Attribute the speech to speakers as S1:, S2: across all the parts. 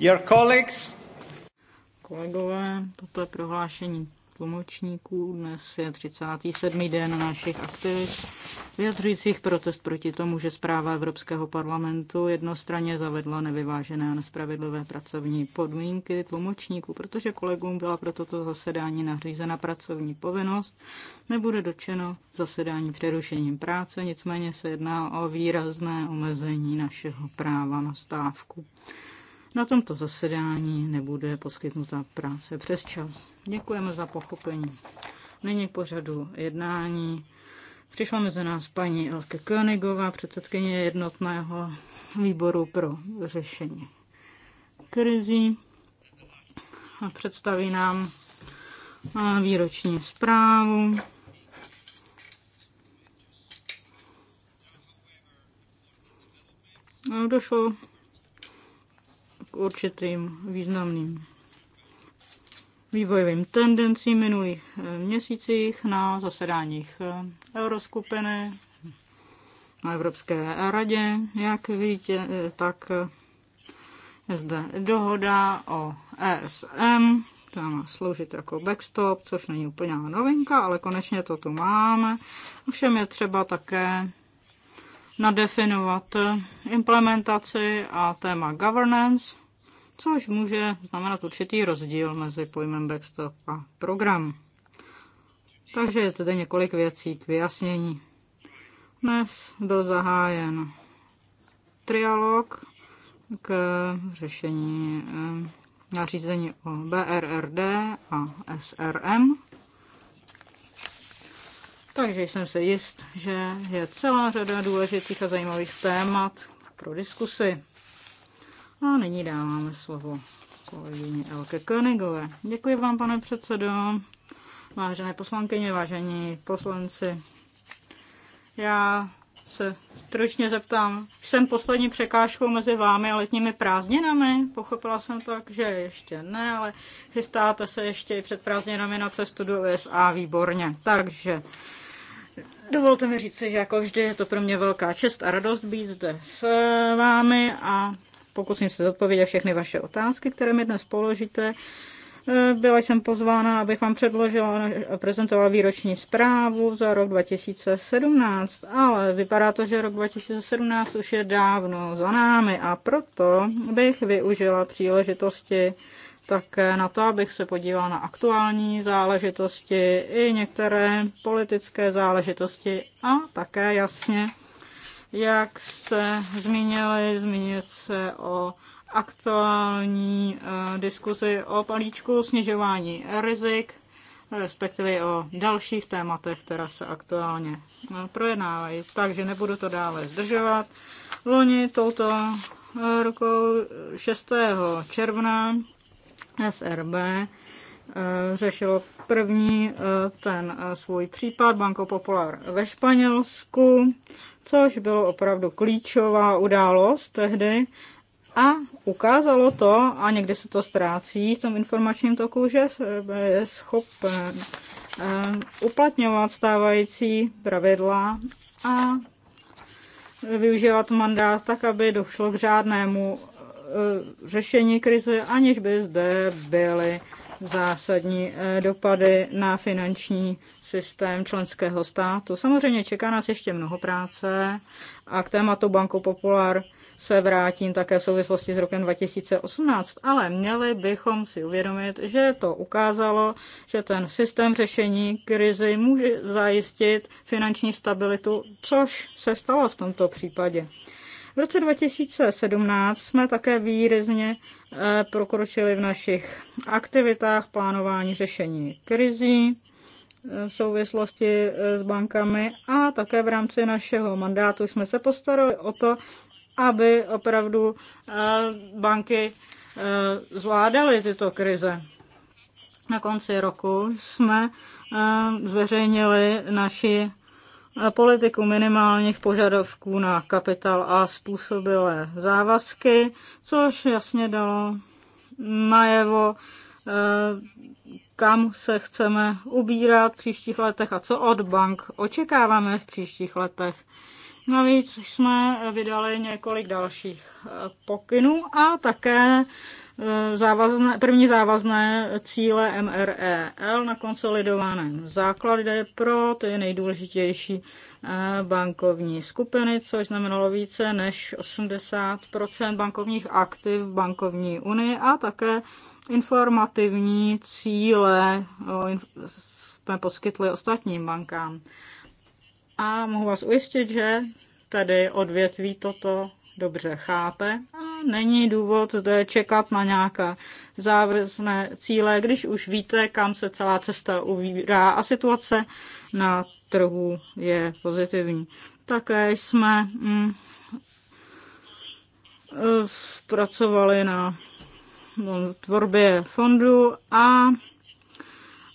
S1: Your colleagues. Kolegové, toto je prohlášení tlumočníků. Dnes je 37. den našich aktivit, vyjadřujících protest proti tomu, že zpráva Evropského parlamentu jednostranně zavedla nevyvážené a nespravedlivé pracovní podmínky tlumočníků, protože kolegům byla pro toto zasedání nařízena pracovní povinnost. Nebude dočeno zasedání přerušením práce, nicméně se jedná o výrazné omezení našeho práva na stávku. Na tomto zasedání nebude poskytnuta práce přes čas. Děkujeme za pochopení. Nyní k pořadu jednání. Přišla mezi nás paní Elke Königová, předsedkyně jednotného výboru pro řešení krizí a představí nám výroční zprávu. Došlo určitým významným vývojovým tendencím minulých eh, měsících na zasedáních eh, euroskupiny na Evropské radě, jak víte, eh, tak je zde dohoda o ESM, která má sloužit jako backstop, což není úplně novinka, ale konečně to tu máme. Ovšem je třeba také nadefinovat implementaci a téma governance, což může znamenat určitý rozdíl mezi pojmem backstop a program. Takže je tedy několik věcí k vyjasnění. Dnes byl zahájen trialog k řešení eh, nařízení o BRRD a SRM. Takže jsem se jist, že je celá řada důležitých a zajímavých témat pro diskusy. A nyní dáváme slovo kolegyně Elke Konigové. Děkuji vám, pane předsedo, vážené poslankyně, vážení poslanci. Já se stručně zeptám, jsem poslední překážkou mezi vámi a letními prázdninami? Pochopila jsem tak, že ještě ne, ale chystáte se ještě i před prázdninami na cestu do USA, výborně. Takže dovolte mi říct, že jako vždy je to pro mě velká čest a radost být zde s vámi a pokusím se zodpovědět všechny vaše otázky, které mi dnes položíte. E, byla jsem pozvána, abych vám předložila a prezentovala výroční zprávu za rok 2017, ale vypadá to, že rok 2017 už je dávno za námi a proto bych využila příležitosti také na to, abych se podívala na aktuální záležitosti i některé politické záležitosti a také jasně jak jste zmínili, zmínit se o aktuální eh, diskuzi o palíčku snižování rizik, respektive o dalších tématech, která se aktuálně eh, projednávají. Takže nebudu to dále zdržovat. Loni touto rukou 6. června SRB eh, řešilo první ten svůj případ Banco Popular ve Španělsku což bylo opravdu klíčová událost tehdy. A ukázalo to, a někde se to ztrácí v tom informačním toku, že je schopen eh, uplatňovat stávající pravidla a využívat mandát tak, aby došlo k řádnému eh, řešení krize, aniž by zde byly zásadní eh, dopady na finanční systém členského státu. Samozřejmě čeká nás ještě mnoho práce a k tématu Banko Popular se vrátím také v souvislosti s rokem 2018, ale měli bychom si uvědomit, že to ukázalo, že ten systém řešení krizi může zajistit finanční stabilitu, což se stalo v tomto případě roce 2017 jsme také výrazně eh, prokročili v našich aktivitách plánování řešení krizí eh, v souvislosti eh, s bankami a také v rámci našeho mandátu jsme se postarali o to, aby opravdu banky zvládaly tyto krize. Na konci roku jsme zveřejnili naši politiku minimálních požadavků na kapitál a způsobilé závazky, což jasně dalo najevo, eh, kam se chceme ubírat v příštích letech a co od bank očekáváme v příštích letech. Navíc jsme vydali několik dalších eh, pokynů a také Eh, závazné, první závazné cíle MREL na konsolidovaném základě pro ty nejdůležitější eh, bankovní skupiny, což znamenalo více než 80 bankovních aktiv v bankovní unii a také informativní cíle jsme poskytli ostatním bankám. A mohu vás ujistit, že tady odvětví toto dobře chápe a není důvod zde čekat na nějaké závazné cíle, když už víte, kam se celá cesta uvírá a situace na trhu je pozitivní. Také jsme mm, eh, pracovali na no, tvorbě fondu a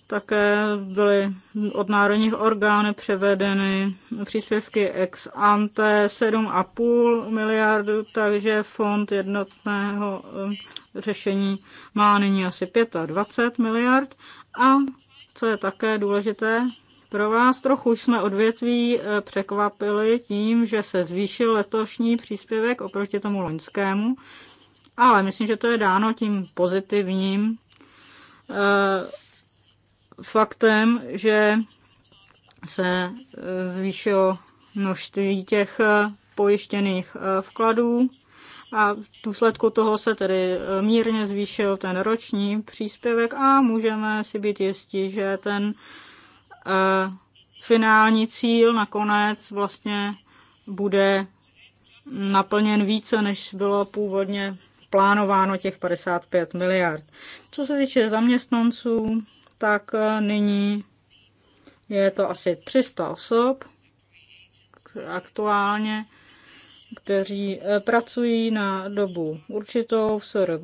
S1: také byly od národních orgánů převedeny příspěvky ex ante 7,5 miliardu, takže fond jednotného eh, řešení má nyní asi 25 miliard. A co je také důležité pro vás, trochu jsme odvětví eh, překvapili tím, že se zvýšil letošní příspěvek oproti tomu loňskému, ale myslím, že to je dáno tím pozitivním eh, faktem, že se eh, zvýšilo množství těch eh, pojištěných eh, vkladů a v důsledku toho se tedy mírně zvýšil ten roční příspěvek a můžeme si být jistí, že ten finální cíl nakonec vlastně bude naplněn více, než bylo původně plánováno těch 55 miliard. Co se týče zaměstnanců, tak eh, nyní je to asi 300 osob aktuálně, kteří eh, pracují na dobu určitou v SRB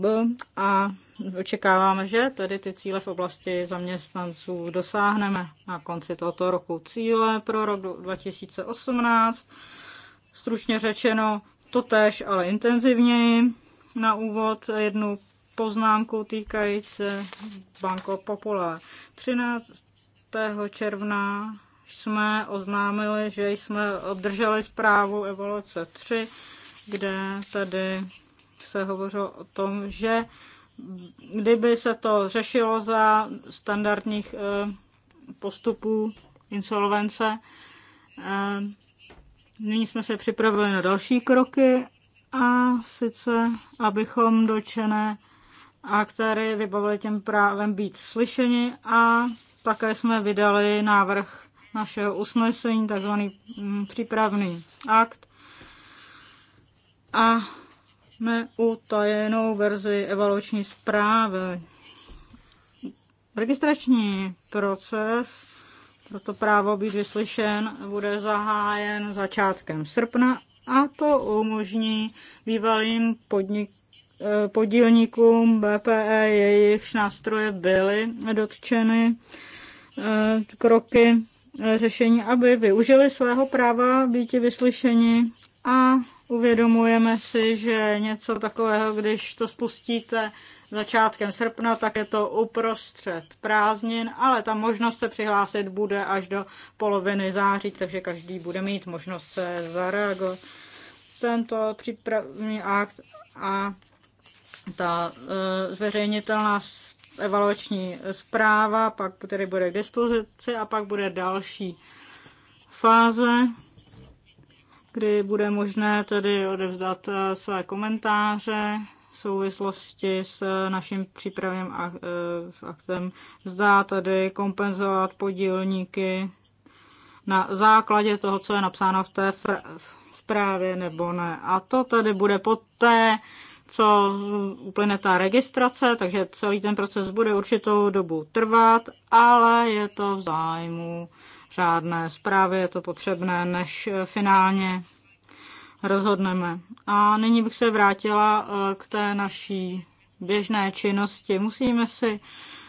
S1: a očekáváme, že tedy ty cíle v oblasti zaměstnanců dosáhneme na konci tohoto roku. Cíle pro rok 2018, stručně řečeno, to tež, ale intenzivněji. Na úvod jednu poznámku týkající se Banko Popola 13. června jsme oznámili, že jsme obdrželi zprávu Evoluce 3, kde tady se hovořilo o tom, že kdyby se to řešilo za standardních eh, postupů insolvence, eh, nyní jsme se připravili na další kroky a sice, abychom dočené které vybavili těm právem být slyšeni a také jsme vydali návrh našeho usnesení, takzvaný mm, přípravný akt a neutajenou verzi evaluační zprávy. Registrační proces, pro to právo být vyslyšen, bude zahájen začátkem srpna a to umožní bývalým podnik Eh, podílníkům BPE, jejich nástroje byly dotčeny eh, kroky eh, řešení, aby využili svého práva býti vyslyšeni a uvědomujeme si, že něco takového, když to spustíte začátkem srpna, tak je to uprostřed prázdnin, ale ta možnost se přihlásit bude až do poloviny září, takže každý bude mít možnost se zareagovat. Tento přípravný akt a ta eh, zveřejnitelná evaluační zpráva, pak tedy bude k dispozici a pak bude další fáze, kdy bude možné tedy odevzdat eh, své komentáře v souvislosti s eh, naším přípravným aktem. Zdá tedy kompenzovat podílníky na základě toho, co je napsáno v té zprávě nebo ne. A to tedy bude poté, co uplyne ta registrace, takže celý ten proces bude určitou dobu trvat, ale je to v zájmu řádné zprávy, je to potřebné, než finálně rozhodneme. A nyní bych se vrátila eh, k té naší běžné činnosti. Musíme si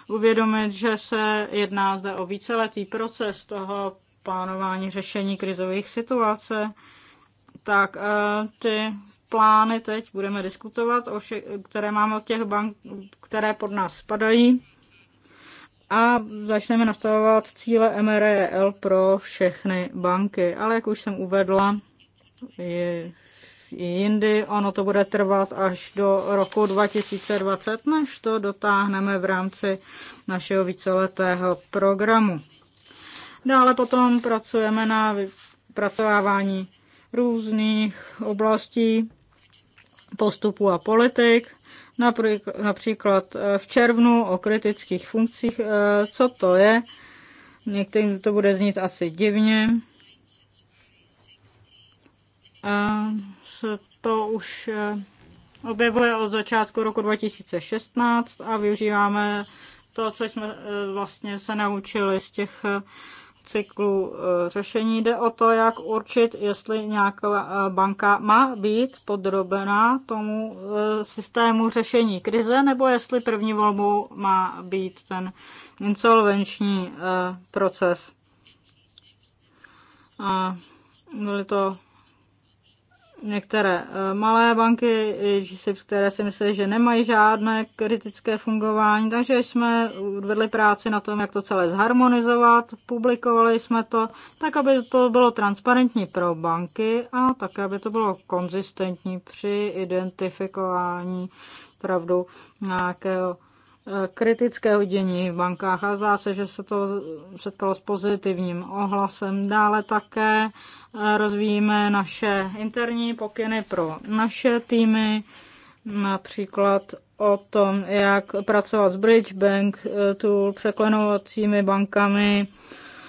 S1: uvědomit, že se jedná zde o víceletý proces toho plánování řešení krizových situace, tak eh, ty plány teď, budeme diskutovat, o vše, které máme od těch bank, které pod nás spadají. A začneme nastavovat cíle MREL pro všechny banky. Ale jak už jsem uvedla, je i jindy. Ono to bude trvat až do roku 2020, než to dotáhneme v rámci našeho víceletého programu. Dále potom pracujeme na vypracovávání různých oblastí postupů a politik, například eh, v červnu o kritických funkcích, eh, co to je. Některým to bude znít asi divně. A se to už eh, objevuje od začátku roku 2016 a využíváme to, co jsme vlastně se naučili z těch cyklu e, řešení. Jde o to, jak určit, jestli nějaká e, banka má být podrobená tomu e, systému řešení krize, nebo jestli první volbou má být ten insolvenční proces. byly to některé eh, malé banky, které si myslí, že nemají žádné kritické fungování, takže jsme vedli práci na tom, jak to celé zharmonizovat, publikovali jsme to, tak aby to bylo transparentní pro banky a také, aby to bylo konzistentní při identifikování pravdu nějakého Eh, kritického dění v bankách a zdá se, že se to setkalo s pozitivním ohlasem. Dále také eh, rozvíjíme naše interní pokyny pro naše týmy, například o tom, jak pracovat s Bridge Bank, eh, Tool, překlenovacími bankami,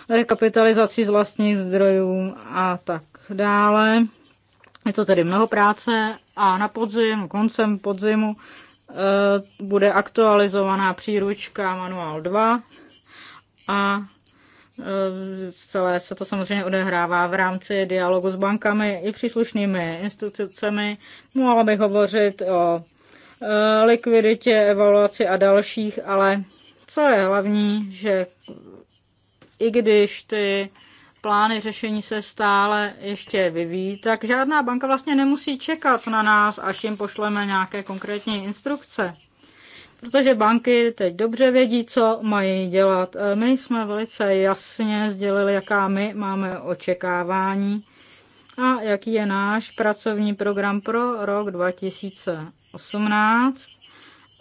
S1: rekapitalizací z vlastních zdrojů a tak dále. Je to tedy mnoho práce a na podzim, koncem podzimu Eh, bude aktualizovaná příručka Manuál 2 a eh, celé se to samozřejmě odehrává v rámci dialogu s bankami i příslušnými institucemi. Mohla bych hovořit o eh, likviditě, evaluaci a dalších, ale co je hlavní, že i když ty plány řešení se stále ještě vyvíjí, tak žádná banka vlastně nemusí čekat na nás, až jim pošleme nějaké konkrétní instrukce. Protože banky teď dobře vědí, co mají dělat. E, my jsme velice jasně sdělili, jaká my máme očekávání a jaký je náš pracovní program pro rok 2018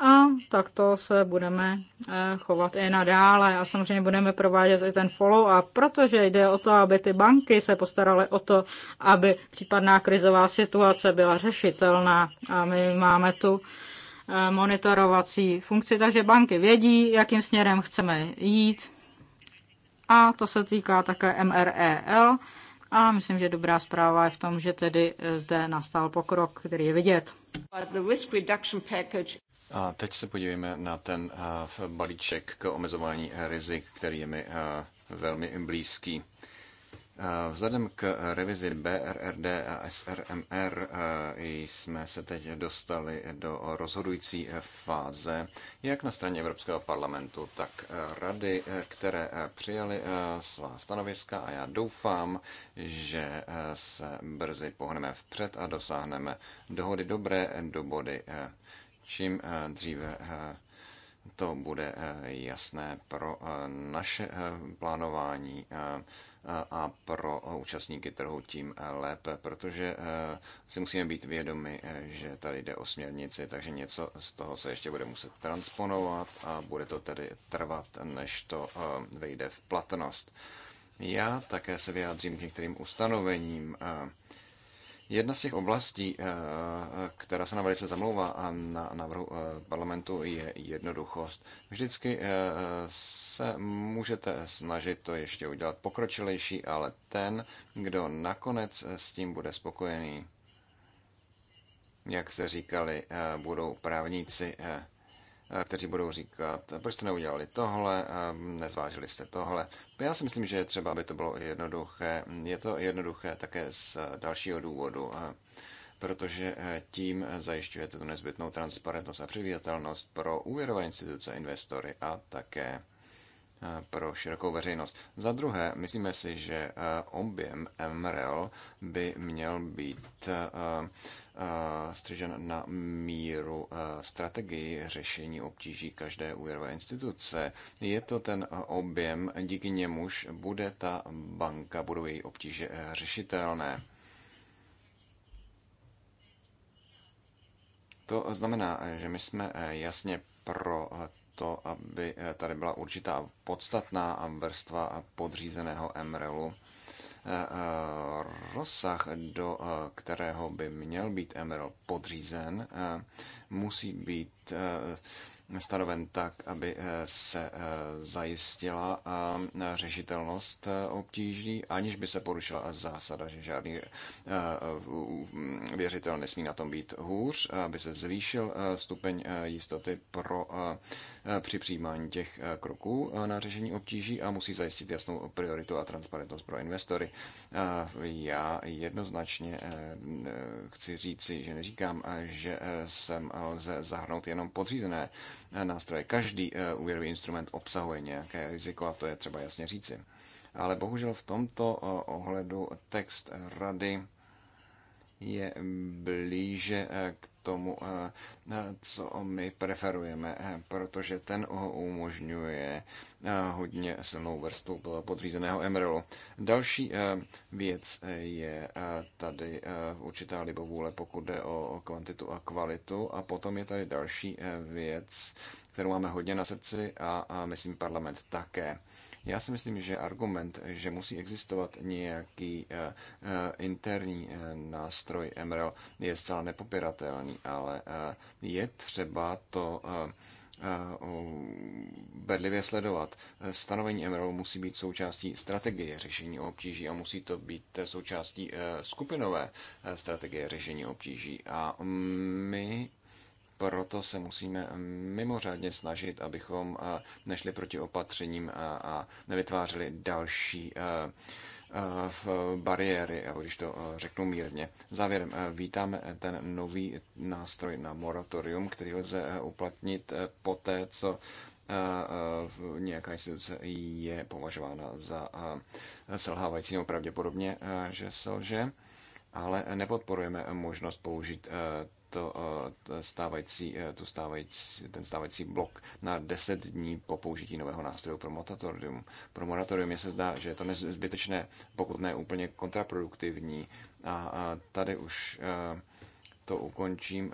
S1: a takto se budeme eh, chovat i nadále. A samozřejmě budeme provádět i ten follow-up, protože jde o to, aby ty banky se postaraly o to, aby případná krizová situace byla řešitelná. A my máme tu eh, monitorovací funkci, takže banky vědí, jakým směrem chceme jít. A to se týká také MREL. A myslím, že dobrá zpráva je v tom, že tedy eh, zde nastal pokrok, který je vidět.
S2: A teď se podívejme na ten balíček k omezování e, rizik, který je mi velmi blízký. Vzhledem k revizi BRRD a SRMR jsme se teď dostali do rozhodující e, fáze, jak na straně Evropského parlamentu, tak e, rady, které přijaly svá stanoviska a já doufám, že se brzy pohneme vpřed a dosáhneme dohody dobré do body čím eh, dříve eh, to bude eh, jasné pro naše plánování a pro účastníky trhu tím lépe, protože si musíme být vědomi, že tady jde o směrnici, takže něco z toho se ještě bude muset transponovat a bude to tedy trvat, než to vejde v platnost. Já také se vyjádřím k některým ustanovením Jedna z těch oblastí, eh, která se nám velice zamlouvá a na návrhu eh, parlamentu, je jednoduchost. Vždycky eh, se můžete snažit to ještě udělat pokročilejší, ale ten, kdo nakonec s tím bude spokojený, jak se říkali, budou právníci. Eh, kteří budou říkat, proč jste neudělali tohle, eh, nezvážili jste tohle. Já si myslím, že je třeba, aby to bylo jednoduché. Je to jednoduché také z dalšího důvodu, eh, protože tím zajišťujete tu nezbytnou transparentnost a předvídatelnost pro úvěrové instituce, investory a také Eh, pro širokou veřejnost. Za druhé, myslíme si, že eh, objem MRL by měl být eh, střežen na míru strategii řešení obtíží každé úvěrové instituce. Je to ten objem, díky němuž bude ta banka, budou její obtíže řešitelné. To znamená, že my jsme jasně pro to, aby eh, tady byla určitá podstatná vrstva podřízeného emrelu. Eh, eh, rozsah, do kterého by měl být MRL podřízen, musí být stanoven tak, aby eh, se eh, zajistila eh, řešitelnost obtíží, aniž by se porušila zásada, že žádný věřitel nesmí na tom být hůř, aby se zvýšil stupeň jistoty pro při přijímání těch kroků na řešení obtíží a musí zajistit jasnou prioritu a transparentnost pro investory. Já jednoznačně chci říci, že neříkám, že sem lze zahrnout jenom podřízené nástroje. Každý eh, úvěrový instrument obsahuje nějaké riziko a to je třeba jasně říci. Ale bohužel v tomto eh, ohledu text rady je blíže eh, k tomu, eh, eh, co my preferujeme, eh, protože ten umožňuje hodně silnou vrstvu podřízeného MRLu. Další věc je tady určitá libovůle, pokud jde o kvantitu a kvalitu. A potom je tady další věc, kterou máme hodně na srdci a myslím parlament také já si myslím, že argument, že musí existovat nějaký eh, eh, interní eh, nástroj MRL, je zcela nepopiratelný, ale je třeba to bedlivě sledovat. Stanovení MRL musí být součástí strategie řešení obtíží a musí to být součástí skupinové strategie řešení obtíží. A my proto se musíme mimořádně snažit, abychom eh, nešli proti opatřením a nevytvářeli další eh, eh, v bariéry, a když to řeknu mírně. Závěrem vítáme ten nový nástroj na moratorium, který lze uplatnit poté, co nějaká instituce je považována za selhávající nebo pravděpodobně, že selže, ale nepodporujeme možnost použít to eh, stávající, eh, to stávající, ten stávající blok na 10 dní po použití nového nástroje pro moratorium. Pro moratorium je se zdá, že je to nezbytečné, pokud ne úplně kontraproduktivní. A tady už eh, to ukončím.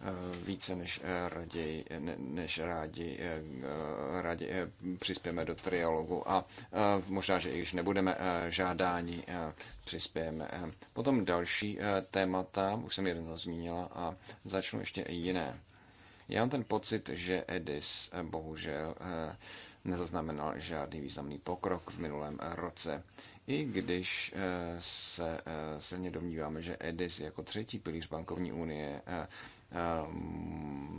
S2: Eh, více než eh, raději, než rádi, eh, rádi přispějeme do trialogu a možná, že i když nebudeme žádání přispějeme. Potom další témata, už jsem jedno zmínila a začnu ještě jiné. Já mám ten pocit, že Edis bohužel nezaznamenal žádný významný pokrok v minulém roce. I když se silně domníváme, že EDIS jako třetí pilíř bankovní unie Ehm,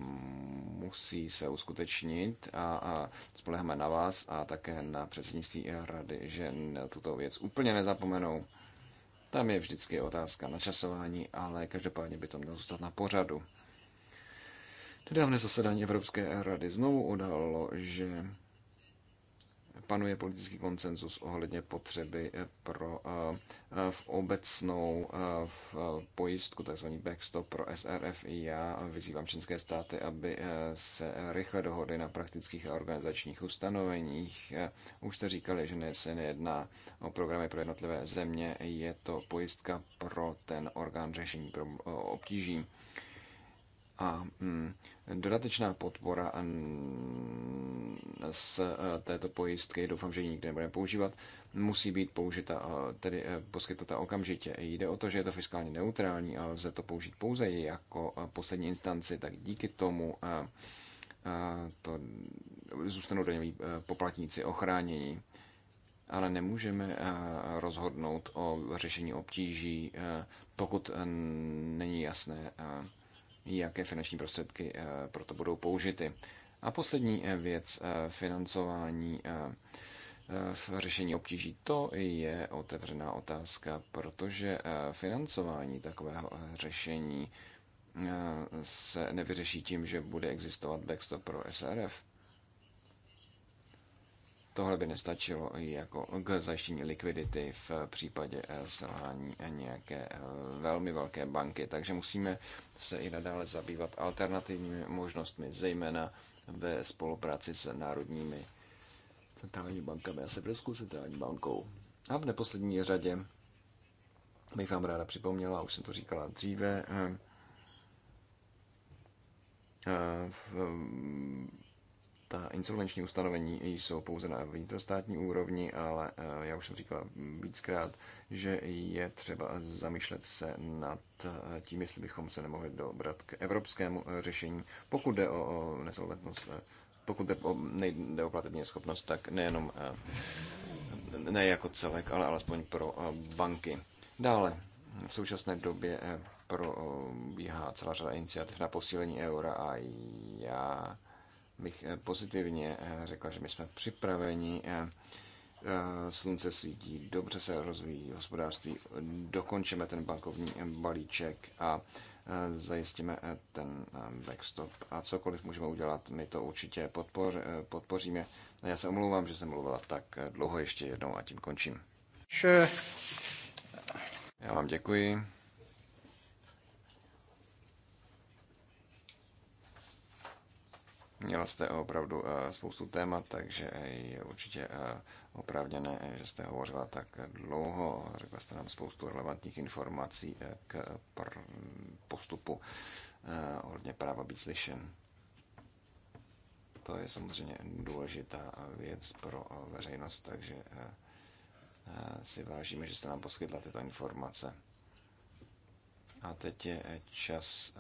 S2: musí se uskutečnit a, a spoleháme na vás a také na předsednictví rady, že na tuto věc úplně nezapomenou. Tam je vždycky otázka na časování, ale každopádně by to mělo zůstat na pořadu. Nedávné zasedání Evropské rady znovu udalo, že panuje politický konsenzus ohledně potřeby eh, pro eh, eh, v obecnou v pojistku, takzvaný backstop pro SRF. Já vyzývám členské státy, aby se rychle dohodly na praktických a organizačních ustanoveních. Už jste říkali, že ne, se nejedná o programy pro jednotlivé země, je to pojistka pro ten orgán řešení pro obtíží a mm, dodatečná podpora mm, z e, této pojistky, doufám, že ji nikdy nebudeme používat, musí být použita, e, tedy e, poskytnuta okamžitě. Jde o to, že je to fiskálně neutrální a lze to použít pouze jako poslední instanci, tak díky tomu to zůstanou daňoví poplatníci ochránění. Ale nemůžeme rozhodnout o řešení obtíží, pokud není jasné, jaké finanční prostředky eh, proto budou použity. A poslední eh, věc, eh, financování v řešení obtíží, to je otevřená otázka, protože financování takového řešení se nevyřeší tím, že bude existovat backstop pro SRF. Tohle by nestačilo jako k zajištění likvidity v případě eh, selhání nějaké eh, velmi velké banky. Takže musíme se i nadále zabývat alternativními možnostmi, zejména ve spolupráci s národními centrální bankami a se centrální bankou. A v neposlední řadě bych vám ráda připomněla, už jsem to říkala dříve, eh, v ta insolvenční ustanovení jsou pouze na vnitrostátní úrovni, ale eh, já už jsem říkal víckrát, že je třeba zamýšlet se nad eh, tím, jestli bychom se nemohli dobrat k evropskému eh, řešení, pokud jde o nesolventnost, pokud jde o, nejde o platební schopnost, tak nejenom ne jako celek, ale alespoň pro banky. Dále, v současné době probíhá celá řada iniciativ na posílení eura a já bych eh, pozitivně eh, řekla, že my jsme připraveni. Eh, slunce svítí, dobře se rozvíjí hospodářství, dokončíme ten bankovní balíček a zajistíme ten backstop. A cokoliv můžeme udělat, my to určitě podpoř, podpoříme. Já se omlouvám, že jsem mluvila tak dlouho ještě jednou a tím končím. Sure. Já vám děkuji. Měla jste opravdu eh, spoustu témat, takže eh, je určitě eh, oprávněné, že jste hovořila tak dlouho. Řekla jste nám spoustu relevantních informací k postupu ohledně práva být slyšen. To je samozřejmě důležitá věc pro veřejnost, takže si vážíme, že jste nám poskytla tyto informace. A teď je čas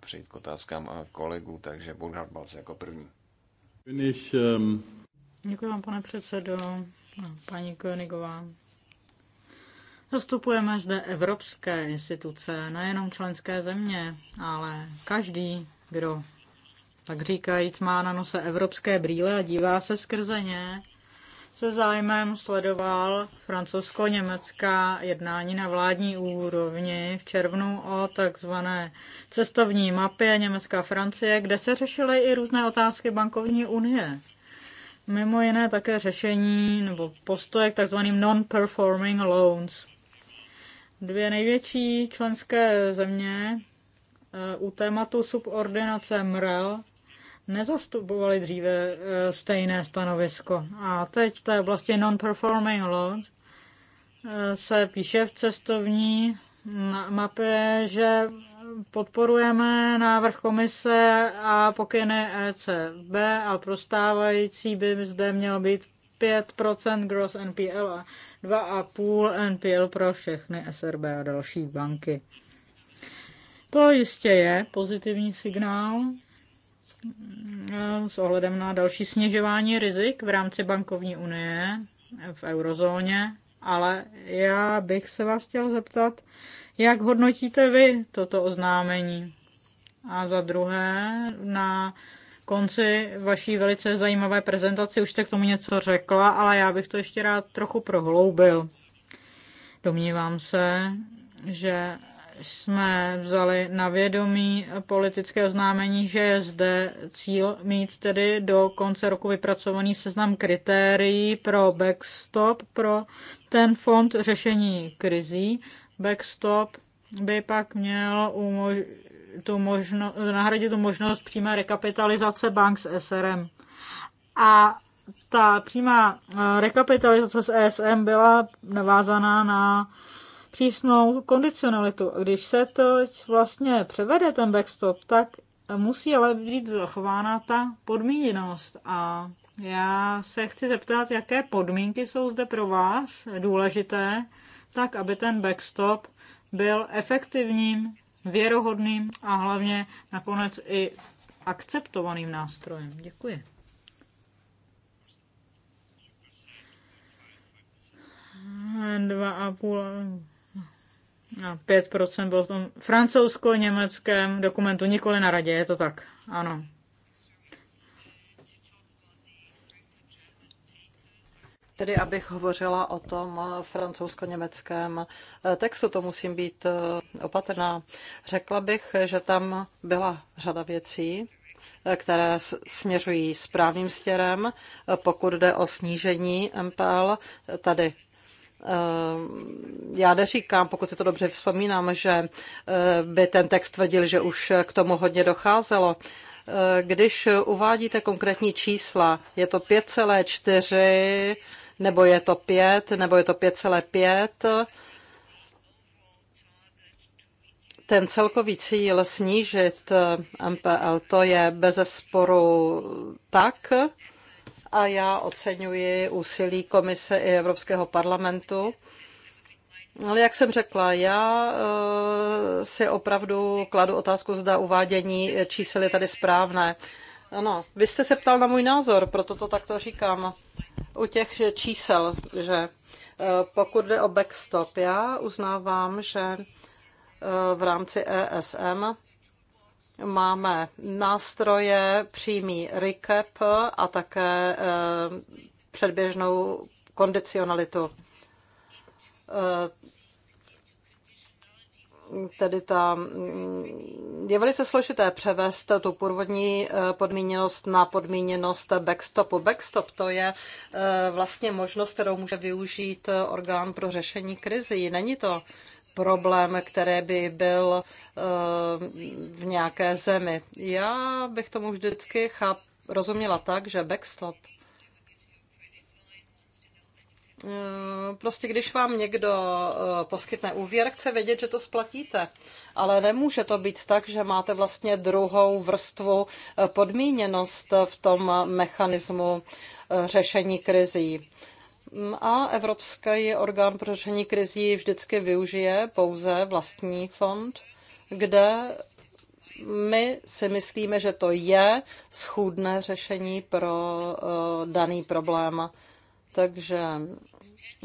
S2: přejít k otázkám a kolegů, takže Burkhard Balc jako první.
S3: Ähm,
S1: Děkuji vám, pane předsedo, no, paní Königová. Zastupujeme zde evropské instituce, nejenom členské země, ale každý, kdo tak říkajíc má na nose evropské brýle a dívá se skrze ně, se zájmem sledoval francouzsko-německá jednání na vládní úrovni v červnu o takzvané cestovní mapě Německá Francie, kde se řešily i různé otázky bankovní unie. Mimo jiné také řešení nebo postoje k takzvaným non-performing loans. Dvě největší členské země eh, u tématu subordinace MREL nezastupovali dříve e, stejné stanovisko. A teď v té oblasti non-performing loans e, se píše v cestovní mapě, že podporujeme návrh komise a pokyny ECB a prostávající by zde měl být 5% gross NPL a 2,5 NPL pro všechny SRB a další banky. To jistě je pozitivní signál, Mm, s ohledem na další snižování rizik v rámci bankovní unie v eurozóně, ale já bych se vás chtěl zeptat, jak hodnotíte vy toto oznámení? A za druhé, na konci vaší velice zajímavé prezentaci už jste k tomu něco řekla, ale já bych to ještě rád trochu prohloubil. Domnívám se, že jsme vzali na vědomí politické oznámení, že je zde cíl mít tedy do konce roku vypracovaný seznam kritérií pro backstop pro ten fond řešení krizí. Backstop by pak měl umož- tu možno- nahradit tu možnost přímé rekapitalizace bank s SRM. A ta přímá eh, rekapitalizace s ESM byla navázaná na přísnou kondicionalitu. Když se to vlastně převede ten backstop, tak musí ale být zachována ta podmíněnost. A já se chci zeptat, jaké podmínky jsou zde pro vás důležité, tak aby ten backstop byl efektivním, věrohodným a hlavně nakonec i akceptovaným nástrojem. Děkuji. Dva a půl No, 5% bylo v tom francouzsko-německém dokumentu, nikoli na radě, je to tak, ano.
S4: Tedy abych hovořila o tom francouzsko-německém textu, to musím být eh, opatrná. Řekla bych, že tam byla řada věcí, eh, které směřují správným směrem. Eh, pokud jde o snížení MPL, tady Ehm, já neříkám, pokud si to dobře vzpomínám, že eh, by ten text tvrdil, že už k tomu hodně docházelo. Eh, když uvádíte konkrétní čísla, je to 5,4, nebo je to 5, nebo je to 5,5, ten celkový cíl snížit eh, MPL, to je bezesporu tak, a já oceňuji úsilí Komise i Evropského parlamentu. Ale jak jsem řekla, já eh, si opravdu kladu otázku, zda uvádění čísel je tady správné. Ano, vy jste se ptal na můj názor, proto to takto říkám. U těch čísel, že eh, pokud jde o backstop, já uznávám, že eh, v rámci ESM máme nástroje přímý recap a také eh, předběžnou kondicionalitu. Eh, tedy ta, mm, je velice složité převést tu původní eh, podmíněnost na podmíněnost backstopu. Backstop to je vlastně možnost, kterou může využít orgán pro řešení krizi. Není to problém, který by byl eh, v nějaké zemi. Já bych tomu vždycky cháp, rozuměla tak, že backstop eh, Prostě když vám někdo eh, poskytne úvěr, chce vědět, že to splatíte. Ale nemůže to být tak, že máte vlastně druhou vrstvu podmíněnost v tom mechanismu řešení krizí. A Evropský orgán pro řešení krizí vždycky využije pouze vlastní fond, kde my si myslíme, že to je schůdné řešení pro eh, daný problém. Takže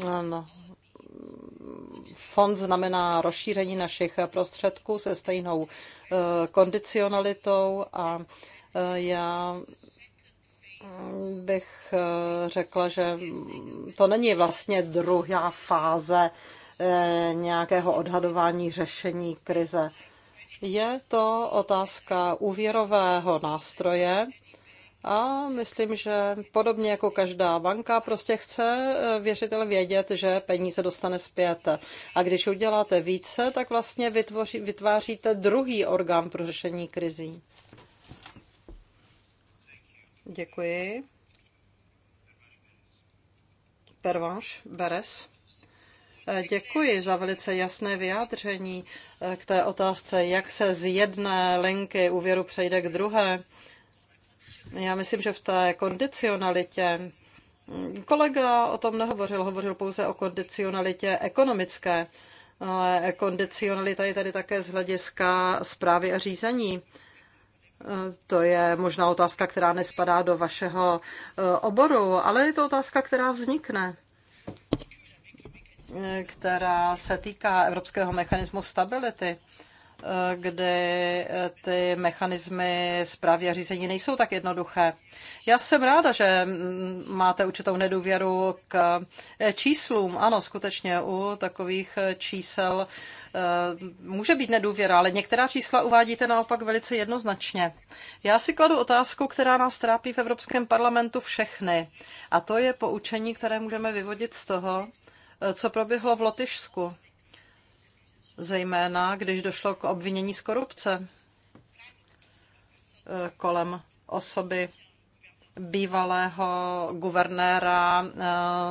S4: ano, fond znamená rozšíření našich prostředků se stejnou eh, kondicionalitou a eh, já bych eh, řekla, že to není vlastně druhá fáze eh, nějakého odhadování řešení krize. Je to otázka úvěrového nástroje a myslím, že podobně jako každá banka prostě chce eh, věřitel vědět, že peníze dostane zpět. A když uděláte více, tak vlastně vytvoří, vytváříte druhý orgán pro řešení krizí. Děkuji. Pervanš Beres. Eh, děkuji za velice jasné vyjádření eh, k té otázce, jak se z jedné linky úvěru přejde k druhé. Já myslím, že v té kondicionalitě hm, kolega o tom nehovořil, hovořil pouze o kondicionalitě ekonomické. Kondicionalita je tady také z hlediska zprávy a řízení. To je možná otázka, která nespadá do vašeho eh, oboru, ale je to otázka, která vznikne eh, která se týká Evropského mechanismu stability kde eh, ty mechanismy zprávy a řízení nejsou tak jednoduché. Já jsem ráda, že mm, máte určitou nedůvěru k eh, číslům. Ano, skutečně u takových eh, čísel může být nedůvěra, ale některá čísla uvádíte naopak velice jednoznačně. Já si kladu otázku, která nás trápí v Evropském parlamentu všechny. A to je poučení, které můžeme vyvodit z toho, co proběhlo v Lotyšsku zejména když došlo k obvinění z korupce eh, kolem osoby bývalého guvernéra eh,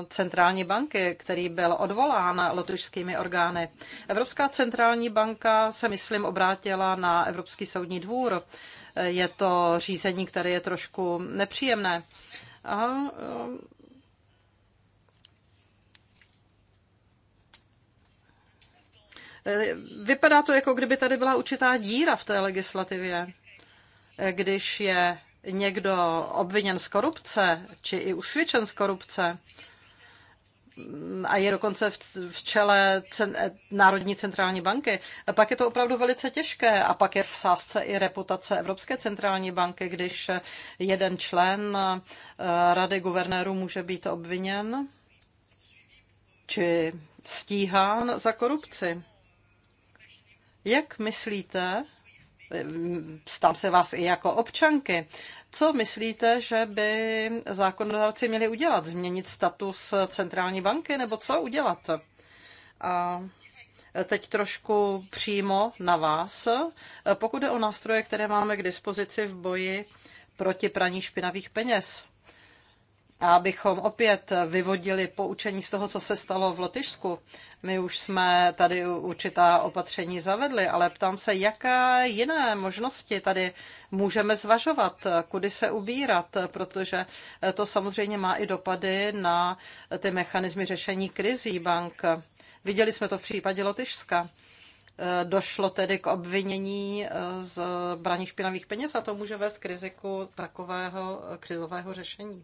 S4: centrální banky, který byl odvolán lotušskými orgány. Evropská centrální banka se, myslím, obrátila na Evropský soudní dvůr. Eh, je to řízení, které je trošku nepříjemné. A Vypadá to, jako kdyby tady byla určitá díra v té legislativě. Když je někdo obviněn z korupce, či i usvědčen z korupce, a je dokonce v, čele Národní centrální banky, pak je to opravdu velice těžké. A pak je v sázce i reputace Evropské centrální banky, když jeden člen eh, rady guvernérů může být obviněn či stíhán za korupci. Jak myslíte, stám se vás i jako občanky, co myslíte, že by zákonodárci měli udělat? Změnit status centrální banky nebo co udělat? A teď trošku přímo na vás. Pokud jde o nástroje, které máme k dispozici v boji proti praní špinavých peněz, a abychom opět vyvodili poučení z toho, co se stalo v Lotyšsku. My už jsme tady určitá opatření zavedli, ale ptám se, jaké jiné možnosti tady můžeme zvažovat, kudy se ubírat, protože to samozřejmě má i dopady na ty mechanismy řešení krizí bank. Viděli jsme to v případě Lotyšska. Došlo tedy k obvinění eh, z braní špinavých peněz a to může vést k riziku takového krizového řešení.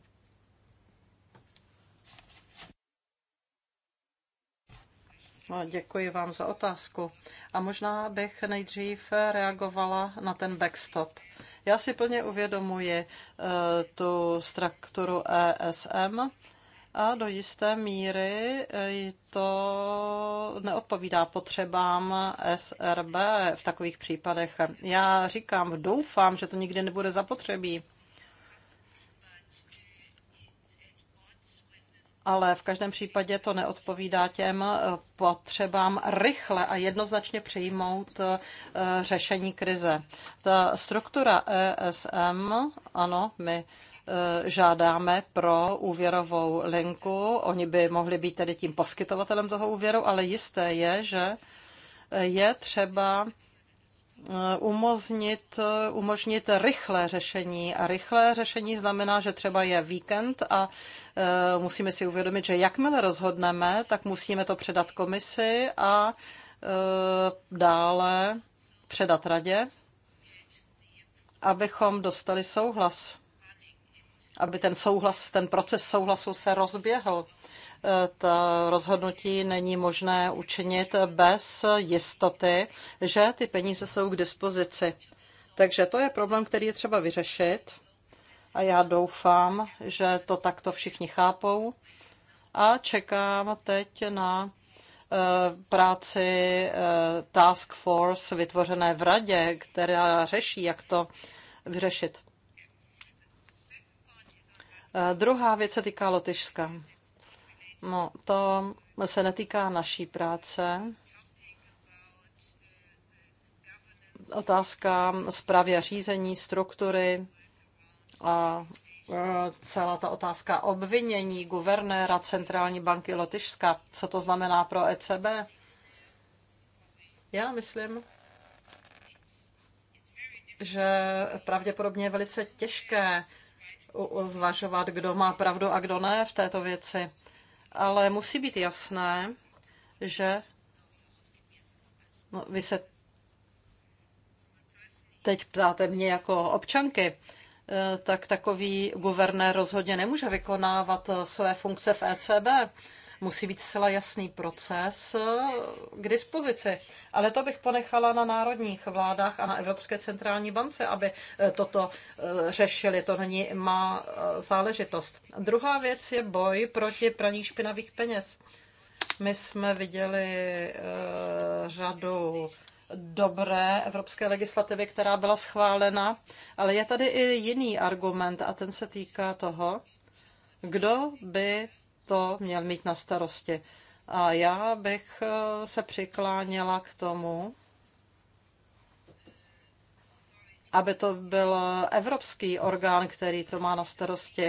S4: No, děkuji vám za otázku. A možná bych nejdřív reagovala na ten backstop. Já si plně uvědomuji eh, tu strukturu ESM a do jisté míry eh, to neodpovídá potřebám SRB v takových případech. Já říkám, doufám, že to nikdy nebude zapotřebí ale v každém případě to neodpovídá těm eh, potřebám rychle a jednoznačně přijmout eh, řešení krize. Ta struktura ESM, ano, my eh, žádáme pro úvěrovou linku. Oni by mohli být tedy tím poskytovatelem toho úvěru, ale jisté je, že je třeba umožnit, umožnit rychlé řešení. A rychlé řešení znamená, že třeba je víkend a Eh, musíme si uvědomit, že jakmile rozhodneme, tak musíme to předat komisi a eh, dále předat radě, abychom dostali souhlas, aby ten souhlas, ten proces souhlasu se rozběhl eh, ta rozhodnutí není možné učinit bez jistoty, že ty peníze jsou k dispozici. Takže to je problém, který je třeba vyřešit a já doufám, že to takto všichni chápou a čekám teď na eh, práci eh, task force vytvořené v radě, která řeší, jak to vyřešit. Eh, druhá věc se týká Lotyšska. No, to se netýká naší práce. Otázka zprávy a řízení, struktury, a celá ta otázka obvinění guvernéra Centrální banky Lotyšska, co to znamená pro ECB? Já myslím, že pravděpodobně je velice těžké zvažovat, kdo má pravdu a kdo ne v této věci. Ale musí být jasné, že no, vy se teď ptáte mě jako občanky, Eh, tak takový guvernér rozhodně nemůže vykonávat eh, své funkce v ECB. Musí být zcela jasný proces eh, k dispozici. Ale to bych ponechala na národních vládách a na Evropské centrální bance, aby toto řešili. To není má záležitost. Druhá věc je boj proti praní špinavých peněz. My jsme viděli řadu dobré evropské legislativy, která byla schválena, ale je tady i jiný argument a ten se týká toho, kdo by to měl mít na starosti. A já bych eh, se přikláněla k tomu, aby to byl evropský orgán, který to má na starosti,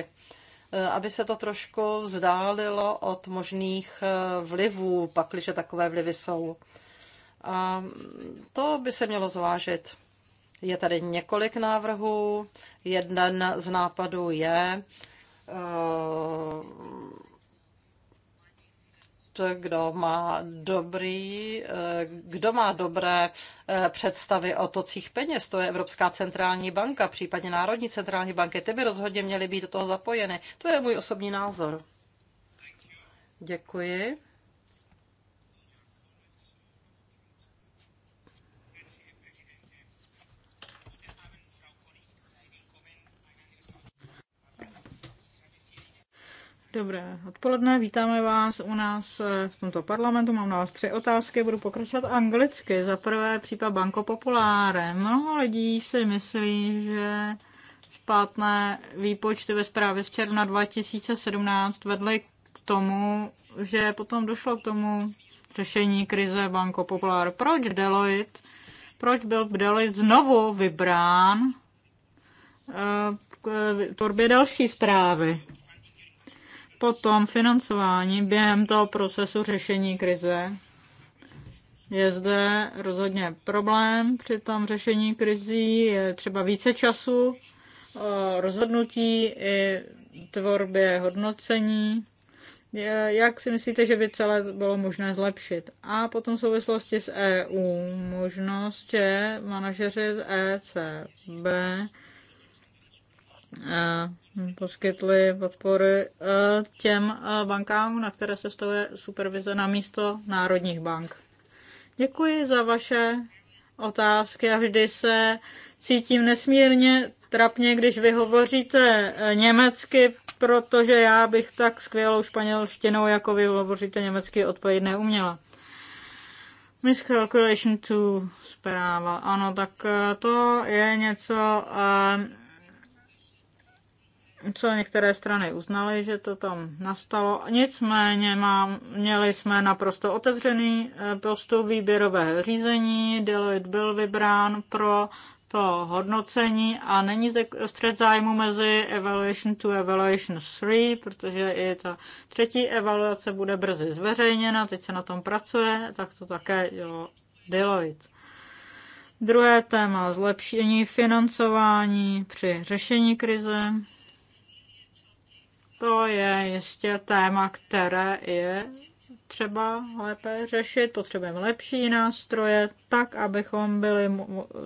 S4: eh, aby se to trošku vzdálilo od možných eh, vlivů, pakliže takové vlivy jsou. A to by se mělo zvážit. Je tady několik návrhů. Jeden z nápadů je, eh, kdo má dobrý, eh, kdo má dobré eh, představy o tocích peněz, to je Evropská centrální banka, případně Národní centrální banky, ty by rozhodně měly být do toho zapojeny. To je můj osobní názor. Děkuji.
S1: Dobré odpoledne, vítáme vás u nás eh, v tomto parlamentu. Mám na vás tři otázky, budu pokračovat anglicky. Za prvé případ Banko Populáre. Mnoho lidí si myslí, že zpátné výpočty ve zprávě z června 2017 vedly k tomu, že potom došlo k tomu řešení krize Banko Populáre. Proč Deloitte? Proč byl Deloitte znovu vybrán eh, k eh, tvorbě další zprávy? Potom financování během toho procesu řešení krize. Je zde rozhodně problém při tom řešení krizí, je třeba více času, eh, rozhodnutí i tvorbě hodnocení. Jak si myslíte, že by celé bylo možné zlepšit? A potom v souvislosti s EU možnost, že manažeři z ECB Hm, poskytli podpory e, těm e, bankám, na které se vztahuje supervize na místo národních bank. Děkuji za vaše otázky a vždy se cítím nesmírně trapně, když vy hovoříte e, německy, protože já bych tak skvělou španělštinou, jako vy hovoříte německy, odpověď neuměla. Miscalculation to zpráva. Ano, tak to je něco, co některé strany uznaly, že to tam nastalo. Nicméně mám, měli jsme naprosto otevřený eh, postup výběrového řízení, Deloitte byl vybrán pro to hodnocení a není zde střed zájmu mezi Evaluation 2 a Evaluation 3, protože i ta třetí evaluace bude brzy zveřejněna, teď se na tom pracuje, tak to také dělo Deloitte. Druhé téma zlepšení financování při řešení krize. To je jistě téma, které je třeba lépe řešit, potřebujeme lepší nástroje, tak, abychom byli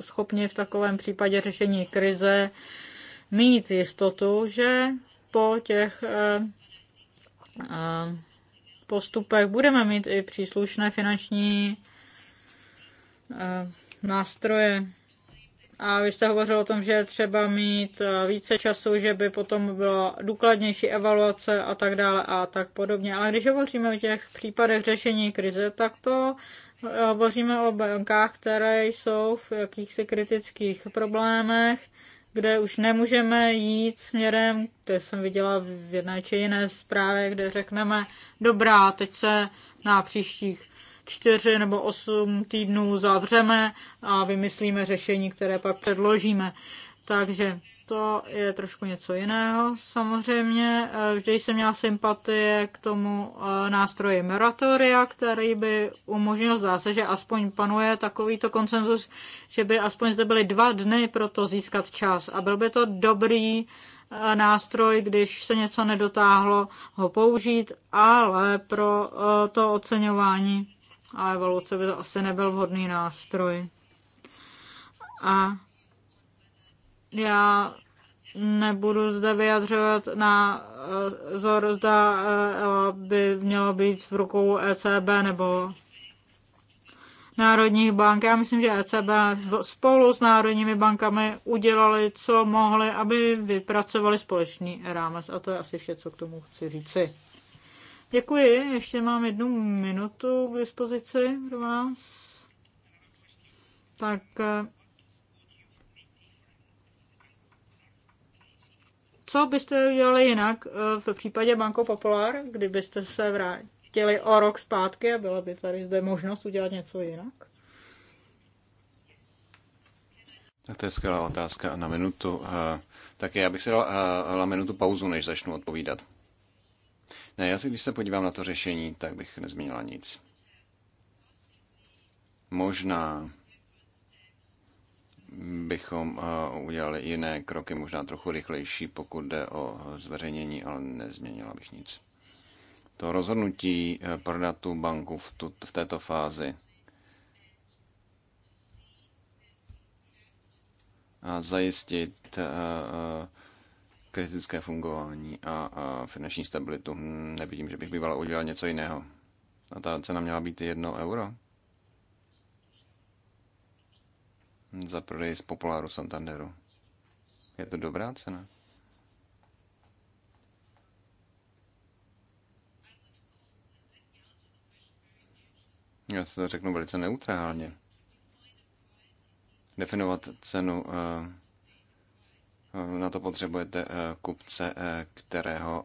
S1: schopni v takovém případě řešení krize mít jistotu, že po těch eh, eh, postupech budeme mít i příslušné finanční eh, nástroje. A vy jste hovořil o tom, že je třeba mít eh, více času, že by potom byla důkladnější evaluace a tak dále a tak podobně. Ale když hovoříme o těch případech řešení krize, tak to eh, hovoříme o bankách, které jsou v jakýchsi kritických problémech, kde už nemůžeme jít směrem, to jsem viděla v jedné či jiné zprávě, kde řekneme, dobrá, teď se na příštích čtyři nebo osm týdnů zavřeme a vymyslíme řešení, které pak předložíme. Takže to je trošku něco jiného. Samozřejmě eh, vždy jsem měla sympatie k tomu eh, nástroji moratoria, který by umožnil, zdá se, že aspoň panuje takovýto konsenzus, že by aspoň zde byly dva dny pro to získat čas. A byl by to dobrý eh, nástroj, když se něco nedotáhlo, ho použít, ale pro to oceňování a evoluce by to asi nebyl vhodný nástroj. A já nebudu zde vyjadřovat na eh, zor, zda eh, by mělo být v rukou ECB nebo národních bank. Já myslím, že ECB spolu s národními bankami udělali, co mohli, aby vypracovali společný rámec. A to je asi vše, co k tomu chci říci. Děkuji, ještě mám jednu minutu k dispozici pro vás. Tak eh, co byste udělali jinak eh, v případě Banko Popular, kdybyste se vrátili o rok zpátky a byla by tady zde možnost udělat něco jinak?
S2: Tak to je skvělá otázka na minutu. Eh, tak já bych si dal na minutu pauzu, než začnu odpovídat. Ne, já si když se podívám na to řešení, tak bych nezmínila nic. Možná bychom eh, udělali jiné kroky, možná trochu rychlejší, pokud jde o zveřejnění, ale nezměnila bych nic. To rozhodnutí eh, prodat tu banku v, tu, v této fázi a zajistit eh, kritické fungování a, a finanční stabilitu. Hm, nevidím, že bych bývala udělal něco jiného. A ta cena měla být jedno euro? Za prodej z Populáru Santanderu. Je to dobrá cena? Já se to řeknu velice neutrálně. Definovat cenu uh, na to potřebujete eh, kupce, eh, kterého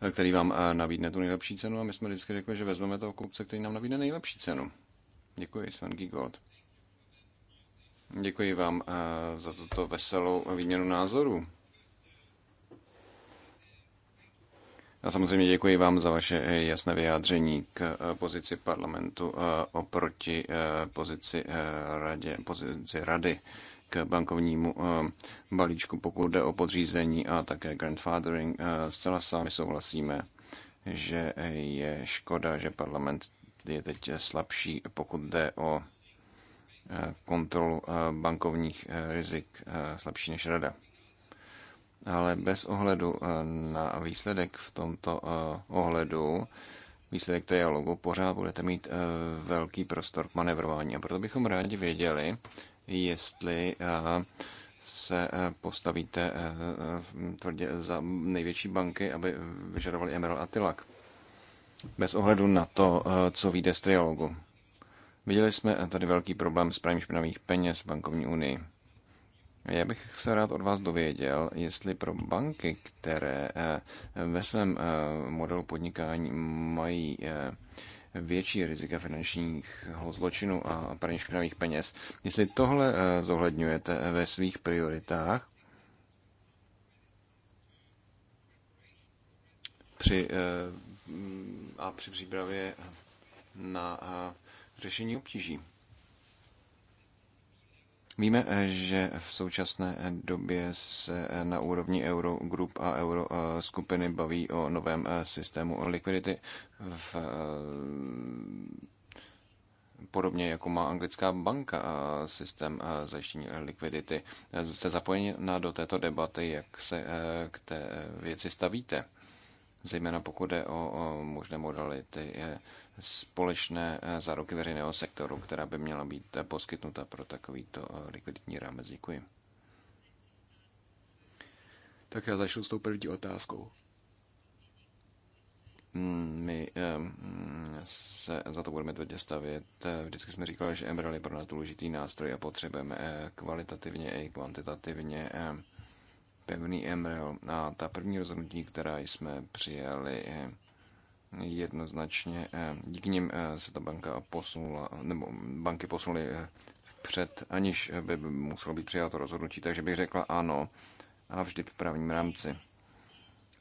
S2: eh, který vám nabídne tu nejlepší cenu a my jsme vždycky řekli, že vezmeme toho kupce, který nám nabídne nejlepší cenu. Děkuji, Sven Gigold. Děkuji vám za tuto veselou výměnu názorů. A samozřejmě děkuji vám za vaše jasné vyjádření k pozici parlamentu oproti pozici, radě, pozici rady k bankovnímu eh, balíčku, pokud jde o podřízení a také grandfathering. Eh, zcela sami souhlasíme, že je škoda, že parlament je teď slabší, pokud jde o eh, kontrolu bankovních rizik, slabší než rada. Ale bez ohledu na výsledek v tomto ohledu, výsledek trialogu, pořád budete mít velký prostor k manevrování. A proto bychom rádi věděli, jestli eh, se eh, postavíte eh, tvrdě za největší banky, aby vyžadovali Emerald a Tilak. Bez ohledu na to, co vyjde z trialogu. Viděli jsme tady velký problém s praním špinavých peněz v bankovní unii. Já bych se rád od vás dověděl, jestli pro banky, které ve svém modelu podnikání mají větší rizika finančního zločinu a praní špinavých peněz. Jestli tohle eh, zohledňujete eh, ve svých prioritách, při, eh, a při přípravě na řešení obtíží. Víme, eh, že v současné eh, době se eh, na úrovni Eurogroup a Euroskupiny baví o novém systému likvidity v podobně jako má anglická banka systém zajištění likvidity. Jste zapojeni na do této debaty, jak se k té věci stavíte? zejména pokud jde o, o možné modality eh, společné eh, záruky veřejného sektoru, která by měla být eh, poskytnuta pro takovýto likviditní rámec. Děkuji. Tak já začnu s tou první otázkou. Hmm, my ehm, se za to budeme tvrdě stavět. Vždycky jsme říkali, že Embrel je pro nás důležitý nástroj a potřebujeme kvalitativně i kvantitativně ehm, pevný MREL. A ta první rozhodnutí, která jsme přijali, jednoznačně eh, díky nim eh, se ta banka posunula, nebo banky posunuly eh, před, aniž by muselo být přijato rozhodnutí, takže bych řekla ano a vždy v právním rámci.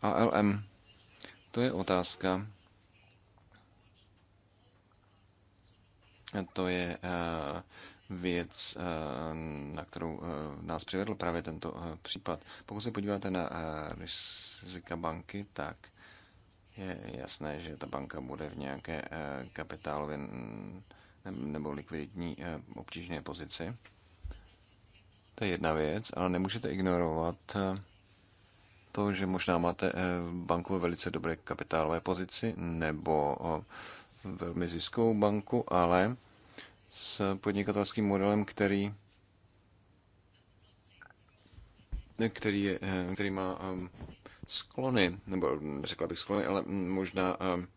S2: ALM, to je otázka, to je věc, eh, na kterou eh, nás přivedl právě tento eh, případ. Pokud se podíváte na rizika banky, tak je jasné, že ta banka bude v nějaké kapitálově nebo likviditní obtížné pozici. To je jedna věc, ale nemůžete ignorovat to, že možná máte banku ve velice dobré kapitálové pozici nebo velmi ziskovou banku, ale s podnikatelským modelem, který, který, je, eh, který má ehm, sklony, nebo řekla bych sklony, ale možná ehm,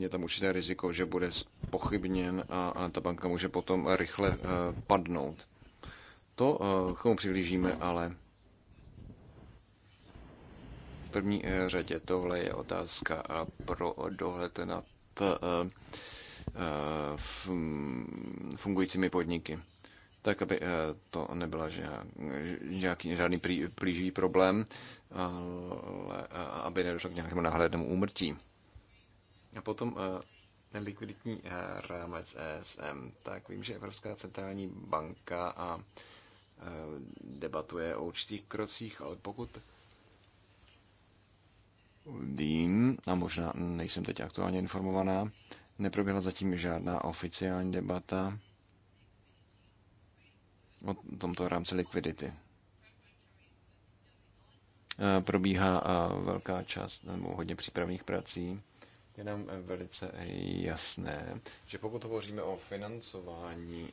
S2: je tam určité riziko, že bude pochybněn a, a ta banka může potom rychle eh, padnout. To eh, k tomu přiblížíme, ale v první řadě tohle je otázka pro dohled nad Eh, fungujícími podniky. Tak, aby eh, to nebyl žádný, žádný plíživý problém, ale eh, aby nedošlo k nějakému náhlednému úmrtí. A potom likviditní rámec ESM. Tak vím, že Evropská centrální banka a debatuje o určitých krocích, ale pokud vím, a možná nejsem teď aktuálně informovaná, Neproběhla zatím žádná oficiální debata o tomto rámci likvidity. E, probíhá e, velká část nebo hodně přípravných prací. Je nám e, velice jasné, že pokud hovoříme o financování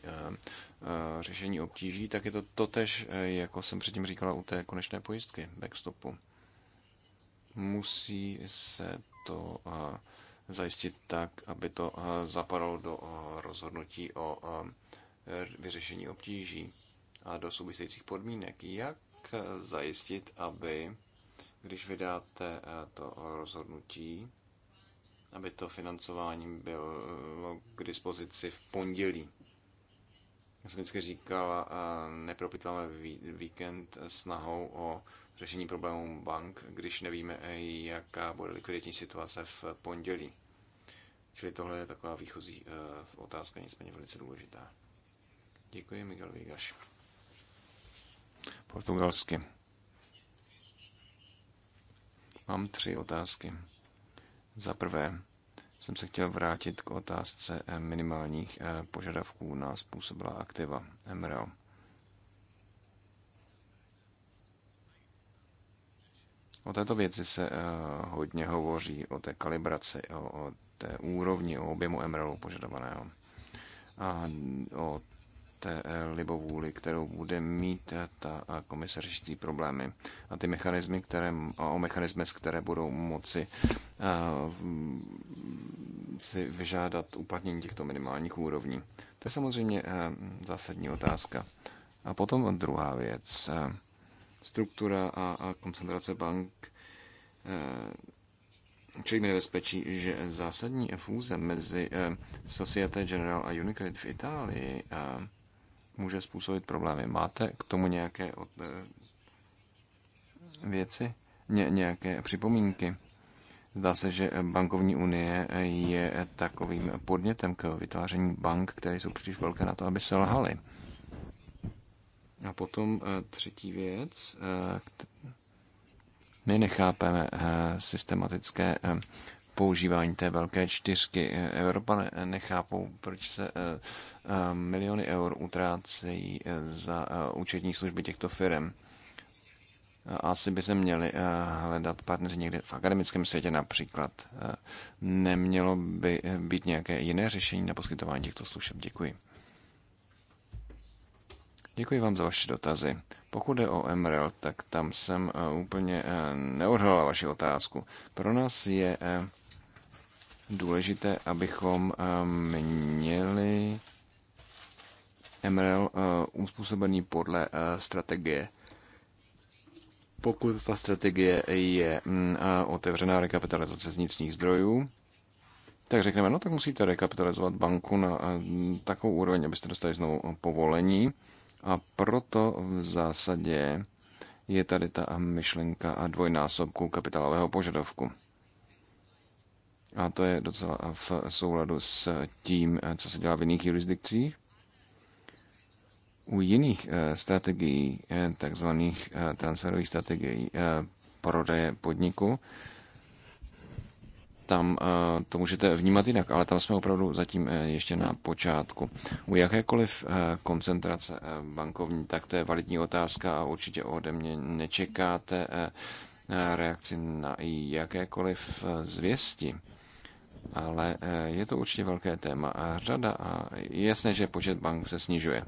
S2: řešení obtíží, tak je to totež, jako jsem předtím říkala, u té konečné pojistky backstopu. Musí se to a, zajistit tak, aby to eh, zapadalo do eh, rozhodnutí o eh, vyřešení obtíží a do souvisejících podmínek. Jak zajistit, aby, když vydáte to rozhodnutí, aby to financování bylo k dispozici v pondělí? jak jsem vždycky říkal, nepropitváme víkend snahou o řešení problémů bank, když nevíme, jaká bude likviditní situace v pondělí. Čili tohle je taková výchozí e, otázka, nicméně velice důležitá. Děkuji, Miguel Vigaš. Portugalsky. Mám tři otázky. Za prvé, jsem se chtěl vrátit k otázce eh, minimálních eh, požadavků na způsobila aktiva MRL. O této věci se eh, hodně hovoří, o té kalibraci, o, té úrovni, o objemu MRLu požadovaného a o té eh, libovůli, kterou bude mít eh, ta eh, komise řešící problémy a ty mechanismy, které, o mechanismy, které budou moci si vyžádat uplatnění těchto minimálních úrovní. To je samozřejmě zásadní otázka. A potom druhá věc. Struktura a koncentrace bank mi nebezpečí, že zásadní fúze mezi Societe General a Unicredit v Itálii může způsobit problémy. Máte k tomu nějaké od, eh, věci, Ně, nějaké připomínky? Zdá se, že bankovní unie je takovým podnětem k vytváření bank, které jsou příliš velké na to, aby se lhaly. A potom eh, třetí věc. Eh, my nechápeme systematické používání té velké čtyřky. E, Evropa nechápou, proč se e, e, miliony eur utrácejí za účetní služby těchto firm. Asi by se měli hledat partneři někde v akademickém světě například. Nemělo by být nějaké jiné řešení na poskytování těchto služeb. Děkuji. Děkuji vám za vaše dotazy. Pokud je o MRL, tak tam jsem úplně neodhalila vaši otázku. Pro nás je důležité, abychom ehm, měli MRL eh, uspůsobený podle eh, strategie. Pokud ta strategie je mm, eh, otevřená rekapitalizace z vnitřních zdrojů, tak řekneme, no tak musíte rekapitalizovat banku na takovou úroveň, abyste dostali znovu povolení. A proto v zásadě je tady ta myšlenka a dvojnásobku kapitálového požadavku. A to je docela v souladu s tím, eh, co se dělá v jiných jurisdikcích. U jiných eh, strategií, eh, takzvaných transferových strategií prodeje podniku, tam to můžete vnímat jinak, ale tam jsme opravdu zatím ještě na počátku. U jakékoliv koncentrace bankovní, tak to je validní otázka a určitě ode mě nečekáte reakci na jakékoliv zvěsti ale eh, je to určitě velké téma a řada a je jasné, že počet bank se snižuje.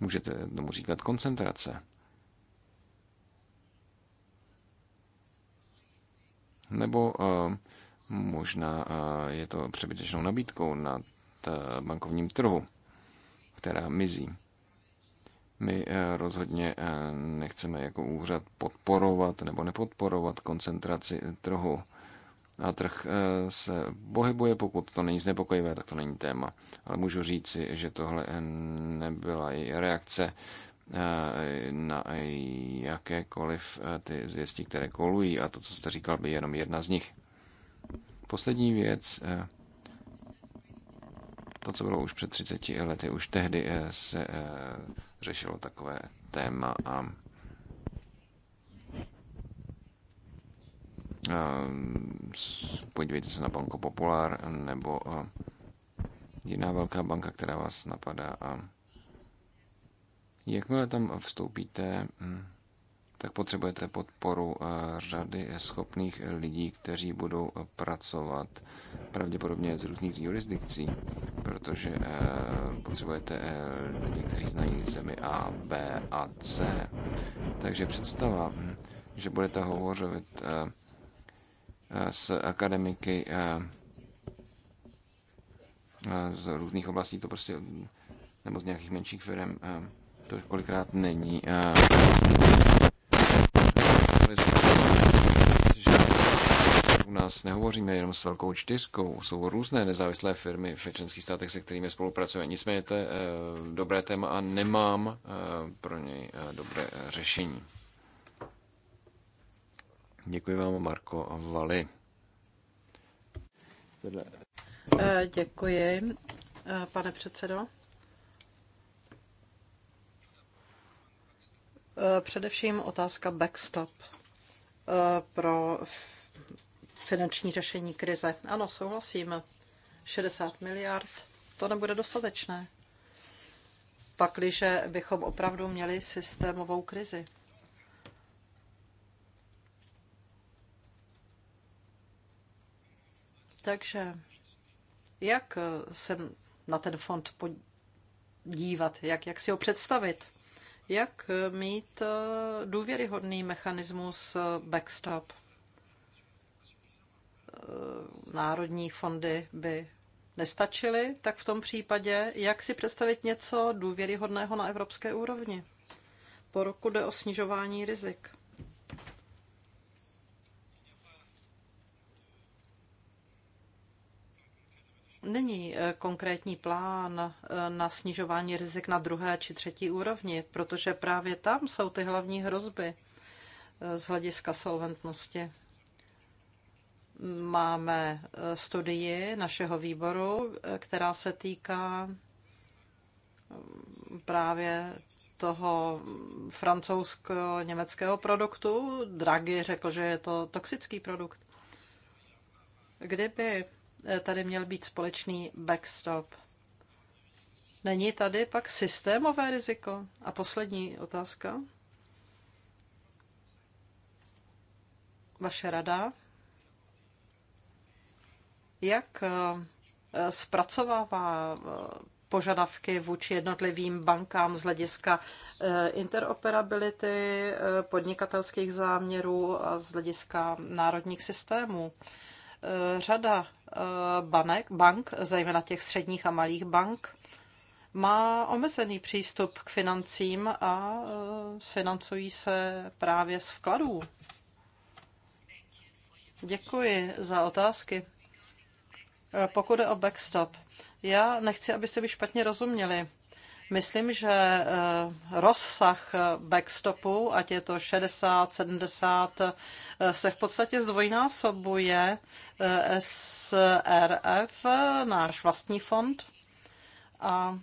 S2: Můžete tomu říkat koncentrace. Nebo eh, možná eh, je to přebytečnou nabídkou na bankovním trhu, která mizí. My rozhodně nechceme jako úřad podporovat nebo nepodporovat koncentraci trhu a trh eh, se pohybuje, pokud to není znepokojivé, tak to není téma. Ale můžu říci, že tohle eh, nebyla i reakce eh, na jakékoliv ty zvěsti, které kolují a to, co jste říkal, by jenom jedna z nich. Poslední věc, to, co bylo už před 30 lety, už tehdy se řešilo takové téma a Ehm, podívejte se na banku Popular nebo eh, jiná velká banka, která vás napadá. A jakmile tam vstoupíte, hm, tak potřebujete podporu eh, řady schopných lidí, kteří budou eh, pracovat pravděpodobně z různých jurisdikcí, protože potřebujete lidi, kteří znají zemi A, B a C. Takže představa, hm, že budete hovořit s eh, akademiky eh, eh, z různých oblastí, to prostě, nebo z nějakých menších firm, to kolikrát není. U nás nehovoříme jenom s velkou čtyřkou, jsou různé nezávislé firmy v členských státech, se kterými spolupracujeme. Nicméně to je dobré téma a nemám pro něj dobré řešení. Děkuji vám, Marko a Vali.
S4: Eh, děkuji, eh, pane předsedo. Eh, především otázka backstop pro finanční řešení krize. Ano, souhlasím. 60 miliard, to nebude dostatečné. Pakliže bychom opravdu měli systémovou krizi. Takže jak se na ten fond podívat, jak, jak si ho představit, jak mít eh, důvěryhodný mechanismus eh, backstop. Eh, národní fondy by nestačily, tak v tom případě, jak si představit něco důvěryhodného na evropské úrovni. Po roku jde o snižování rizik. není eh, konkrétní plán eh, na snižování rizik na druhé či třetí úrovni, protože právě tam jsou ty hlavní hrozby eh, z hlediska solventnosti. Máme studii našeho výboru, která se týká mm, právě toho francouzsko-německého produktu. Draghi řekl, že je to toxický produkt. Kdyby Eh, tady měl být společný backstop. Není tady pak systémové riziko? A poslední otázka. Vaše rada. Jak eh, zpracovává eh, požadavky vůči jednotlivým bankám z hlediska interoperability, podnikatelských záměrů a z hlediska národních systémů. Řada Eh, banek, bank, zejména těch středních a malých bank, má omezený přístup k financím a eh, financují se právě z vkladů. Děkuji za otázky. Eh, pokud je o backstop, já nechci, abyste mi špatně rozuměli. Myslím, že eh, rozsah eh, backstopu, ať je to 60, 70, eh, se v podstatě zdvojnásobuje SRF, náš vlastní fond. A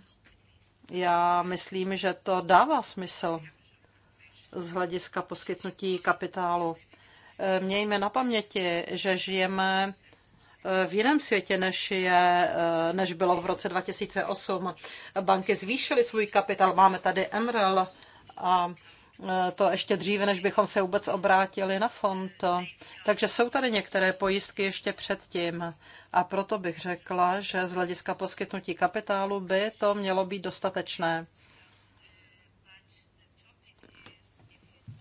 S4: já myslím, že to dává smysl z hlediska poskytnutí kapitálu. Mějme na paměti, že žijeme v jiném světě, než, je, eh, než bylo v roce 2008. Banky zvýšily svůj kapitál, máme tady MREL a eh, to ještě dříve, než bychom se vůbec obrátili na fond. Takže jsou tady některé pojistky ještě předtím. A proto bych řekla, že z hlediska poskytnutí kapitálu by to mělo být dostatečné.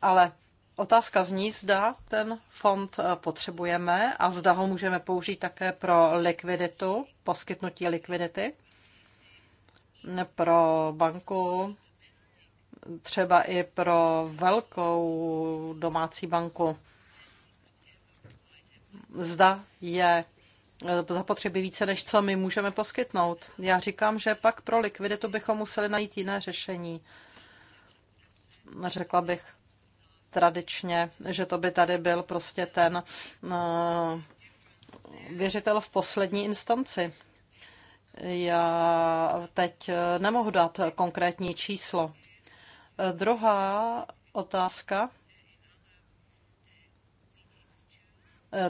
S4: Ale Otázka zní, zda ten fond eh, potřebujeme a zda ho můžeme použít také pro likviditu, poskytnutí likvidity pro banku, třeba i pro velkou domácí banku. Zda je eh, zapotřebí více, než co my můžeme poskytnout. Já říkám, že pak pro likviditu bychom museli najít jiné řešení. Řekla bych, tradičně, že to by tady byl prostě ten eh, věřitel v poslední instanci. Já teď eh, nemohu dát konkrétní číslo. Eh, druhá otázka.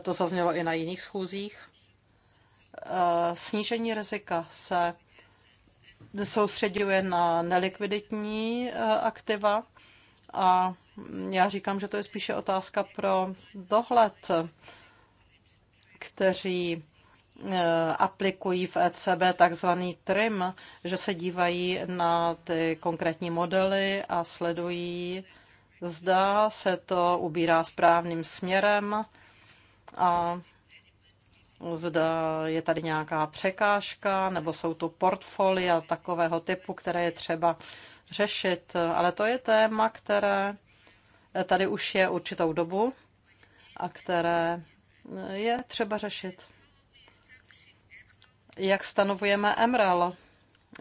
S4: To zaznělo i na jiných schůzích. Snížení rizika se soustředuje na nelikviditní aktiva a já říkám, že to je spíše otázka pro dohled, kteří eh, aplikují v ECB takzvaný trim, že se dívají na ty konkrétní modely a sledují, zda se to ubírá správným směrem a zda je tady nějaká překážka, nebo jsou tu portfolia takového typu, které je třeba řešit. Ale to je téma, které tady už je určitou dobu a které je třeba řešit. Jak stanovujeme MREL?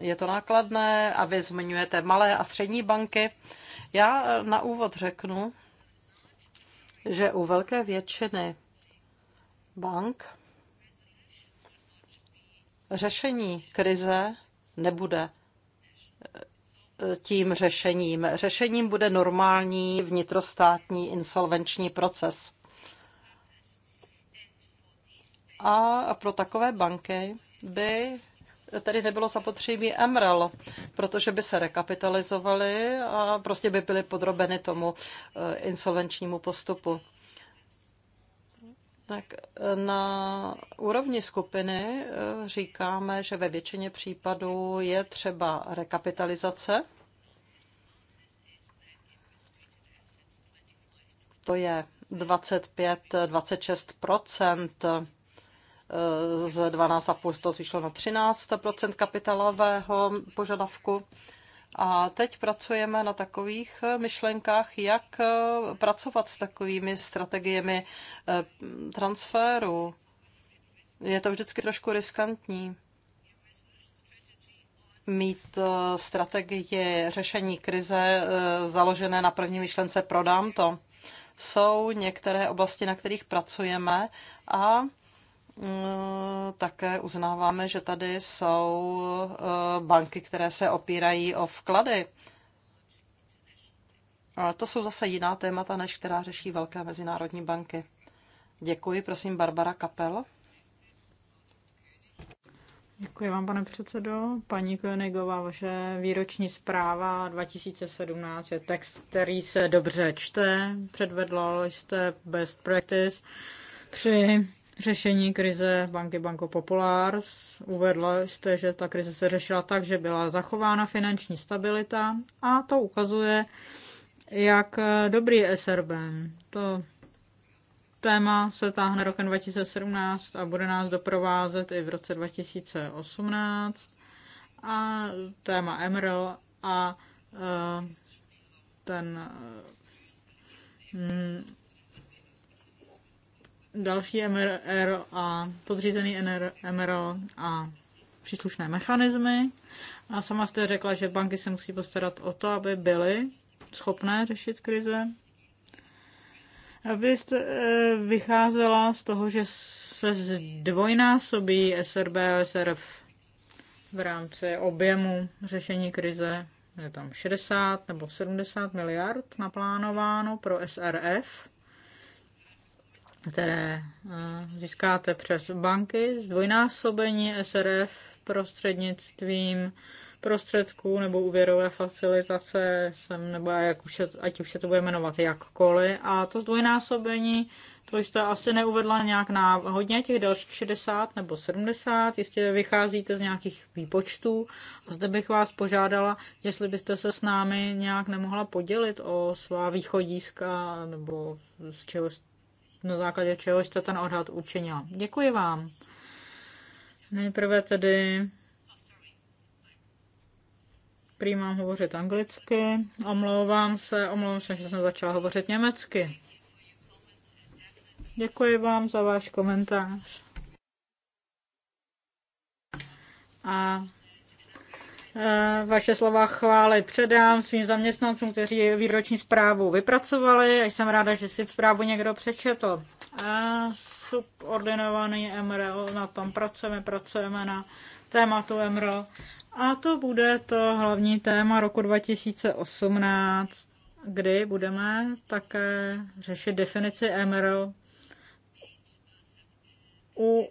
S4: Je to nákladné a vy zmiňujete malé a střední banky. Já na úvod řeknu, že u velké většiny bank řešení krize nebude tím řešením. Řešením bude normální vnitrostátní insolvenční proces. A pro takové banky by tady nebylo zapotřebí MREL, protože by se rekapitalizovaly a prostě by byly podrobeny tomu eh, insolvenčnímu postupu. Tak e, na úrovni skupiny e, říkáme, že ve většině případů je třeba rekapitalizace. To je 25-26 e, z 12,5 to zvýšilo na 13 kapitálového požadavku. A teď pracujeme na takových eh, myšlenkách, jak eh, pracovat s takovými strategiemi eh, transferu. Je to vždycky trošku riskantní mít strategie řešení krize založené na první myšlence prodám to. Jsou některé oblasti, na kterých pracujeme a Eh, také uznáváme, že tady jsou eh, banky, které se opírají o vklady. Ale to jsou zase jiná témata, než která řeší velké mezinárodní banky. Děkuji, prosím, Barbara Kapel.
S1: Děkuji vám, pane předsedo. Paní Koenigová, vaše výroční zpráva 2017 je text, který se dobře čte. Předvedla jste best practice při řešení krize banky Banco Popular. Uvedla jste, že ta krize se řešila tak, že byla zachována finanční stabilita a to ukazuje, jak dobrý je SRB. To téma se táhne rokem 2017 a bude nás doprovázet i v roce 2018. A téma Emerald a eh, ten mm, další MRR a podřízený MRO a příslušné mechanismy. A sama jste řekla, že banky se musí postarat o to, aby byly schopné řešit krize. Abyste eh, vycházela z toho, že se zdvojnásobí SRB a SRF v rámci objemu řešení krize. Je tam 60 nebo 70 miliard naplánováno pro SRF které eh, získáte přes banky, zdvojnásobení SRF prostřednictvím prostředků nebo úvěrové facilitace, sem, nebo jak už ať už se to bude jmenovat jakkoliv. A to zdvojnásobení, to jste asi neuvedla nějak na hodně těch dalších 60 nebo 70, jistě vycházíte z nějakých výpočtů. A zde bych vás požádala, jestli byste se s námi nějak nemohla podělit o svá východiska nebo z čeho na základě čeho jste ten odhad učinila. Děkuji vám. Nejprve tedy přijímám hovořit anglicky, omlouvám se, omlouvám se, že jsem začala hovořit německy. Děkuji vám za váš komentář. A Eh, vaše slova chvály předám svým zaměstnancům, kteří výroční zprávu vypracovali a jsem ráda, že si zprávu někdo přečetl. A subordinovaný MRL, na tom pracujeme, pracujeme na tématu MRL. A to bude to hlavní téma roku 2018, kdy budeme také řešit definici MRL u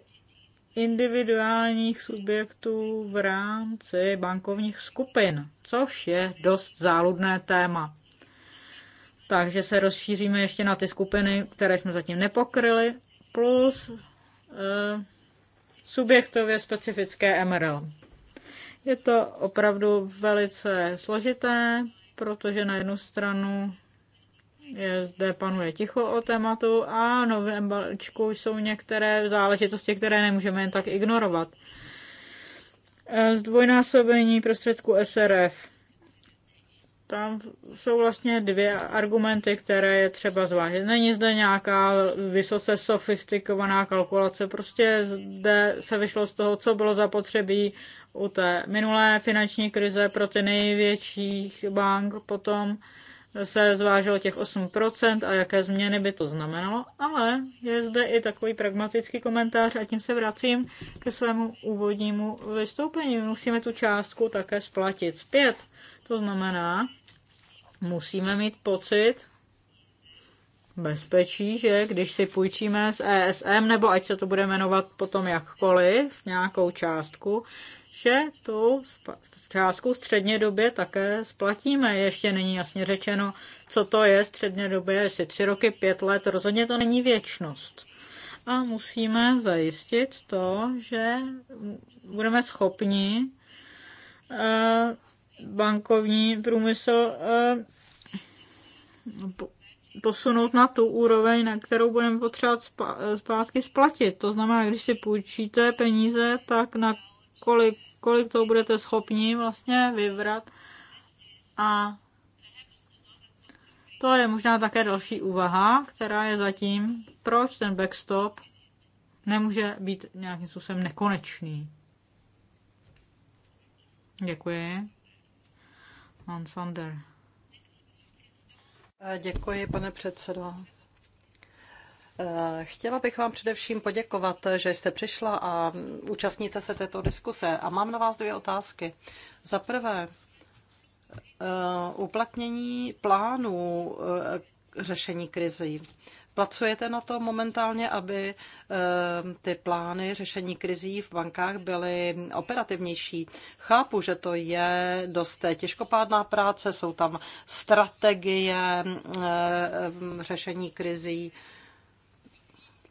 S1: individuálních subjektů v rámci bankovních skupin, což je dost záludné téma. Takže se rozšíříme ještě na ty skupiny, které jsme zatím nepokryli, plus e, subjektově specifické MRL. Je to opravdu velice složité, protože na jednu stranu je, zde panuje ticho o tématu a v novém balíčku jsou některé záležitosti, které nemůžeme jen tak ignorovat. E, zdvojnásobení prostředku SRF. Tam jsou vlastně dvě argumenty, které je třeba zvážit. Není zde nějaká vysoce sofistikovaná kalkulace, prostě zde se vyšlo z toho, co bylo zapotřebí u té minulé finanční krize pro ty největších bank, potom se zvážilo těch 8% a jaké změny by to znamenalo, ale je zde i takový pragmatický komentář a tím se vracím ke svému úvodnímu vystoupení. Musíme tu částku také splatit zpět. To znamená, musíme mít pocit bezpečí, že když si půjčíme z ESM, nebo ať se to bude jmenovat potom jakkoliv, nějakou částku, že tu částku středně době také splatíme. Ještě není jasně řečeno, co to je středně době, jestli tři roky, pět let, rozhodně to není věčnost. A musíme zajistit to, že budeme schopni eh, bankovní průmysl eh, posunout na tu úroveň, na kterou budeme potřebovat eh, zpátky splatit. To znamená, když si půjčíte peníze, tak na kolik, kolik toho budete schopni vlastně vybrat. A to je možná také další úvaha, která je zatím, proč ten backstop nemůže být nějakým způsobem nekonečný. Děkuji. Hans Sander.
S4: Děkuji, pane předsedo. Eh, chtěla bych vám především poděkovat, že jste přišla a účastníte se této diskuse. A mám na vás dvě otázky. Za prvé, eh, uplatnění plánů eh, řešení krizí. Pracujete na to momentálně, aby ty plány řešení krizí v bankách byly operativnější. Chápu, že to je dost těžkopádná práce, jsou tam strategie řešení krizí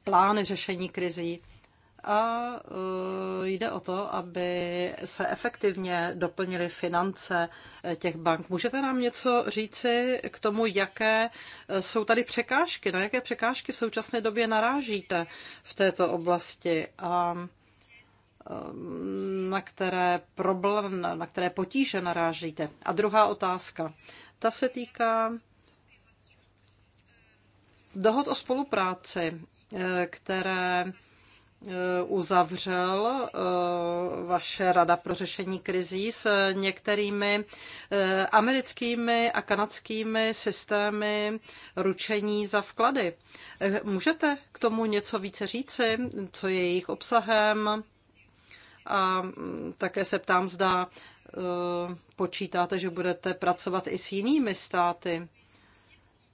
S4: plány řešení krizí a e, jde o to, aby se efektivně doplnily finance e, těch bank. Můžete nám něco říci k tomu, jaké e, jsou tady překážky, na jaké překážky v současné době narážíte v této oblasti a na které, problém, na které potíže narážíte. A druhá otázka, ta se týká dohod o spolupráci které eh, uzavřel eh, vaše Rada pro řešení krizí s některými eh, americkými a kanadskými systémy ručení za vklady. Můžete k tomu něco více říci, co je jejich obsahem? A mm, také se ptám, zda počítáte, že budete pracovat i s jinými státy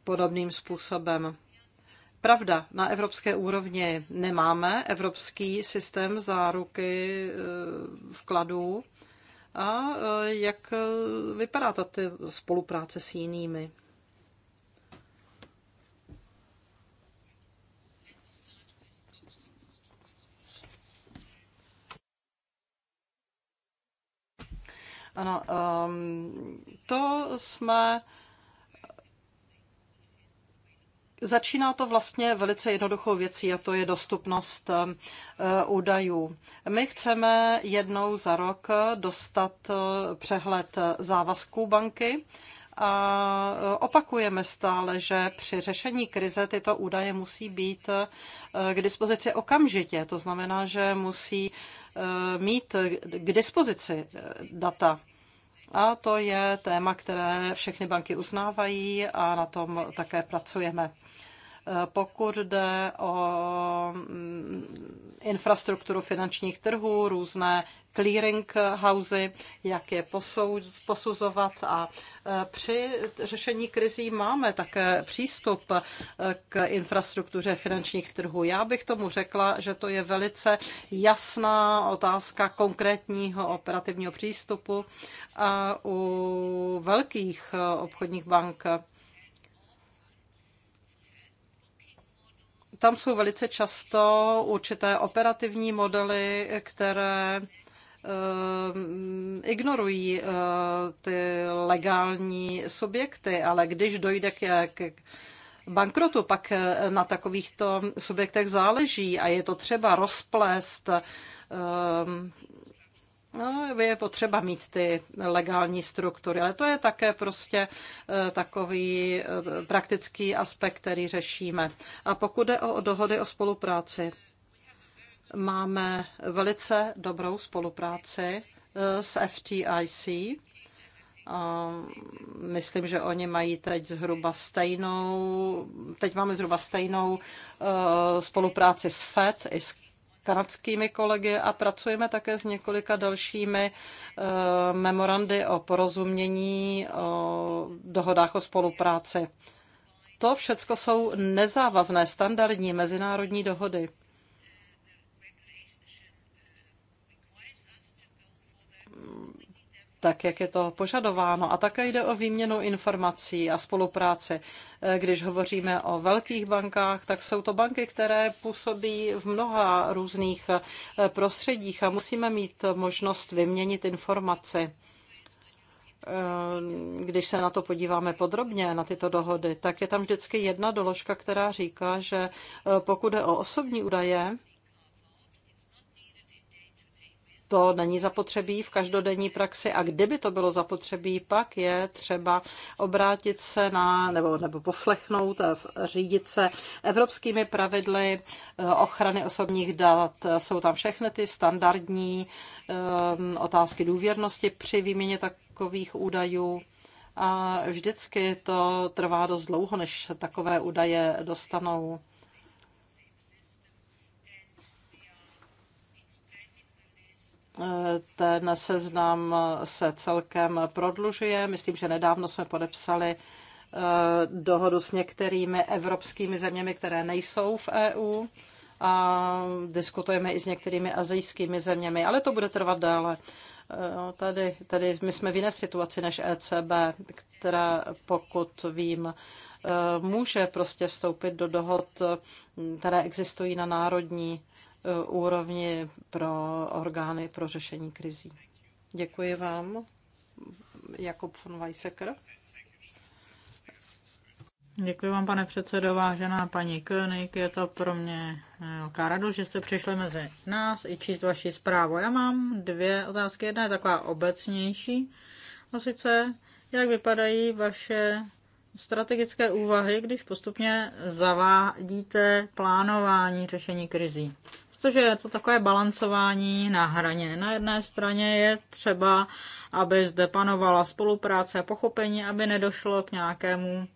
S4: podobným způsobem. Pravda, na evropské úrovni nemáme evropský systém záruky eh, vkladů. A eh, jak eh, vypadá ta spolupráce s jinými? Ano, ehm, to jsme Začíná to vlastně velice jednoduchou věcí a to je dostupnost eh, údajů. My chceme jednou za rok dostat eh, přehled závazků banky a eh, opakujeme stále, že při řešení krize tyto údaje musí být k dispozici okamžitě. To znamená, že musí mít k dispozici data. A to je téma, které všechny banky uznávají a na tom také pracujeme. Eh, pokud jde o mm, infrastrukturu finančních trhů, různé clearing housey, jak je posuzovat a eh, při řešení krizí máme také přístup eh, k infrastruktuře finančních trhů. Já bych tomu řekla, že to je velice jasná otázka konkrétního operativního přístupu a u velkých obchodních bank Tam jsou velice často určité operativní modely, které eh, ignorují eh, ty legální subjekty, ale když dojde k, k bankrotu, pak eh, na takovýchto subjektech záleží a je to třeba rozplést No, je potřeba mít ty legální struktury, ale to je také prostě eh, takový eh, praktický aspekt, který řešíme. A pokud jde o dohody o spolupráci, máme velice dobrou spolupráci eh, s FTIC. Myslím, že oni mají teď zhruba stejnou, teď máme zhruba stejnou spolupráci s FED i s kanadskými kolegy a pracujeme také s několika dalšími eh, memorandy o porozumění, o dohodách o spolupráci. To všechno jsou nezávazné standardní mezinárodní dohody. tak, jak je to požadováno. A také jde o výměnu informací a spolupráci. Eh, když hovoříme o velkých bankách, tak jsou to banky, které působí v mnoha různých eh, prostředích a musíme mít možnost vyměnit informaci. Eh, když se na to podíváme podrobně, na tyto dohody, tak je tam vždycky jedna doložka, která říká, že pokud je o osobní údaje, to není zapotřebí v každodenní praxi a kdyby to bylo zapotřebí, pak je třeba obrátit se na, nebo, nebo poslechnout a řídit se evropskými pravidly eh, ochrany osobních dat. Jsou tam všechny ty standardní eh, otázky důvěrnosti při výměně takových údajů. A vždycky to trvá dost dlouho, než takové údaje dostanou Ten seznam se celkem prodlužuje. Myslím, že nedávno jsme podepsali eh, dohodu s některými evropskými zeměmi, které nejsou v EU a diskutujeme i s některými azijskými zeměmi, ale to bude trvat déle. Eh, tady, tady my jsme v jiné situaci než ECB, která, pokud vím, eh, může prostě vstoupit do dohod, které existují na národní Eh, úrovni pro orgány pro řešení krizí. Děkuji vám, Jakob von Weisecker.
S1: Děkuji vám, pane předsedo, vážená paní König. Je to pro mě eh, velká radost, že jste přišli mezi nás i číst vaši zprávu. Já mám dvě otázky. Jedna je taková obecnější. A sice, jak vypadají vaše strategické úvahy, když postupně zavádíte plánování řešení krizí? protože je to takové balancování na hraně. Na jedné straně je třeba, aby zde panovala spolupráce a pochopení, aby nedošlo k nějakému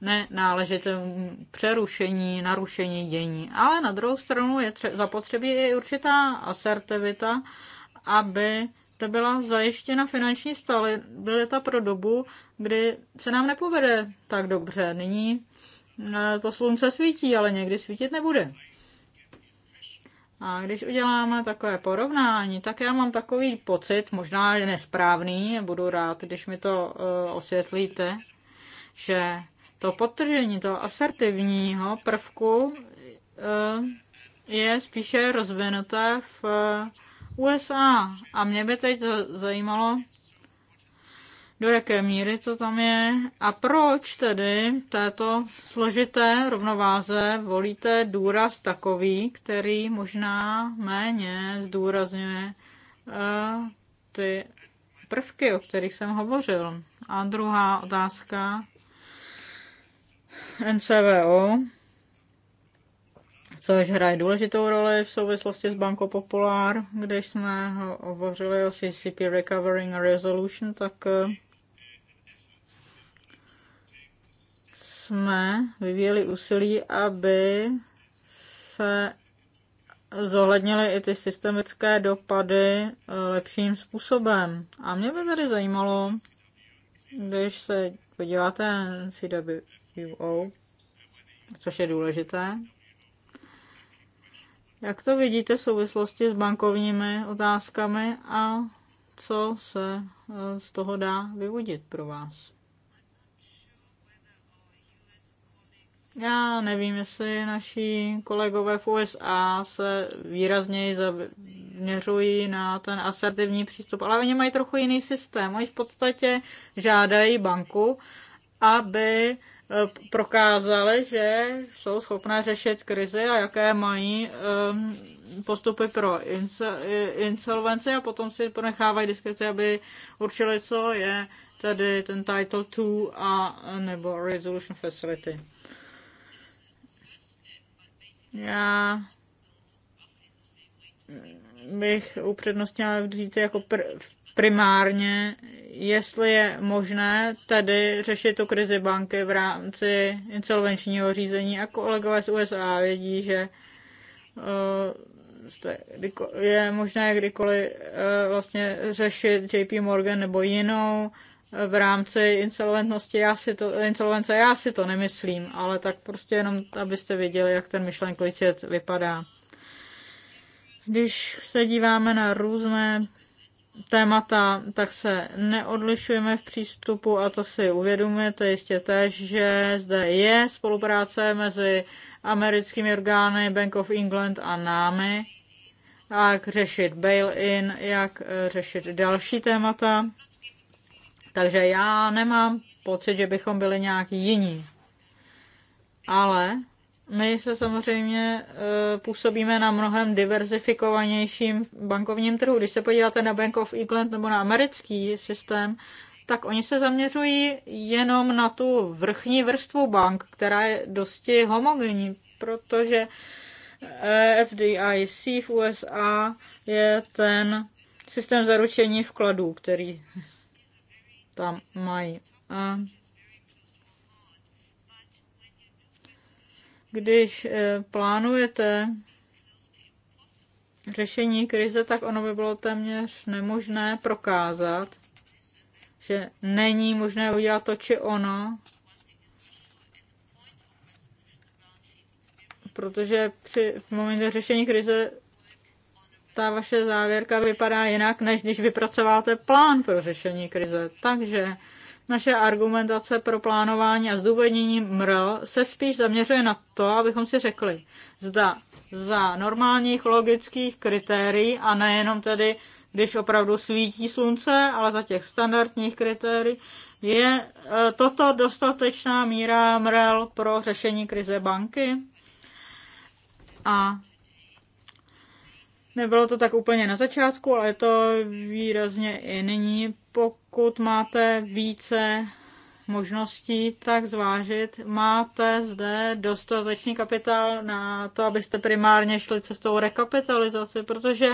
S1: nenáležitému přerušení, narušení dění. Ale na druhou stranu je tře- zapotřebí i určitá asertivita, aby to byla zajištěna finanční stabilita pro dobu, kdy se nám nepovede tak dobře. Nyní eh, to slunce svítí, ale někdy svítit nebude. A když uděláme takové porovnání, tak já mám takový pocit, možná je nesprávný, budu rád, když mi to uh, osvětlíte, že to potržení toho asertivního prvku uh, je spíše rozvinuté v uh, eh, USA. A mě by teď zajímalo, do jaké míry to tam je a proč tedy této složité rovnováze volíte důraz takový, který možná méně zdůrazňuje uh, ty prvky, o kterých jsem hovořil. A druhá otázka NCVO, což hraje důležitou roli v souvislosti s Banko Popular. Když jsme hovořili o CCP Recovering Resolution, tak uh, jsme vyvíjeli úsilí, aby se zohlednily i ty systemické dopady eh, lepším způsobem. A mě by tady zajímalo, když se podíváte na CWO, což je důležité, jak to vidíte v souvislosti s bankovními otázkami a co se eh, z toho dá vyvodit pro vás? Já nevím, jestli naši kolegové v USA se výrazněji zaměřují na ten asertivní přístup, ale oni mají trochu jiný systém. Oni v podstatě žádají banku, aby eh, prokázali, že jsou schopné řešit krizi a jaké mají ehm, postupy pro eh, insolvenci a potom si ponechávají diskreci, aby určili, co je tedy ten Title 2 a nebo Resolution Facility. Já bych upřednostnila říct jako pr- primárně, jestli je možné tedy řešit tu krizi banky v rámci insolvenčního řízení. A kolegové z USA vědí, že eh, je možné kdykoliv eh, vlastně řešit JP Morgan nebo jinou v rámci insolventnosti, já si to, insolvence, já si to nemyslím, ale tak prostě jenom, abyste viděli, jak ten myšlenkový svět vypadá. Když se díváme na různé témata, tak se neodlišujeme v přístupu a to si uvědomujete jistě tež, že zde je spolupráce mezi americkými orgány Bank of England a námi, jak řešit bail-in, jak řešit další témata. Takže já nemám pocit, že bychom byli nějaký jiní. Ale my se samozřejmě e, působíme na mnohem diverzifikovanějším bankovním trhu. Když se podíváte na Bank of England nebo na americký systém, tak oni se zaměřují jenom na tu vrchní vrstvu bank, která je dosti homogenní, protože e, FDIC v USA je ten systém zaručení vkladů, který tam mají. A když e, plánujete řešení krize, tak ono by bylo téměř nemožné prokázat, že není možné udělat to či ono, protože při v momentě řešení krize ta vaše závěrka vypadá jinak, než když vypracováte plán pro řešení krize. Takže naše argumentace pro plánování a zdůvodnění MRL se spíš zaměřuje na to, abychom si řekli, zda za normálních logických kritérií a nejenom tedy, když opravdu svítí slunce, ale za těch standardních kritérií, je e, toto dostatečná míra MREL pro řešení krize banky? A Nebylo to tak úplně na začátku, ale to výrazně i nyní. Pokud máte více možností, tak zvážit, máte zde dostatečný kapitál na to, abyste primárně šli cestou rekapitalizace, protože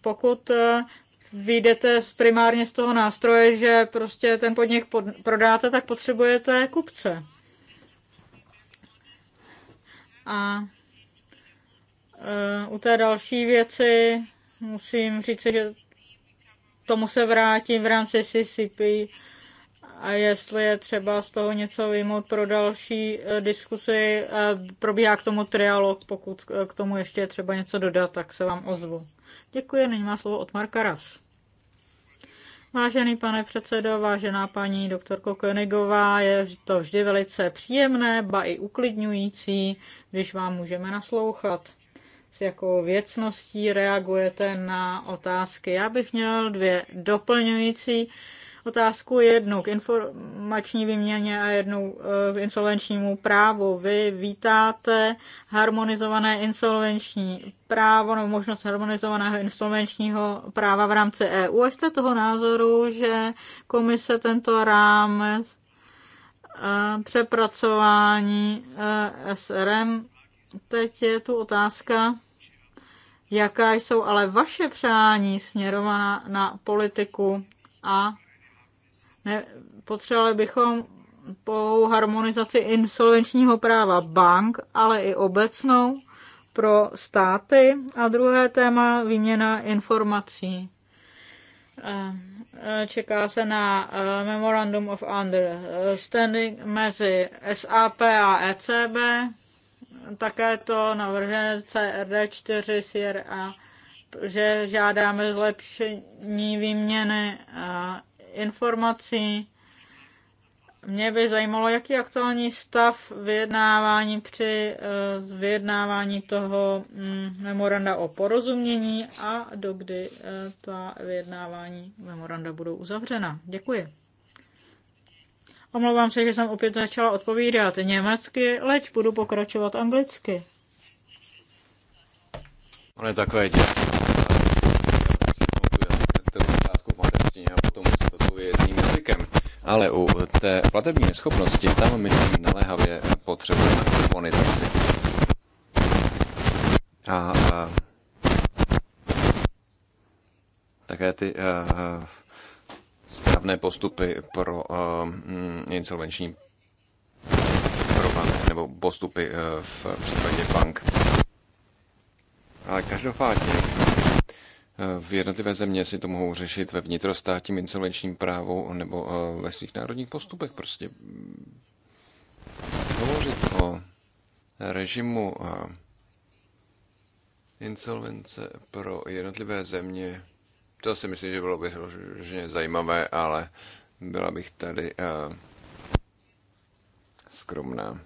S1: pokud eh, vyjdete primárně z toho nástroje, že prostě ten podnik pod, prodáte, tak potřebujete kupce. A Eh, u té další věci musím říct, že tomu se vrátím v rámci CCP a jestli je třeba z toho něco vyjmout pro další eh, diskusy. Eh, probíhá k tomu trialog, pokud k tomu ještě je třeba něco dodat, tak se vám ozvu. Děkuji, nyní má slovo od Marka Ras. Vážený pane předsedo, vážená paní doktorko Königová, je to vždy velice příjemné, ba i uklidňující, když vám můžeme naslouchat s jakou věcností reagujete na otázky. Já bych měl dvě doplňující otázku, jednu k informační výměně a jednu eh, k insolvenčnímu právu. Vy vítáte harmonizované insolvenční právo nebo možnost harmonizovaného insolvenčního práva v rámci EU. A jste toho názoru, že komise tento rámec eh, přepracování eh, SRM teď je tu otázka, jaká jsou ale vaše přání směrovaná na politiku a ne, potřebovali bychom po harmonizaci insolvenčního práva bank, ale i obecnou pro státy. A druhé téma výměna informací. Eh, čeká se na eh, Memorandum of Understanding mezi SAP a ECB také to navržené CRD 4 CRA, že žádáme zlepšení výměny informací. Mě by zajímalo, jaký je aktuální stav vyjednávání při e, vyjednávání toho mm, memoranda o porozumění a dokdy e, ta vyjednávání memoranda budou uzavřena. Děkuji. Omlouvám se, že jsem opět začala odpovídat německy, leč budu pokračovat anglicky.
S2: On je takové dě. a potom se to jedním jazykem. Ale u té platební neschopnosti tam, myslím, naléhavě potřebujeme harmonizaci. A, a také ty a, a, správné postupy pro eh, mm, insolvenční pro bank nebo postupy eh, v případě bank. Ale každopádně eh, v jednotlivé země si to mohou řešit ve vnitrostátním insolvenčním právu nebo ve svých národních postupech. Prostě hovořit o režimu insolvence pro jednotlivé země to si myslím, že bylo vyloženě zajímavé, ale byla bych tady uh, skromná.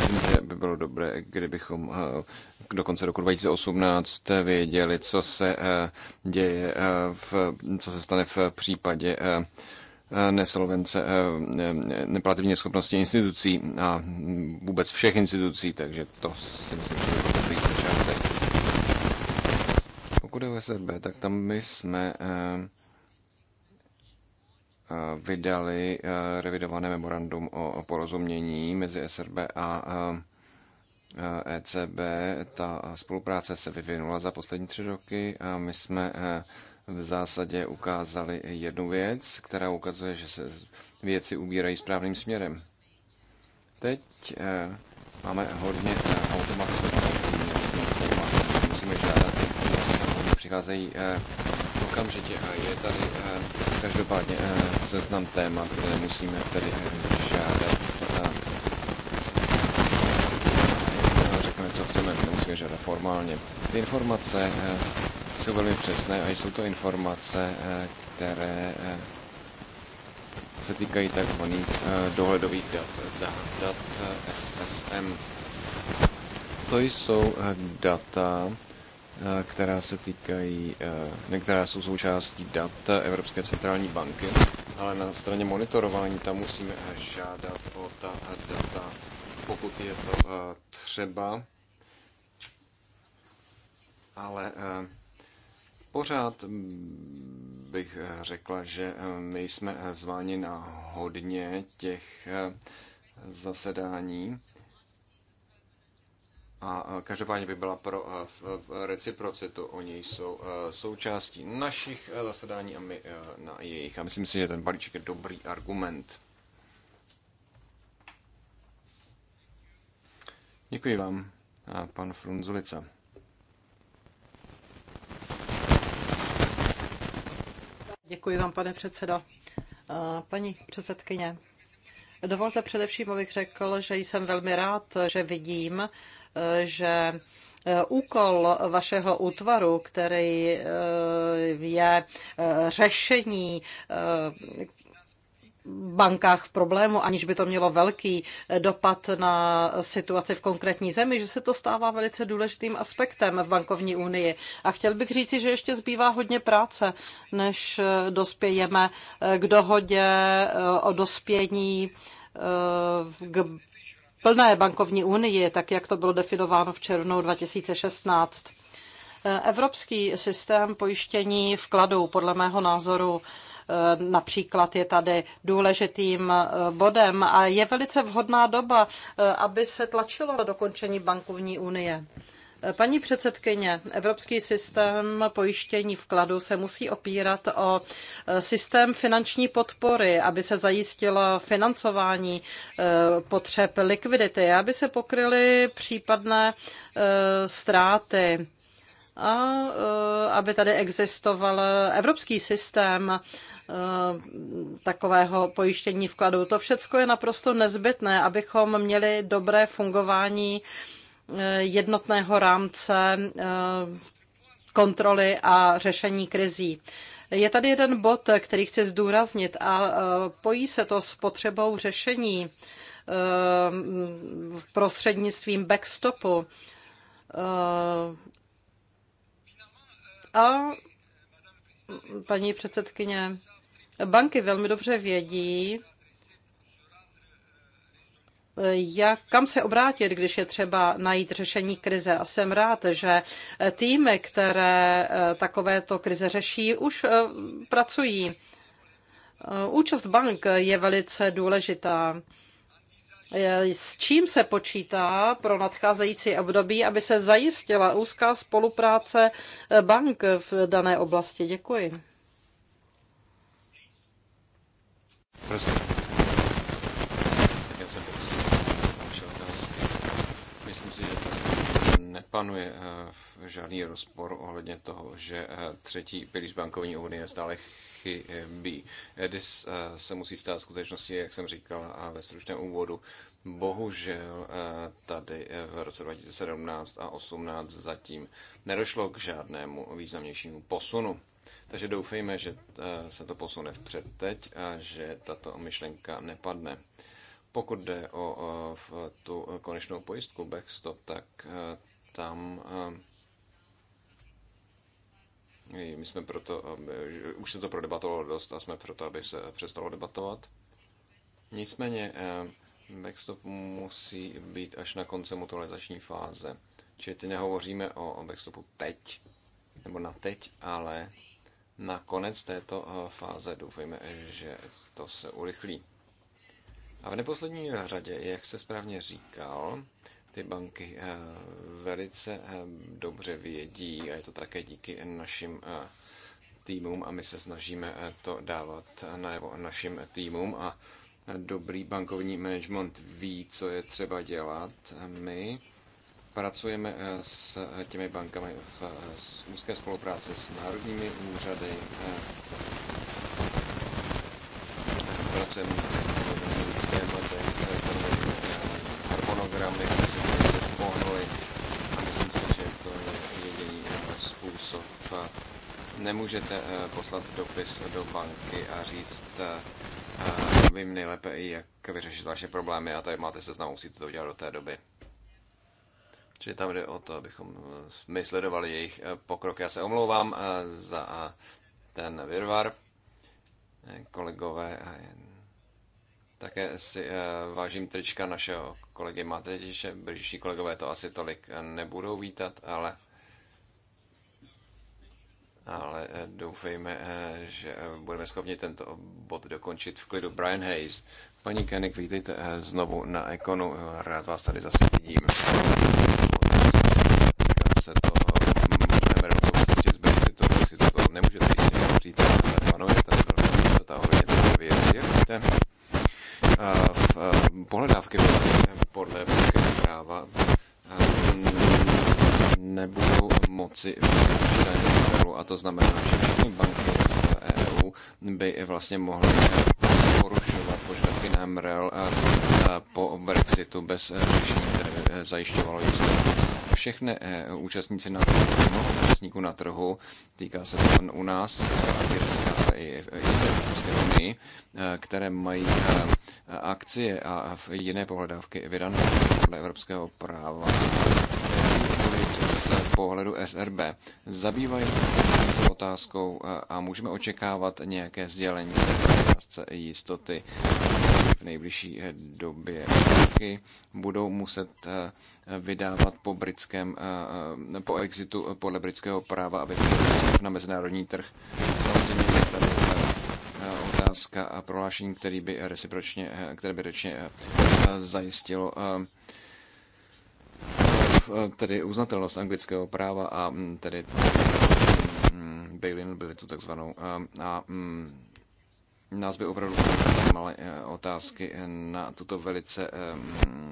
S2: Myslím, že by bylo dobré, kdybychom uh, do konce roku 2018 věděli, co se uh, děje, uh, v, co se stane v případě uh, nesolvence, neplativní schopnosti institucí a vůbec všech institucí, takže to si myslím, že je dobrý pokud je o tak tam my jsme eh, eh, vydali eh, revidované memorandum o porozumění mezi SRB a ECB. E Ta spolupráce se vyvinula za poslední tři roky a my jsme v zásadě ukázali jednu věc, která ukazuje, že se věci ubírají správným směrem. Teď máme hodně automatizovat. přicházejí eh, okamžitě a je tady eh, každopádně eh, seznam témat, kde nemusíme tedy žádat řekneme, co chceme, nemusíme žádat formálně. Ty informace jsou velmi přesné a jsou to informace, které se týkají takzvaných dohledových dat, dat, dat SSM. To jsou data, Eh, která se týkají, eh, která jsou součástí dat Evropské centrální banky, ale na straně monitorování tam musíme žádat o ta data, pokud je to eh, třeba, ale pořád bych řekla, že my jsme zváni na hodně těch zasedání, a každopádně by byla pro reciprocitu. Oni jsou součástí našich e, zasedání a my e, na jejich. A myslím si, že ten balíček je dobrý argument. Děkuji vám, pan Frunzulica.
S1: Děkuji
S4: vám, pane předsedo. Paní předsedkyně, dovolte především, abych řekl, že jsem velmi rád, že vidím, že eh, úkol vašeho útvaru, který eh, je eh, řešení bankách v problému, aniž by to mělo velký dopad na situaci v konkrétní zemi, že se to stává velice důležitým aspektem v bankovní unii. A chtěl bych říci, že ještě zbývá hodně práce, než dospějeme k dohodě o dospění k plné bankovní unii, tak jak to bylo definováno v červnu 2016. Evropský systém pojištění vkladů podle mého názoru eh, například je tady důležitým eh, bodem a je velice vhodná doba, eh, aby se tlačilo na dokončení bankovní unie. Paní předsedkyně, evropský systém pojištění vkladu se musí opírat o e, systém finanční podpory, aby se zajistilo financování e, potřeb likvidity, aby se pokryly případné e, ztráty a aby tady existoval evropský systém takového pojištění vkladů. To všechno je naprosto nezbytné, abychom měli dobré fungování jednotného rámce eh, kontroly a řešení krizí. Je tady jeden bod, který chci zdůraznit a eh, pojí se to s potřebou řešení eh, v prostřednictvím backstopu. A paní předsedkyně, banky velmi dobře vědí, jak, kam se obrátit, když je třeba najít řešení krize. A jsem rád, že týmy, které eh, takovéto krize řeší, už eh, pracují. Eh, účast bank je velice důležitá. S čím se počítá pro nadcházející období, aby se zajistila úzká spolupráce bank v dané oblasti? Děkuji.
S5: Prosím.
S2: nepanuje eh, žádný rozpor ohledně toho, že eh, třetí pilíř bankovní unie stále chybí. EDIS eh, se musí stát skutečností, jak jsem říkal a ve stručném úvodu. Bohužel tady v roce 2017 a 2018 zatím nedošlo k žádnému významnějšímu posunu. Takže doufejme, že se to posune vpřed teď a že tato myšlenka nepadne. Pokud jde o, o v tu konečnou pojistku backstop, tak tam eh, my jsme proto, už se to prodebatovalo dost a jsme proto, aby se přestalo debatovat. Nicméně eh, backstop musí být až na konce mutualizační fáze. Čili ty nehovoříme o backstopu teď, nebo na teď, ale na konec této eh, fáze doufejme, že to se urychlí. A v neposlední řadě, jak se správně říkal, ty banky eh, velice eh, dobře vědí a je to také díky našim eh, týmům a my se snažíme to dávat jeho našim týmům a dobrý bankovní management ví, co je třeba dělat. My pracujeme s těmi bankami v úzké spolupráci s národními úřady. Pracujeme Nemůžete eh, poslat dopis do banky a říct, eh, eh, vím nejlépe, jak vyřešit vaše problémy a tady máte seznam, musíte to udělat do té doby. Čili tam jde o to, abychom my sledovali jejich pokrok. Já se omlouvám za ten virvar. Kolegové, také si vážím trička našeho kolegy Matetiče. Britští kolegové to asi tolik nebudou vítat, ale ale eh, doufejme, eh, že eh, budeme schopni tento bod dokončit v klidu. Brian Hayes. Paní Kenik, vítejte znovu na Ekonu. Rád vás tady zase vidím. Týká se to nemovitosti z Brexitu, Brexitu to nemůžete jistě říct, ale panuje tady velká jistota ohledně této věci. Jak víte, pohledávky podle britského práva nebudou moci vidět přidanou hodnotu a to znamená, že všechny banky v EU by vlastně mohly porušovat požadavky na MREL po Brexitu bez řešení, které by zajišťovalo jistotu. Všechny e, účastníci na trhu, mnoho účastníků na trhu, týká se to u nás, e, Irska, ale i e, jinde v Evropské unii, které mají akcie a jiné pohledávky vydané podle evropského práva pohledu SRB. Zabývajte se touto otázkou eh, a můžeme očekávat nějaké sdělení v této otázce jistoty v nejbližší eh, době. Banky budou muset eh, vydávat po britském, po exitu podle britského práva, aby na mezinárodní trh. Samozřejmě tady otázka a prohlášení, který by recipročně, které by ročně zajistilo Eh, tedy uznatelnost anglického práva a mm, tedy mm, bail byli tu takzvanou eh, a mm, nás by opravdu zajímaly eh, otázky na tuto velice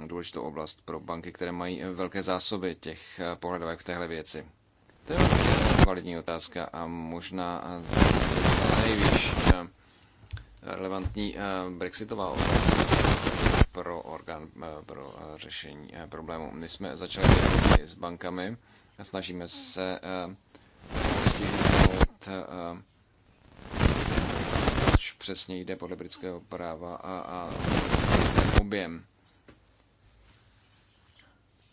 S2: důležitou oblast pro banky, které mají velké zásoby těch pohledovek v téhle věci. To je velice validní otázka a možná nejvíc relevantní brexitová otázka pro orgán eh, pro eh, řešení eh, problémů. My jsme začali dialogy s bankami a snažíme se postihnout oč přesně jde podle britského práva a, a ten objem.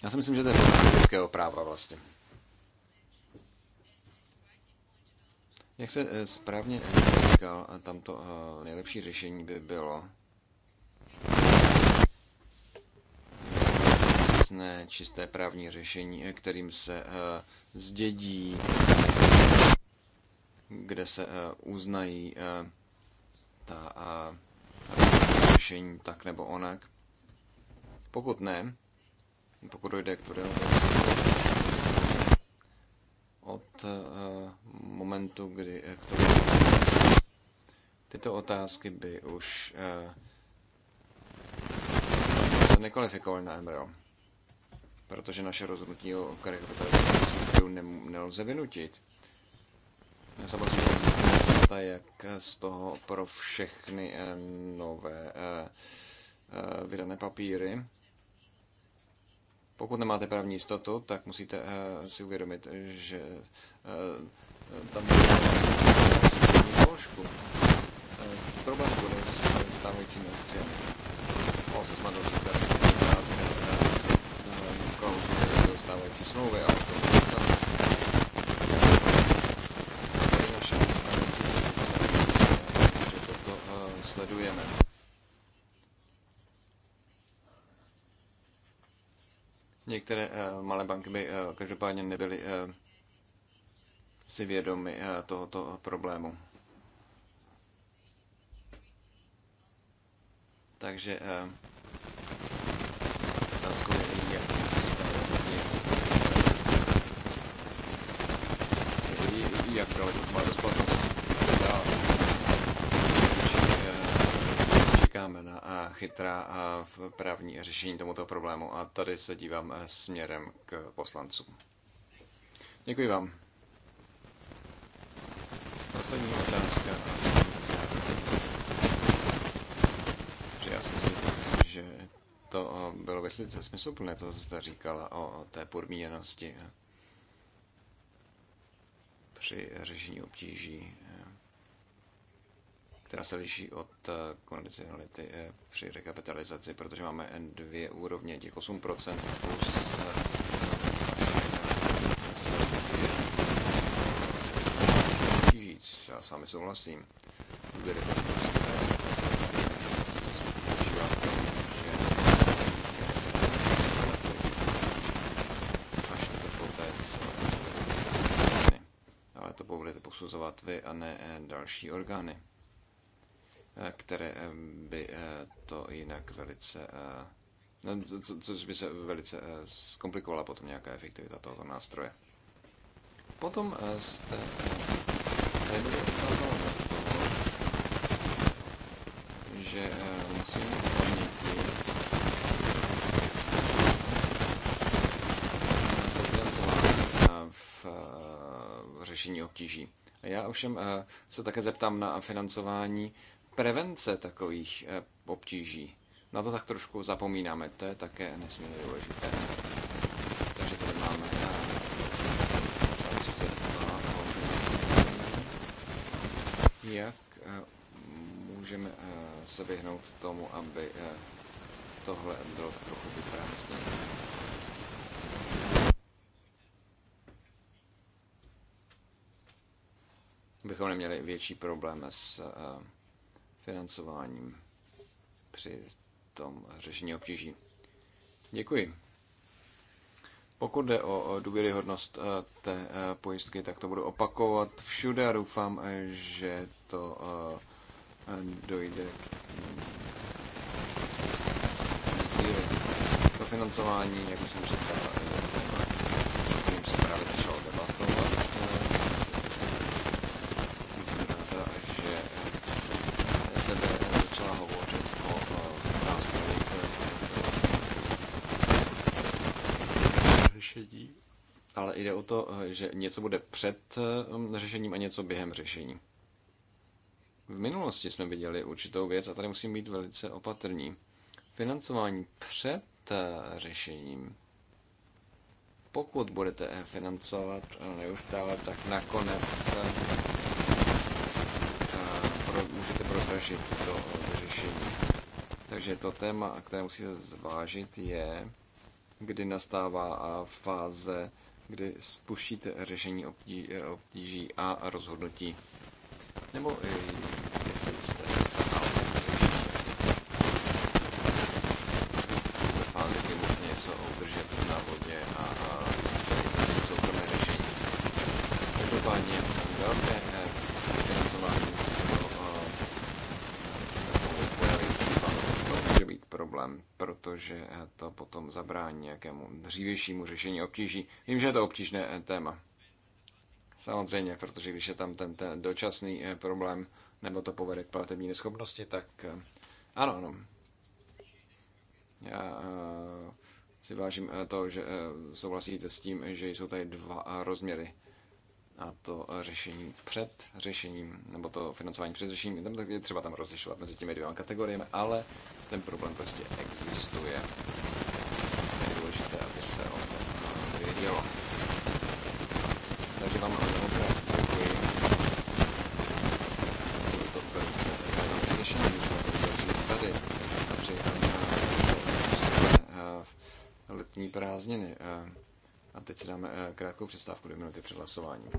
S2: Já si myslím, že to je podle britského práva vlastně. Jak se správně říkal, tam to nejlepší řešení by bylo jasné, čisté právní řešení, eh, kterým se eh, zdědí, kde se eh, uznají ta řešení tak nebo onak. Pokud ne, pokud dojde k tvrdému od momentu, kdy k tomu tyto otázky by už nekvalifikovaly na MRO protože naše rozhodnutí o karikaturizaci zdrojů nelze vynutit. Samozřejmě existuje cesta, jak z toho pro všechny eh, nové eh, eh, vydané papíry. Pokud nemáte právní jistotu, tak musíte si uvědomit, že tam je položku. Problém bude s stávajícími akciemi. O, se snadno říkat úpravu, do stávající smlouvy a potom podstatně. A tady naše stávající pozice, takže toto eh, sledujeme. Některé eh, malé banky by eh, každopádně nebyly si vědomi tohoto problému. Takže otázkou je, jak daleko to má do splatnosti. Čekáme na chytrá a právní řešení tomuto problému a tady se dívám e, směrem k poslancům. Děkuji vám. Poslední otázka. Že já si myslím, že to e, bylo vyslice smysluplné, co jste říkala o té podmíněnosti při řešení obtíží, eh, která se liší od eh, kondicionality eh, při rekapitalizaci, protože máme dvě úrovně, těch 8% plus obtíží, já s vámi souhlasím, důvěry, diskutovat vy a ne eh, další orgány, eh, které eh, by to jinak velice no, co, což by se velice zkomplikovala potom nějaká efektivita tohoto nástroje. Potom jste zajímavě ukázal na to, že musíme paměti na v řešení obtíží. Já ovšem eh, se také zeptám na financování prevence takových eh, obtíží. Na to tak trošku zapomínáme, to je také nesmírně důležité. Takže tady máme
S5: 32
S2: Jak eh, můžeme se vyhnout tomu, aby tohle bylo tak trochu vyprázdněné? bychom neměli větší problém s eh, financováním při tom řešení obtíží. Děkuji. Pokud jde o důvěryhodnost eh, té eh, pojistky, tak to budu opakovat všude a doufám, že to dojde k cíli. To financování, jak už jsem říkal, ale jde o to, eh, že něco bude před ehm, řešením a něco během řešení. V minulosti jsme viděli určitou věc a tady musím být velice opatrný. Financování před eh, řešením. Pokud budete eh, financovat neustále, tak nakonec můžete prodražit to řešení. Takže to téma, které musíte zvážit, je, kdy nastává fáze kdy spuštíte řešení obtíží a rozhodnutí. Nebo protože to potom zabrání nějakému dřívějšímu řešení obtíží. Vím, že je to obtížné eh, téma. Samozřejmě, protože když je tam ten, ten dočasný eh, problém, nebo to povede k platební neschopnosti, tak eh, ano, ano. Já si vážím to, že souhlasíte s tím, že jsou tady dva rozměry. A to řešení před řešením, nebo to financování před řešením, tam tak je třeba tam rozlišovat mezi těmi dvěma kategoriemi, ale ten problém prostě existuje. Je důležité, aby se o tom vědělo. Takže vám hodně mnohokrát děkuji. Bylo to velice zajímavé slyšení, když jsme to začít tady a přejdeme na letní prázdniny. A teď si dáme eh, krátkou přestávku, dvě minuty před hlasováním.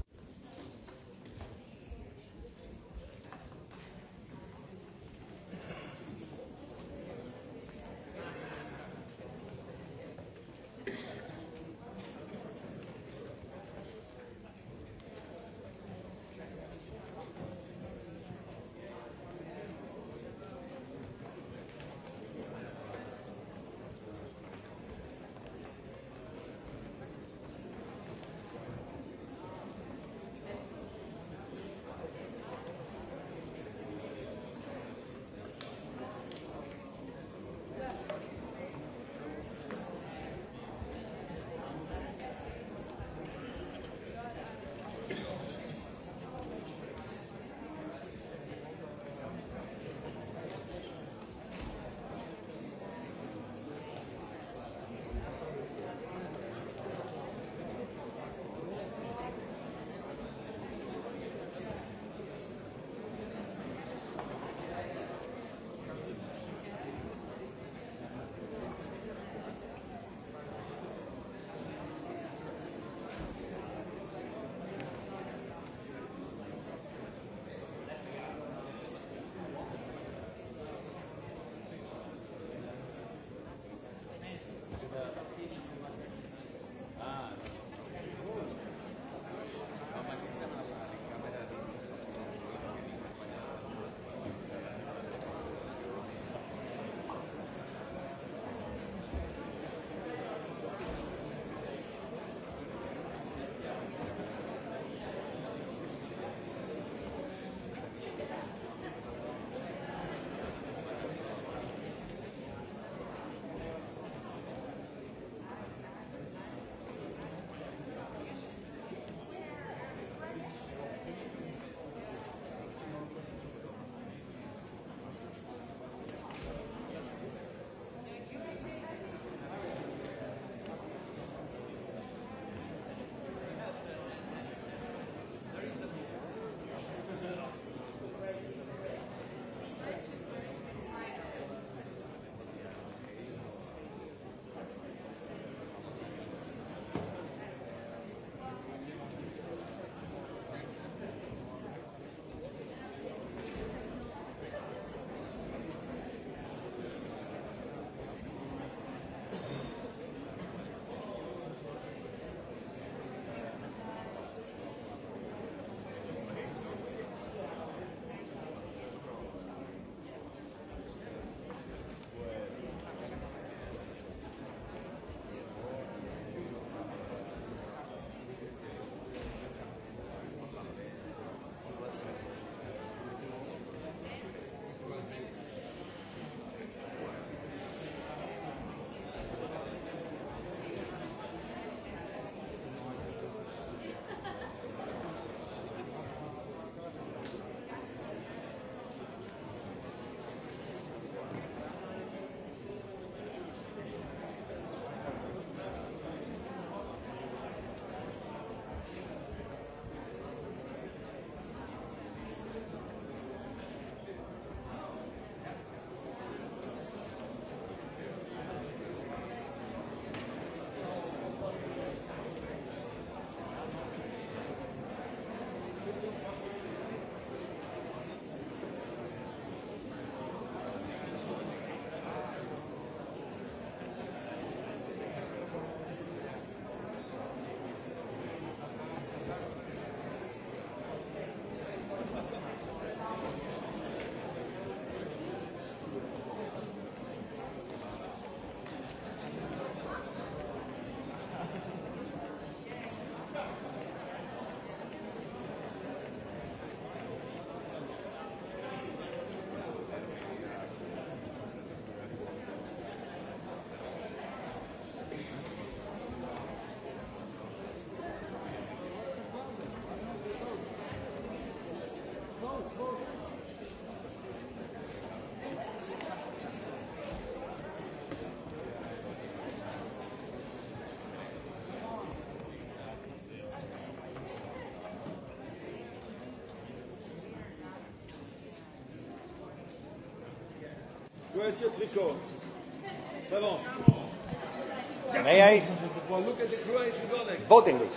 S6: May I? Well, look at the Croatian Codex. Both English.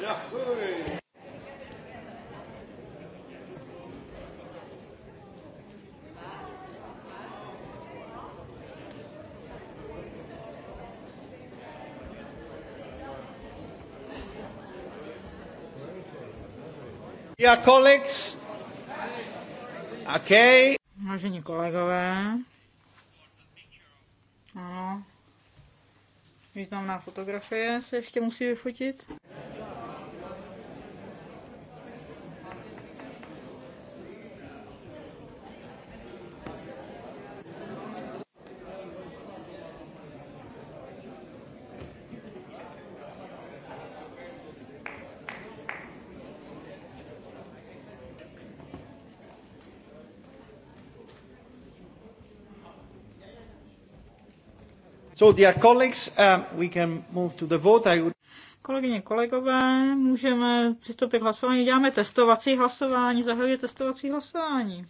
S6: Yeah. Yeah, colleagues.
S1: Okay. Vážení kolegové, ano, významná fotografie se ještě musí vyfotit.
S6: So, dear colleagues, uh, we can move to the vote. I would... Kolegyně, kolegové,
S1: můžeme přistoupit k hlasování. Děláme testovací hlasování, zahajuje testovací hlasování.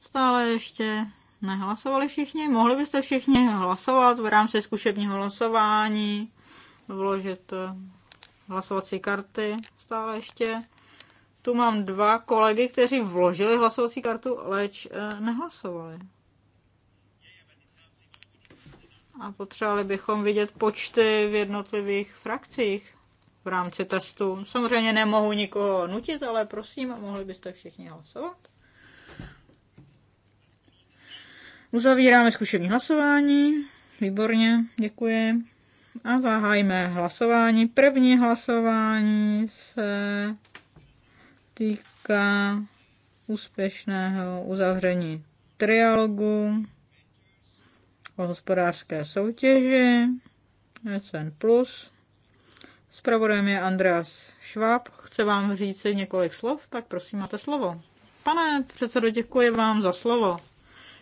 S1: Stále ještě Nehlasovali všichni? Mohli byste všichni hlasovat v rámci zkušebního hlasování, vložit eh, hlasovací karty stále ještě. Tu mám dva kolegy, kteří vložili hlasovací kartu, leč eh, nehlasovali. A potřebovali bychom vidět počty v jednotlivých frakcích v rámci testu. Samozřejmě nemohu nikoho nutit, ale prosím, mohli byste všichni hlasovat? Uzavíráme zkušební hlasování. Výborně, děkuji. A zahájíme hlasování. První hlasování se týká úspěšného uzavření trialogu o hospodářské soutěži SN+. Spravodajem je Andreas Schwab. Chce vám říct několik slov, tak prosím, máte slovo. Pane předsedo, děkuji vám za slovo.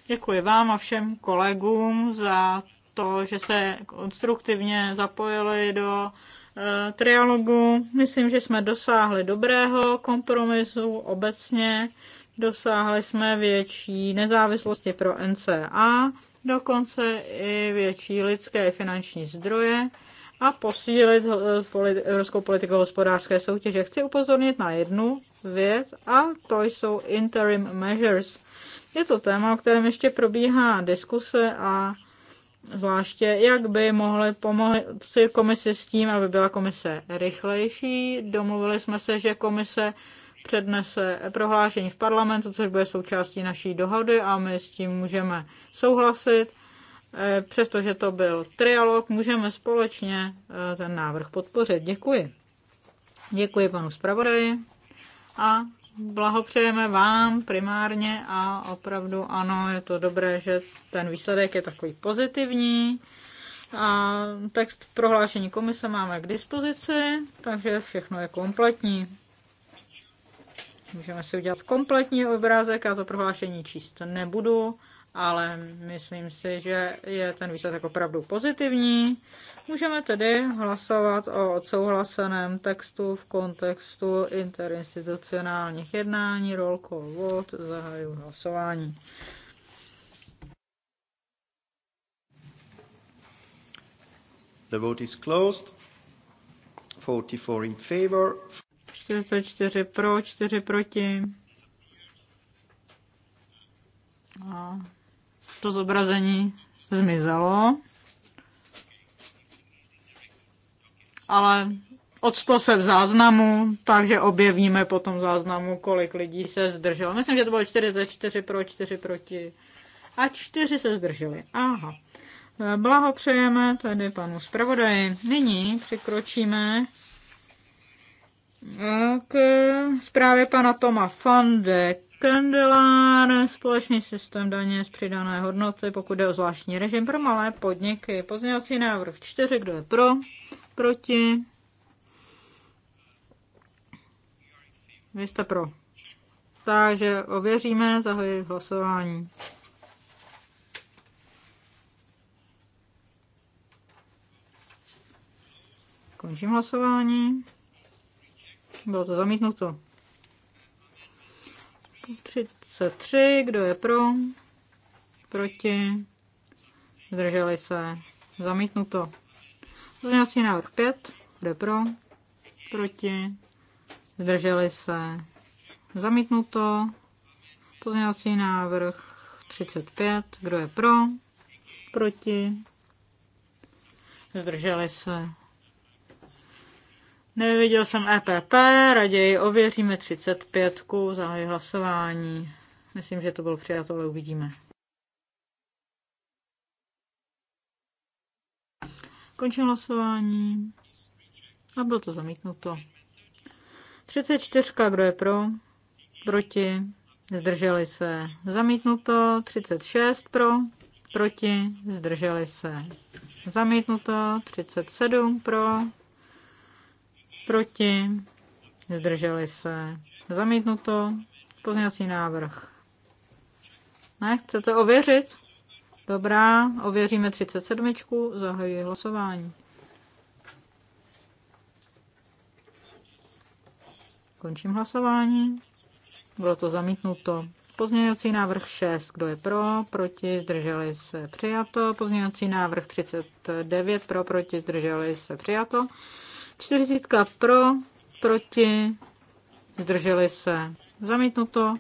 S1: Děkuji vám a všem kolegům za to, že se konstruktivně zapojili do uh, trialogu. Myslím, že jsme dosáhli dobrého kompromisu obecně. Dosáhli jsme větší nezávislosti pro NCA, dokonce i větší lidské finanční zdroje a posílit eh, evropskou politiku hospodářské soutěže. Chci upozornit na jednu věc a to jsou interim measures. Je to téma, o kterém ještě probíhá diskuse a zvláště jak by mohly pomoci komisi s tím, aby byla komise rychlejší. Domluvili jsme se, že komise přednese prohlášení v parlamentu, což bude součástí naší dohody a my s tím můžeme souhlasit. Eh, přestože to byl trialog, můžeme společně eh, ten návrh podpořit. Děkuji. Děkuji panu zpravodaji a blahopřejeme vám primárně a opravdu ano, je to dobré, že ten výsledek je takový pozitivní. A text prohlášení komise máme k dispozici, takže všechno je kompletní. Můžeme si udělat kompletní obrázek, já to prohlášení číst nebudu ale myslím si, že je ten výsledek opravdu pozitivní. Můžeme tedy hlasovat o odsouhlaseném textu v kontextu interinstitucionálních jednání. Roll call vote, zahajuji hlasování.
S6: The vote is closed. 44 in favor.
S1: 44 pro, 4 proti. A to zobrazení zmizelo. Ale odstlo se v záznamu, takže objevíme potom záznamu, kolik lidí se zdrželo. Myslím, že to bylo 4 ze 4 pro, 4 proti. A 4 se zdrželi. Aha. Blahopřejeme tedy panu zpravodaji. Nyní přikročíme eh, k zprávě pana Toma Fandek kandelár, společný systém daně z přidané hodnoty, pokud jde o zvláštní režim pro malé podniky. Pozměňovací návrh 4, kdo je pro, proti. Vy jste pro. Takže ověříme, zahojí hlasování. Končím hlasování. Bylo to zamítnuto. 33, kdo je pro? Proti? Zdrželi se. Zamítnuto. Pozměňovací návrh 5, kdo je pro? Proti? Zdrželi se. Zamítnuto. Pozměňovací návrh 35, kdo je pro? Proti? Zdrželi se. Neviděl jsem EPP, raději ověříme 35, zahaj hlasování. Myslím, že to bylo přijato, ale uvidíme. Končím hlasování. A bylo to zamítnuto. 34, kdo je pro? Proti? Zdrželi se. Zamítnuto. 36 pro? Proti? Zdrželi se. Zamítnuto. 37 pro? proti, zdrželi se, zamítnuto, pozněvací návrh. Ne, chcete ověřit? Dobrá, ověříme 37, zahajuji hlasování. Končím hlasování. Bylo to zamítnuto. Pozměňovací návrh 6, kdo je pro, proti, zdrželi se, přijato. Pozměňovací návrh 39, pro, proti, zdrželi se, přijato. 40 pro, proti, zdrželi se. Zamítnuto.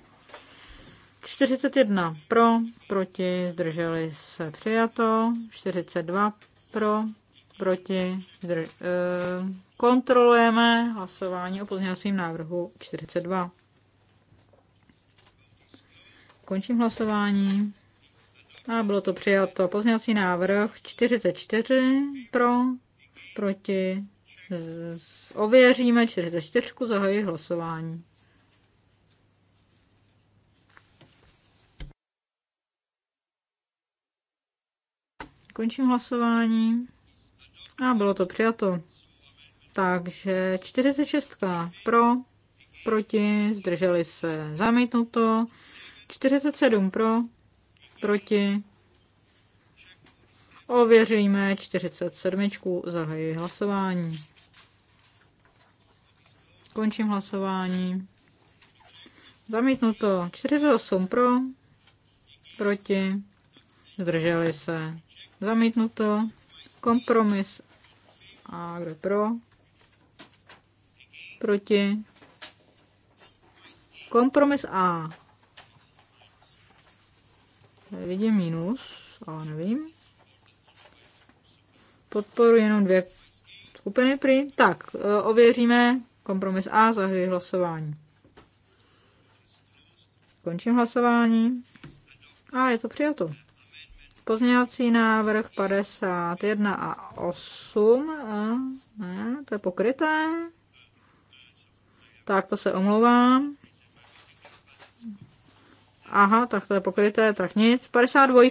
S1: 41 pro, proti, zdrželi se. Přijato. 42 pro, proti, zdrž, eh, kontrolujeme hlasování o pozměňovacím návrhu 42. Končím hlasování. A bylo to přijato. Pozměňovací návrh 44 pro, proti, ověříme 44, zahají hlasování. Končím hlasování. A bylo to přijato. Takže 46 pro, proti, zdrželi se, zamítnuto. 47 pro, proti. Ověříme 47. Zahajuji hlasování. Končím hlasování. Zamítnuto 48 pro, proti, zdrželi se. Zamítnuto kompromis a kdo pro, proti, kompromis A. Tady vidím minus, ale nevím. Podporu jenom dvě skupiny prý. Tak, eh, ověříme Kompromis A, zahajuji hlasování. Končím hlasování. A je to přijato. Pozměňovací návrh 51 a 8. A ne, to je pokryté. Tak to se omlouvám. Aha, tak to je pokryté, tak nic. 52.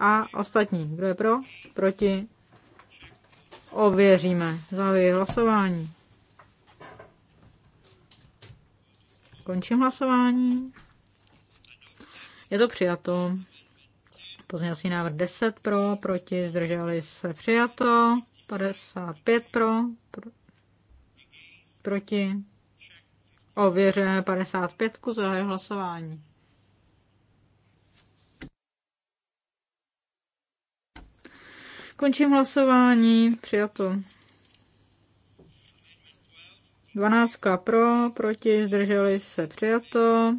S1: A ostatní. Kdo je pro? Proti? Ověříme. Zahajuji hlasování. Končím hlasování. Je to přijato. Pozměňovací návrh 10 pro, proti, zdrželi se přijato. 55 pro, pro proti. Ověře 55 za hlasování. Končím hlasování. Přijato. 12 pro, proti, zdrželi se přijato.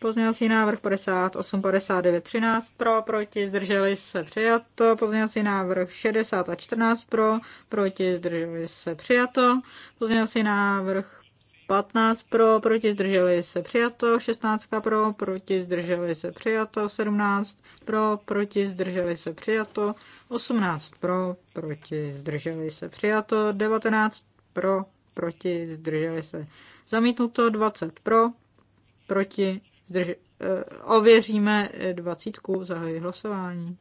S1: Pozměňovací návrh 58, 59, 13 pro, proti, zdrželi se přijato. Pozměňovací návrh 60 a 14 pro, proti, zdrželi se přijato. Pozměňovací návrh 15 pro, proti, zdrželi se přijato. 16 pro, proti, zdrželi se přijato. 17 pro, proti, zdrželi se přijato. 18 pro, proti, zdrželi se přijato. 19 pro, proti, zdrželi se. Zamítnuto 20 pro, proti, zdrž... Eh, ověříme 20, zahajuji hlasování.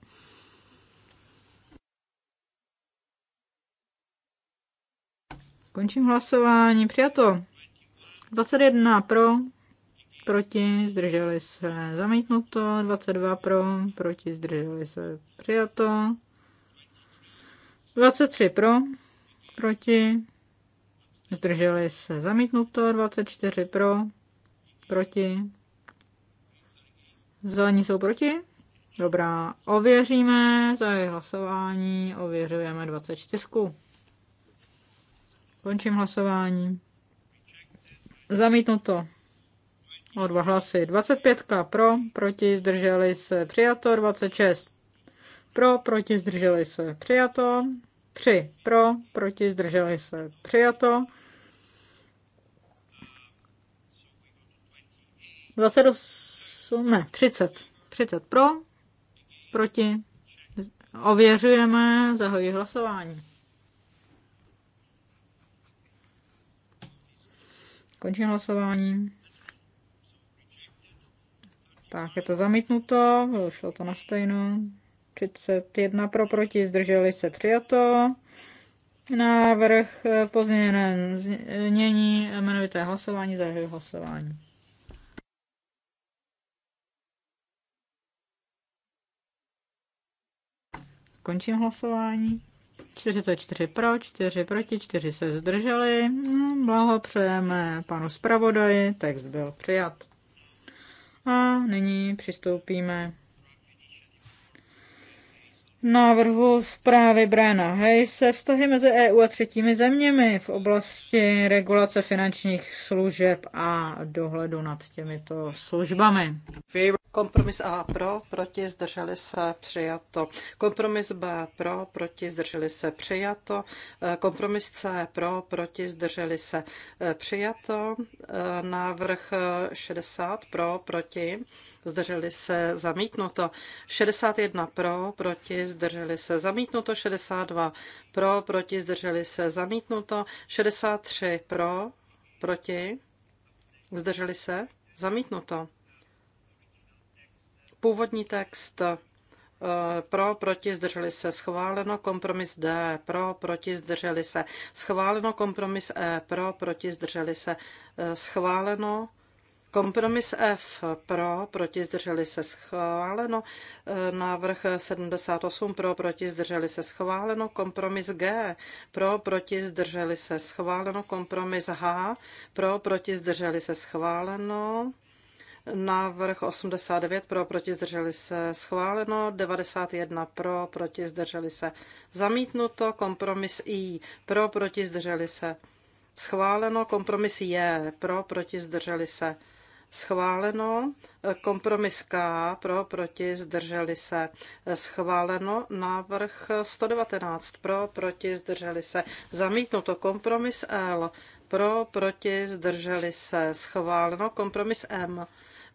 S1: Končím hlasování, přijato. 21 pro, proti, zdrželi se, zamítnuto, 22 pro, proti, zdrželi se, přijato, 23 pro, proti, zdrželi se zamítnuto, 24 pro, proti. Zelení jsou proti? Dobrá, ověříme za hlasování, ověřujeme 24. Končím hlasování. Zamítnuto. O dva hlasy. 25 pro, proti, zdrželi se, přijato. 26 pro, proti, zdrželi se, přijato. 3 pro, proti, zdrželi se, přijato. 28, ne, 30. 30 pro, proti. Ověřujeme, zahojí hlasování. Končím hlasování. Tak, je to zamítnuto, šlo to na stejno. 31 pro proti, zdrželi se přijato. Návrh eh, pozměněné znění, jmenovité hlasování, zahajuji hlasování. Končím hlasování. 44 pro, 4 proti, 4 se zdrželi. Blahopřejeme panu zpravodaji, text byl přijat. A nyní přistoupíme návrhu zprávy Brána se vztahy mezi EU a třetími zeměmi v oblasti regulace finančních služeb a dohledu nad těmito službami. Kompromis A pro,
S4: proti, zdrželi se, přijato. Kompromis B pro, proti, zdrželi se, přijato. E, kompromis C pro, proti, zdrželi se, e, přijato. E, návrh 60 pro, proti zdrželi se zamítnuto. 61 pro, proti, zdrželi se zamítnuto. 62 pro, proti, zdrželi se zamítnuto. 63 pro, proti, zdrželi se zamítnuto. Původní text eh, pro, proti, zdrželi se, schváleno, kompromis D, pro, proti, zdrželi se, schváleno, kompromis E, pro, proti, zdrželi se, eh, schváleno, Kompromis F pro, proti zdrželi se schváleno. E, návrh 78 pro, proti zdrželi se schváleno. Kompromis G pro, proti zdrželi se schváleno. Kompromis H pro, proti zdrželi se schváleno. Návrh 89 pro, proti zdrželi se schváleno, 91 pro, proti zdrželi se zamítnuto, kompromis I pro, proti zdrželi se schváleno, kompromis J pro, proti zdrželi se schváleno, kompromis K pro, proti, zdrželi se, schváleno, návrh 119 pro, proti, zdrželi se, zamítnuto, kompromis L pro, proti, zdrželi se, schváleno, kompromis M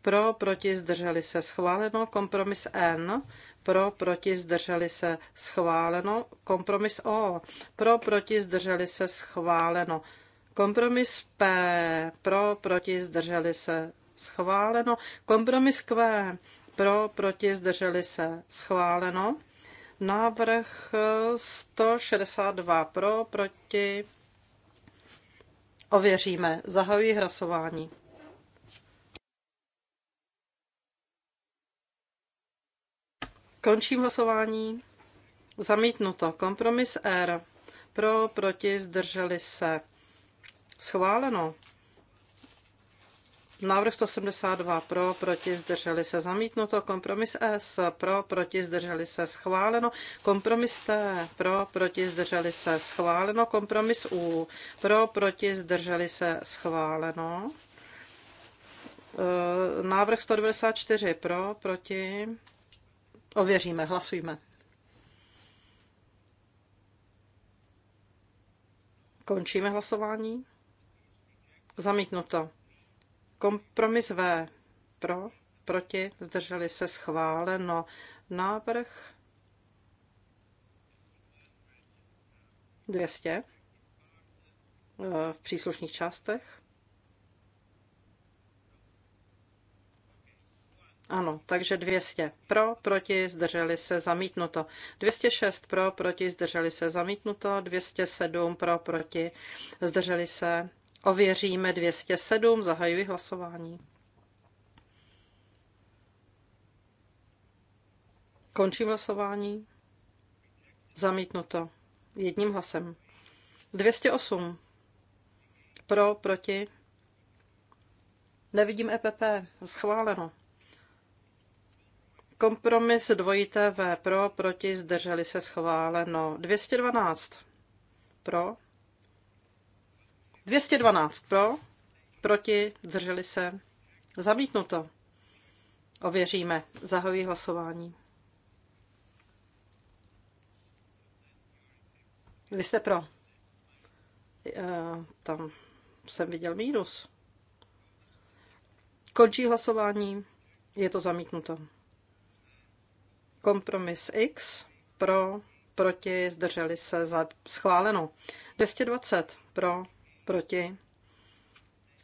S4: pro, proti, zdrželi se, schváleno, kompromis N, pro, proti, zdrželi se, schváleno, kompromis O, pro, proti, zdrželi se, schváleno, kompromis P, pro, proti, zdrželi se, schváleno. Kompromis Q pro, proti, zdrželi se, schváleno. Návrh 162 eh, pro, proti, ověříme. Zahajuji hlasování. Končím hlasování. Zamítnuto. Kompromis R. Pro, proti, zdrželi se. Schváleno. Návrh 172 pro, proti, zdrželi se zamítnuto. Kompromis S pro, proti, zdrželi se schváleno. Kompromis T pro, proti, zdrželi se schváleno. Kompromis U pro, proti, zdrželi se schváleno. E, návrh 194 pro, proti. Ověříme, hlasujme. Končíme hlasování. Zamítnuto. Kompromis V pro, proti, zdrželi se schváleno. Návrh 200 eh, v příslušných částech. Ano, takže 200 pro, proti, zdrželi se, zamítnuto. 206 pro, proti, zdrželi se, zamítnuto. 207 pro, proti, zdrželi se, Ověříme 207, zahajuji hlasování. Končím hlasování. Zamítnuto. Jedním hlasem. 208. Pro, proti. Nevidím EPP. Schváleno. Kompromis dvojité V. Pro, proti, zdrželi se schváleno. 212. Pro, 212 pro, proti, zdrželi se, zamítnuto. Ověříme. zahojí hlasování. Vy jste pro. E, tam jsem viděl mínus. Končí hlasování. Je to zamítnuto. Kompromis X pro, proti, zdrželi se, za, schváleno. 220 pro, proti,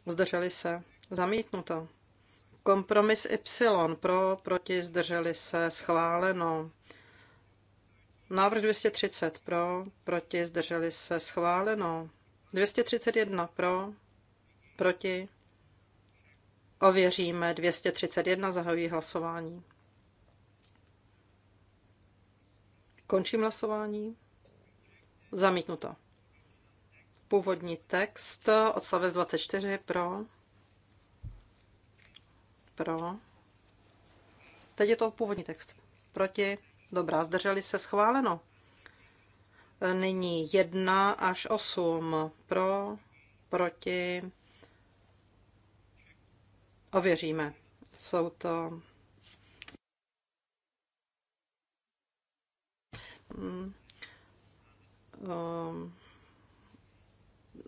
S4: zdrželi se, zamítnuto. Kompromis Y pro, proti, zdrželi se, schváleno. Návrh 230 pro, proti, zdrželi se, schváleno. 231 pro, proti, ověříme. 231 zahajují hlasování. Končím hlasování. Zamítnuto původní text, odstavec 24 pro, pro, teď je to původní text, proti, dobrá, zdrželi se, schváleno. Nyní 1 až 8 pro, proti, ověříme. Jsou to mm, um,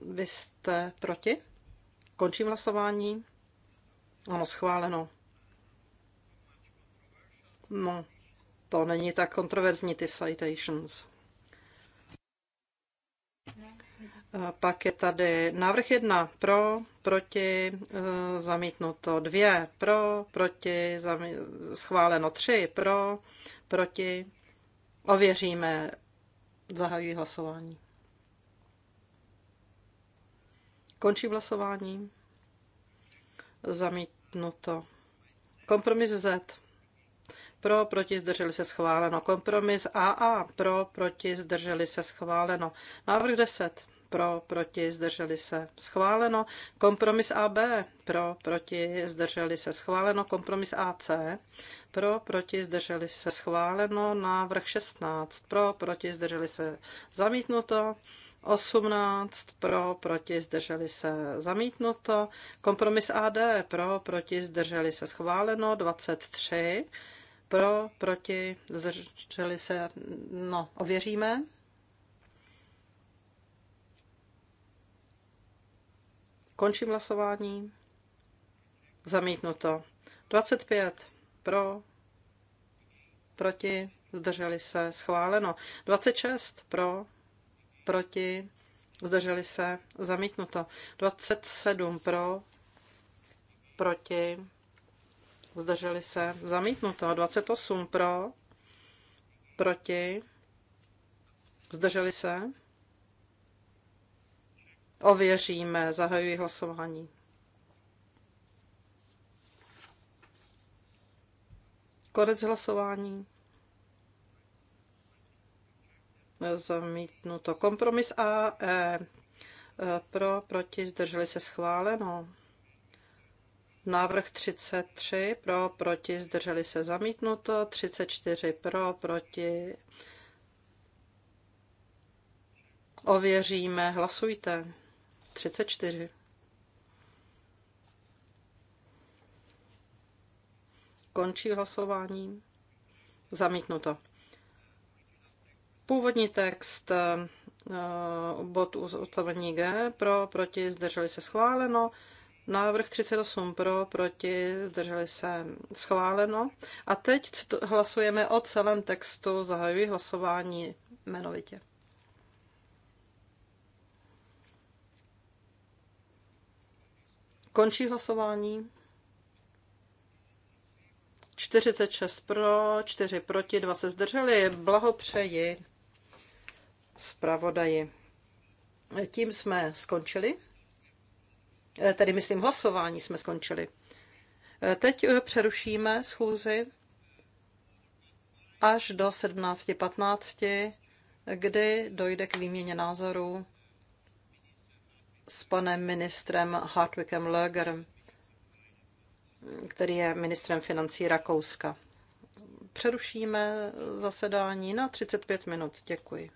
S4: vy jste proti? Končím hlasování. Ano, schváleno. No, to není tak kontroverzní, ty citations. Pak je tady návrh jedna pro, proti, e, zamítnuto dvě pro, proti, zamí, schváleno tři pro, proti. Ověříme, zahajují hlasování. Končí hlasování. Zamítnuto. Kompromis Z. Pro, proti, zdrželi se schváleno. Kompromis AA. Pro, proti, zdrželi se schváleno. Návrh 10. Pro, proti, zdrželi se schváleno. Kompromis AB. Pro, proti, zdrželi se schváleno. Kompromis AC. Pro, proti, zdrželi se schváleno. Návrh 16. Pro, proti, zdrželi se zamítnuto. 18 pro, proti, zdrželi se zamítnuto. Kompromis AD pro, proti, zdrželi se schváleno. 23 pro, proti, zdrželi se, no, ověříme. Končím hlasování. Zamítnuto. 25 pro, proti, zdrželi se, schváleno. 26 pro, proti, zdrželi se, zamítnuto. 27 pro, proti, zdrželi se, zamítnuto. 28 pro, proti, zdrželi se. Ověříme, zahajuji hlasování. Konec hlasování. zamítnuto. Kompromis e, e, pro, proti, zdrželi se schváleno. Návrh 33 pro, proti, zdrželi se zamítnuto, 34 pro, proti. Ověříme, hlasujte. 34. Končí hlasování. Zamítnuto. Původní text eh, eh, bod odstavení G pro, proti, zdrželi se schváleno. Návrh 38 pro, proti, zdrželi se schváleno. A teď hlasujeme o celém textu, zahajuji hlasování jmenovitě. Končí hlasování. 46 pro, 4 proti, 2 se zdrželi. Blahopřeji zpravodaji. Tím jsme skončili. Eh, tedy myslím hlasování jsme skončili. Eh, teď eh, přerušíme schůzi až do 17.15, kdy dojde k výměně názorů s panem ministrem Hartwickem Löger, který je ministrem financí Rakouska. Přerušíme zasedání na 35 minut. Děkuji.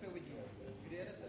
S5: se uvidíme. Kdy jedete?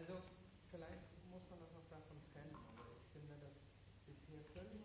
S5: Also vielleicht muss man das noch davon trennen. Also ich finde, das ist hier völlig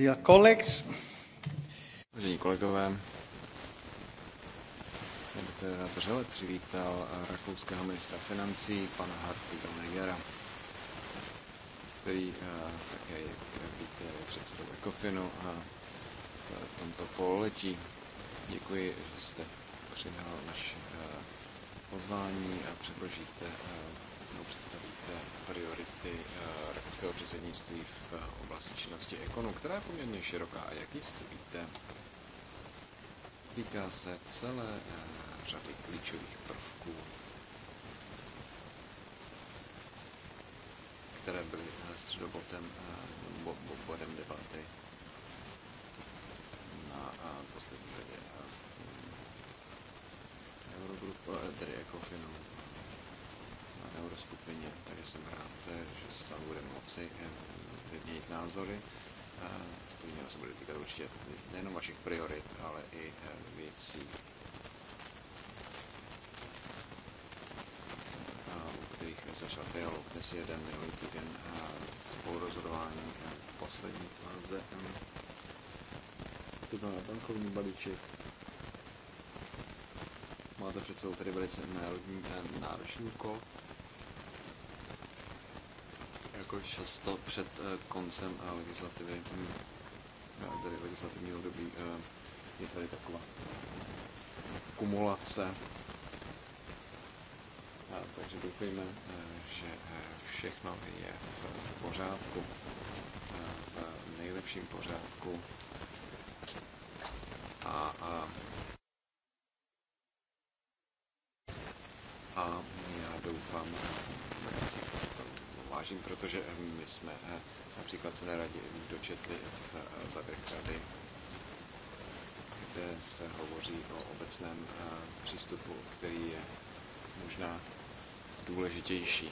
S5: Dear
S6: colleagues.
S2: Vážení kolegové, já bych teda vřele přivítal rakouského ministra financí, pana Hartwiga Megera, který eh, také, jak víte, je předsedou Ecofinu a eh, v tomto pololetí. Děkuji, že jste přijal naše eh, pozvání a předložíte, no, priority eh, rakouského předsednictví v eh, oblasti činnosti ekonu, která je poměrně široká a jak jistě víte, týká se celé eh, řady klíčových prvků prostě nejenom vašich priorit, ale i eh, věcí, u kterých začal dialog dnes je jeden minulý týden spolurozhodování v eh, poslední fáze. To byl bankovní balíček. Máte před sebou tady velice národní, eh, náročný úkol. Jako často před koncem legislativy tady legislativní období, eh, je tady taková kumulace. Eh, takže doufejme, eh, že všechno je v pořádku, v nejlepším pořádku. Například se na dočetli v eh, závěrech rady, kde se hovoří o obecném eh, přístupu, který je možná důležitější.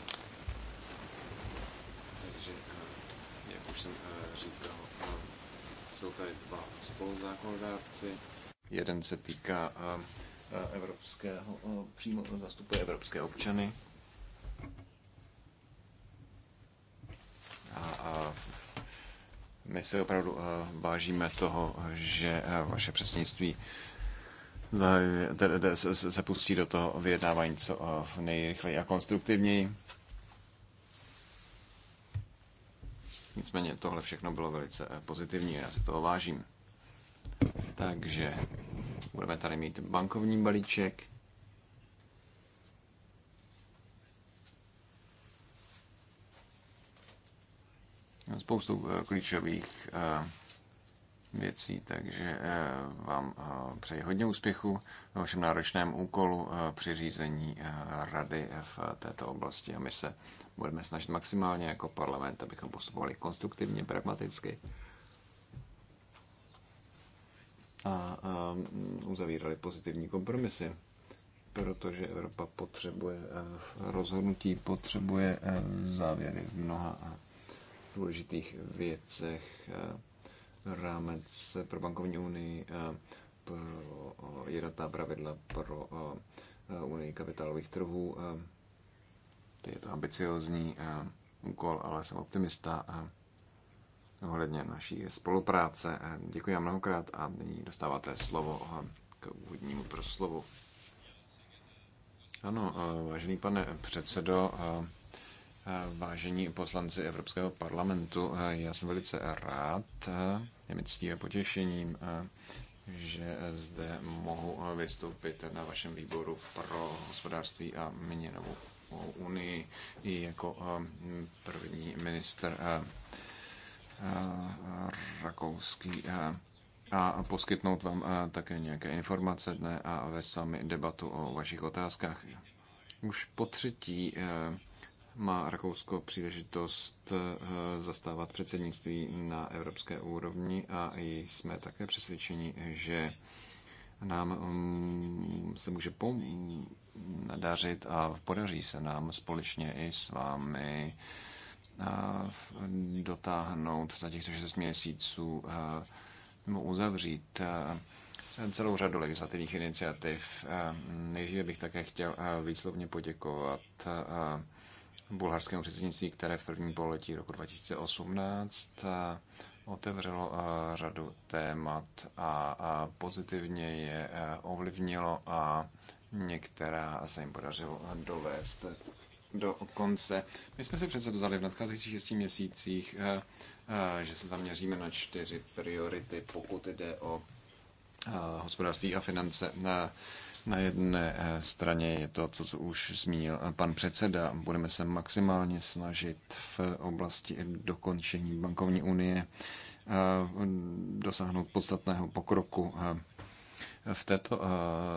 S2: Takže, eh, jak už jsem říkal, jsou tady dva spoluzákonodárci. Jeden se týká evropského, přímo zastupuje evropské občany. My si opravdu eh, vážíme toho, že eh, vaše předsednictví eh, se pustí do toho vyjednávání co nejrychleji a konstruktivněji. Nicméně tohle všechno bylo velice pozitivní a já si toho vážím. Takže budeme tady mít bankovní balíček. spoustu eh, klíčových eh, věcí, takže eh, vám přeji hodně úspěchu ve vašem náročném úkolu při řízení rady v této oblasti a my se budeme snažit maximálně jako parlament, abychom postupovali konstruktivně, pragmaticky a uzavírali pozitivní kompromisy, protože Evropa potřebuje rozhodnutí, potřebuje závěry v mnoha důležitých věcech eh, rámec pro bankovní unii, eh, pro eh, jednotná pravidla pro unii kapitálových trhů. Je to ambiciozní úkol, ale jsem optimista ohledně naší spolupráce. Děkuji vám mnohokrát a nyní dostáváte slovo k úvodnímu proslovu. Ano, vážený pane předsedo, Eh, vážení poslanci Evropského parlamentu, eh, já jsem velice rád, eh, je mi ctí a potěšením, že zde mohu vystoupit na vašem výboru pro hospodářství a měnovou unii i jako první minister rakouský a poskytnout vám také nějaké informace dne a ve sami debatu o vašich otázkách. Už po třetí má Rakousko příležitost eh, zastávat předsednictví na evropské úrovni a jsme také přesvědčeni, že nám mm, se může nadařit a podaří se nám společně i s vámi eh, dotáhnout za těch 6 měsíců eh, nebo uzavřít celou řadu legislativních iniciativ. Nejdříve bych také chtěl výslovně poděkovat Bulharskému předsednictví, které v prvním pololetí roku 2018 eh, otevřelo eh, řadu témat a pozitivně je eh, ovlivnilo a některá se jim podařilo dovést do konce. My jsme si přece vzali v nadcházejících 6 měsících, že se zaměříme na čtyři priority, pokud jde o hospodářství a finance. Na jedné eh, straně je to, co už zmínil eh, pan předseda. Budeme se maximálně snažit v oblasti dokončení bankovní unie eh, dosáhnout podstatného pokroku. V této eh,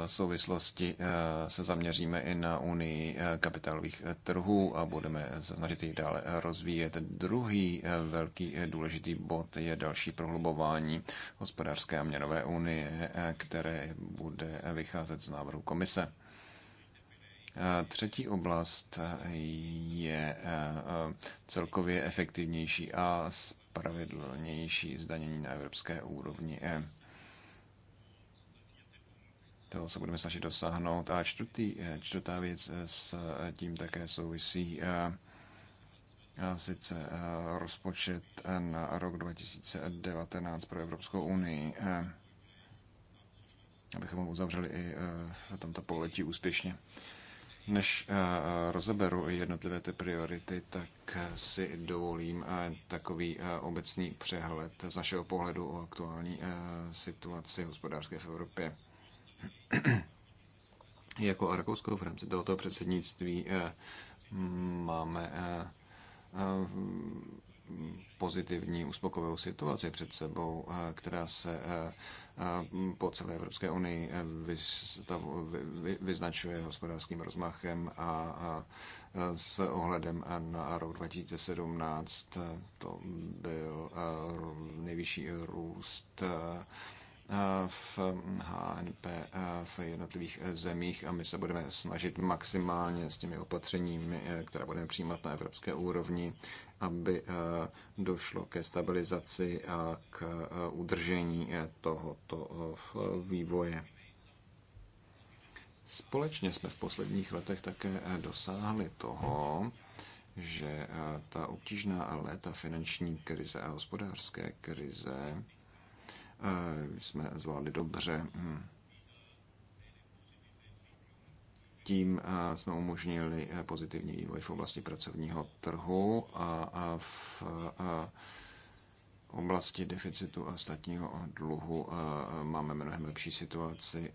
S2: souvislosti eh, se zaměříme i na unii eh, kapitálových trhů a budeme se snažit ji dále rozvíjet. Druhý velký důležitý bod je další prohlubování hospodářské a měnové unie, které bude vycházet z návrhu komise. Třetí oblast je celkově efektivnější a spravedlnější zdanění na evropské úrovni toho se budeme snažit dosáhnout. A čtvrtý, eh, čtvrtá věc eh, s eh, tím také souvisí a sice rozpočet na rok 2019 pro Evropskou unii, abychom ho uzavřeli i v tomto poletí úspěšně. Než rozeberu jednotlivé ty priority, tak si dovolím takový obecný přehled z našeho pohledu o aktuální situaci hospodářské v Evropě jako a Rakousko v rámci tohoto předsednictví eh, máme eh, eh, pozitivní uspokojivou situaci před sebou, která se po celé Evropské unii vyznačuje hospodářským rozmachem a s ohledem na rok 2017 to byl nejvyšší růst Eh, v HNP hm, eh, v jednotlivých eh, zemích a my se budeme snažit maximálně s těmi opatřeními, která budeme přijímat na evropské úrovni, aby došlo ke stabilizaci a k udržení tohoto vývoje. Společně jsme v posledních letech také dosáhli toho, že ta obtížná léta finanční krize a hospodářské krize Eh, jsme zvládli dobře. Hmm. Tím eh, jsme umožnili eh, pozitivní vývoj v oblasti pracovního trhu a v oblasti deficitu a státního dluhu máme mnohem lepší situaci.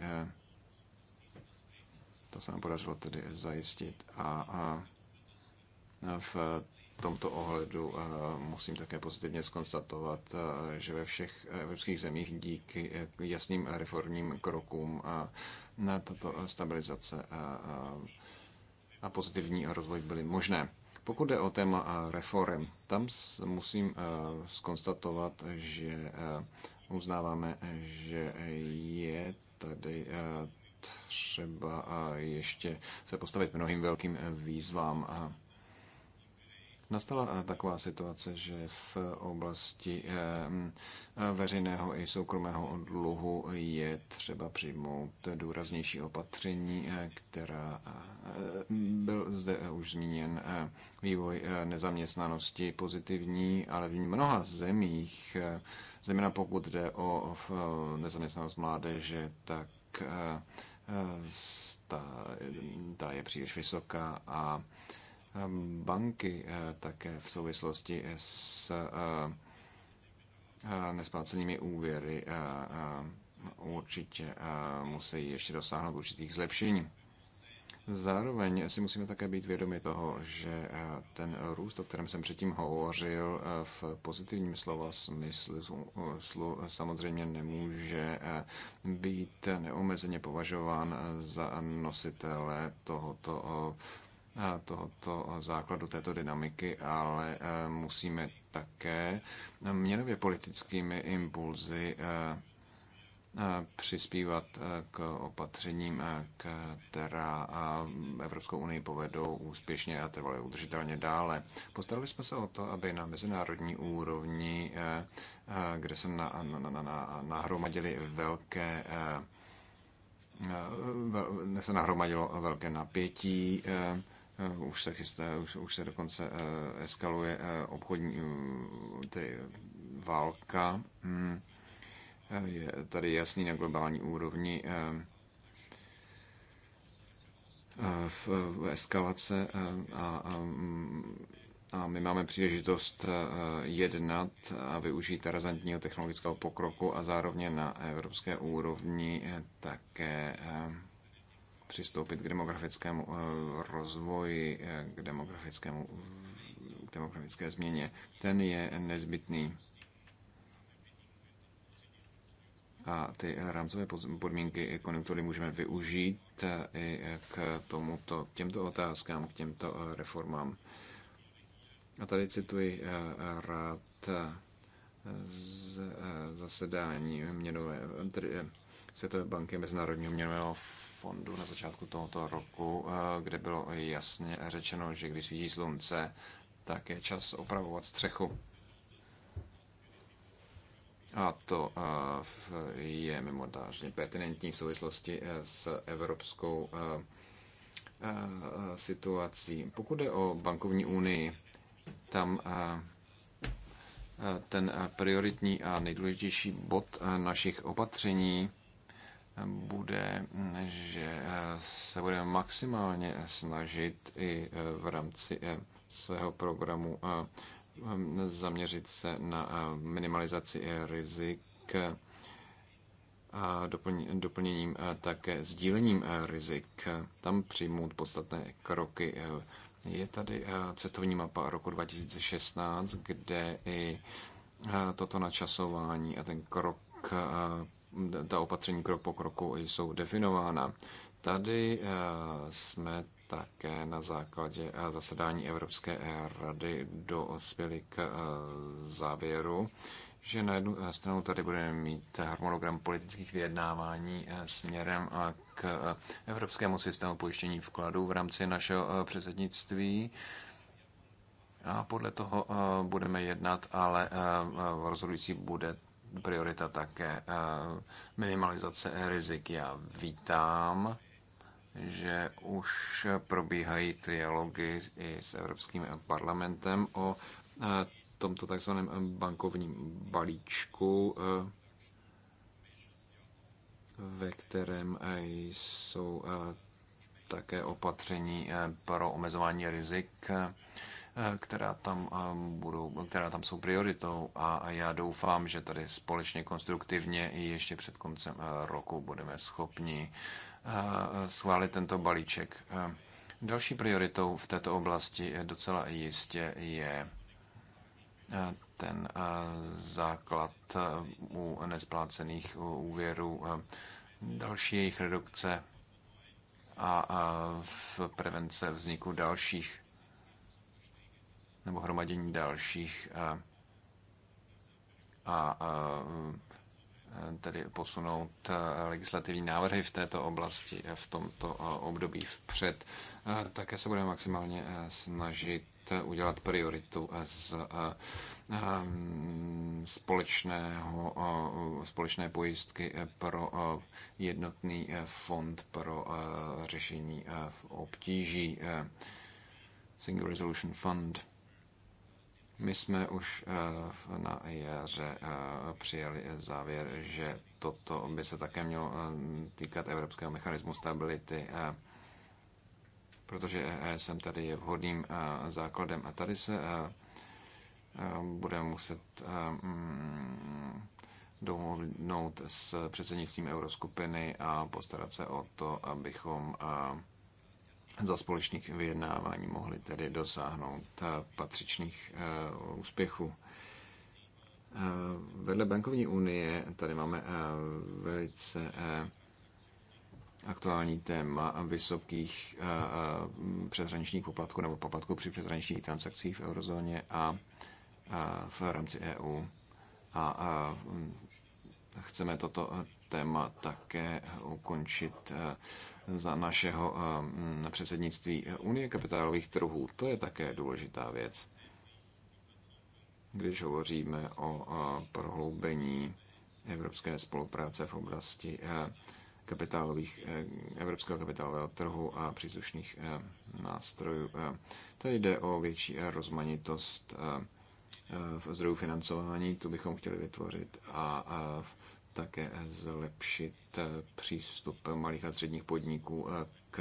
S2: To se nám podařilo tedy zajistit a v tomto ohledu eh, musím také pozitivně skonstatovat, eh, že ve všech evropských zemích díky eh, jasným reformním krokům na tato stabilizace a pozitivní rozvoj byly možné. Pokud jde o téma reform, tam musím skonstatovat, že uznáváme, že je tady třeba ještě se postavit mnohým velkým výzvám Nastala eh, taková situace, že v oblasti eh, veřejného i soukromého dluhu je třeba přijmout důraznější opatření, eh, která byl zde už zmíněn vývoj nezaměstnanosti pozitivní, ale v mnoha zemích, zejména pokud jde o nezaměstnanost mládeže, tak ta, ta je příliš vysoká a banky eh, také v souvislosti s eh, eh, nesplácenými úvěry určitě musí ještě dosáhnout určitých zlepšení. Zároveň si musíme také být vědomi toho, že ten růst, o kterém jsem předtím hovořil, v pozitivním slova smyslu samozřejmě nemůže být neomezeně považován za nositele tohoto tohoto základu, této dynamiky, ale eh, musíme také měnově politickými impulzy eh, eh, přispívat k opatřením, která Evropskou unii povedou úspěšně a trvale udržitelně dále. Postarali jsme se o to, aby na mezinárodní úrovni, kde se na, na, na, na, nahromadili velké se nahromadilo velké napětí, Eh, už se chystá, už, už se dokonce eh, eskaluje eh, obchodní tedy válka. Hmm. Je tady jasný na globální úrovni v eskalace a a my máme příležitost jednat a využít razantního technologického pokroku a zároveň na evropské úrovni také přistoupit k demografickému eh, rozvoji, eh, k demografickému k demografické změně, ten je nezbytný. A ty rámcové podmínky konjunktury můžeme využít eh, i k tomuto, k těmto otázkám, k těmto reformám. A tady cituji rád z zasedání měnové, tedy Světové banky Mezinárodního měnového fondu na začátku tohoto roku, eh, kde bylo jasně řečeno, že když svítí slunce, tak je čas opravovat střechu. A to eh, je mimořádně pertinentní v souvislosti eh, s evropskou situací. Pokud jde o bankovní unii, tam ten prioritní a nejdůležitější bod našich opatření bude, že eh, se budeme maximálně snažit i eh, v rámci eh, svého programu zaměřit se na minimalizaci rizik a doplněním také sdílením rizik. Tam přijmout podstatné kroky. Je tady cestovní mapa roku 2016, kde i toto načasování a ten krok ta opatření krok po kroku jsou definována. Tady eh, jsme také na základě eh, zasedání Evropské rady dospěli k eh, závěru, že na jednu stranu tady budeme mít harmonogram politických vyjednávání směrem k evropskému systému pojištění vkladů v rámci našeho předsednictví. A podle toho budeme jednat, ale rozhodující bude priorita také eh, minimalizace rizik. Já vítám, že už probíhají trialogy i s Evropským parlamentem o eh, tomto takzvaném bankovním balíčku, eh, ve kterém jsou také opatření pro omezování rizik Eh, která tam, eh, budou, která tam jsou prioritou a já doufám, že tady společně konstruktivně i ještě před koncem eh, roku budeme schopni schválit tento balíček. Další prioritou v této oblasti docela jistě je ten základ u nesplácených úvěrů, další jejich redukce a v prevence vzniku dalších nebo hromadění dalších eh, a, a, a eh, tedy posunout eh, legislativní návrhy v této oblasti v tomto období vpřed. Také se budeme maximálně snažit udělat prioritu z společného, společné pojistky pro jednotný fond pro řešení obtíží Single Resolution Fund. My jsme už eh, na jaře eh, přijali závěr, že toto by se také mělo eh, týkat Evropského mechanismu stability, protože jsem e tady je vhodným základem. A tady se budeme muset mm, domluvnout s předsednictvím Euroskupiny a postarat se o to, abychom za společných vyjednávání mohli tedy dosáhnout eh, patřičných eh, úspěchů. Eh, vedle bankovní unie tady máme velice aktuální téma vysokých přeshraničních poplatků nebo poplatků při přeshraničních transakcích v eurozóně a v rámci EU. A chceme toto téma také ukončit za našeho eh, mm, předsednictví Unie kapitálových trhů. To je také důležitá věc, když hovoříme o eh, prohloubení evropské spolupráce v oblasti eh, kapitálových, evropského kapitálového trhu a příslušných nástrojů. Tady jde o větší rozmanitost v zdrojů financování, tu bychom chtěli vytvořit a také zlepšit eh, přístup malých a středních podniků eh, k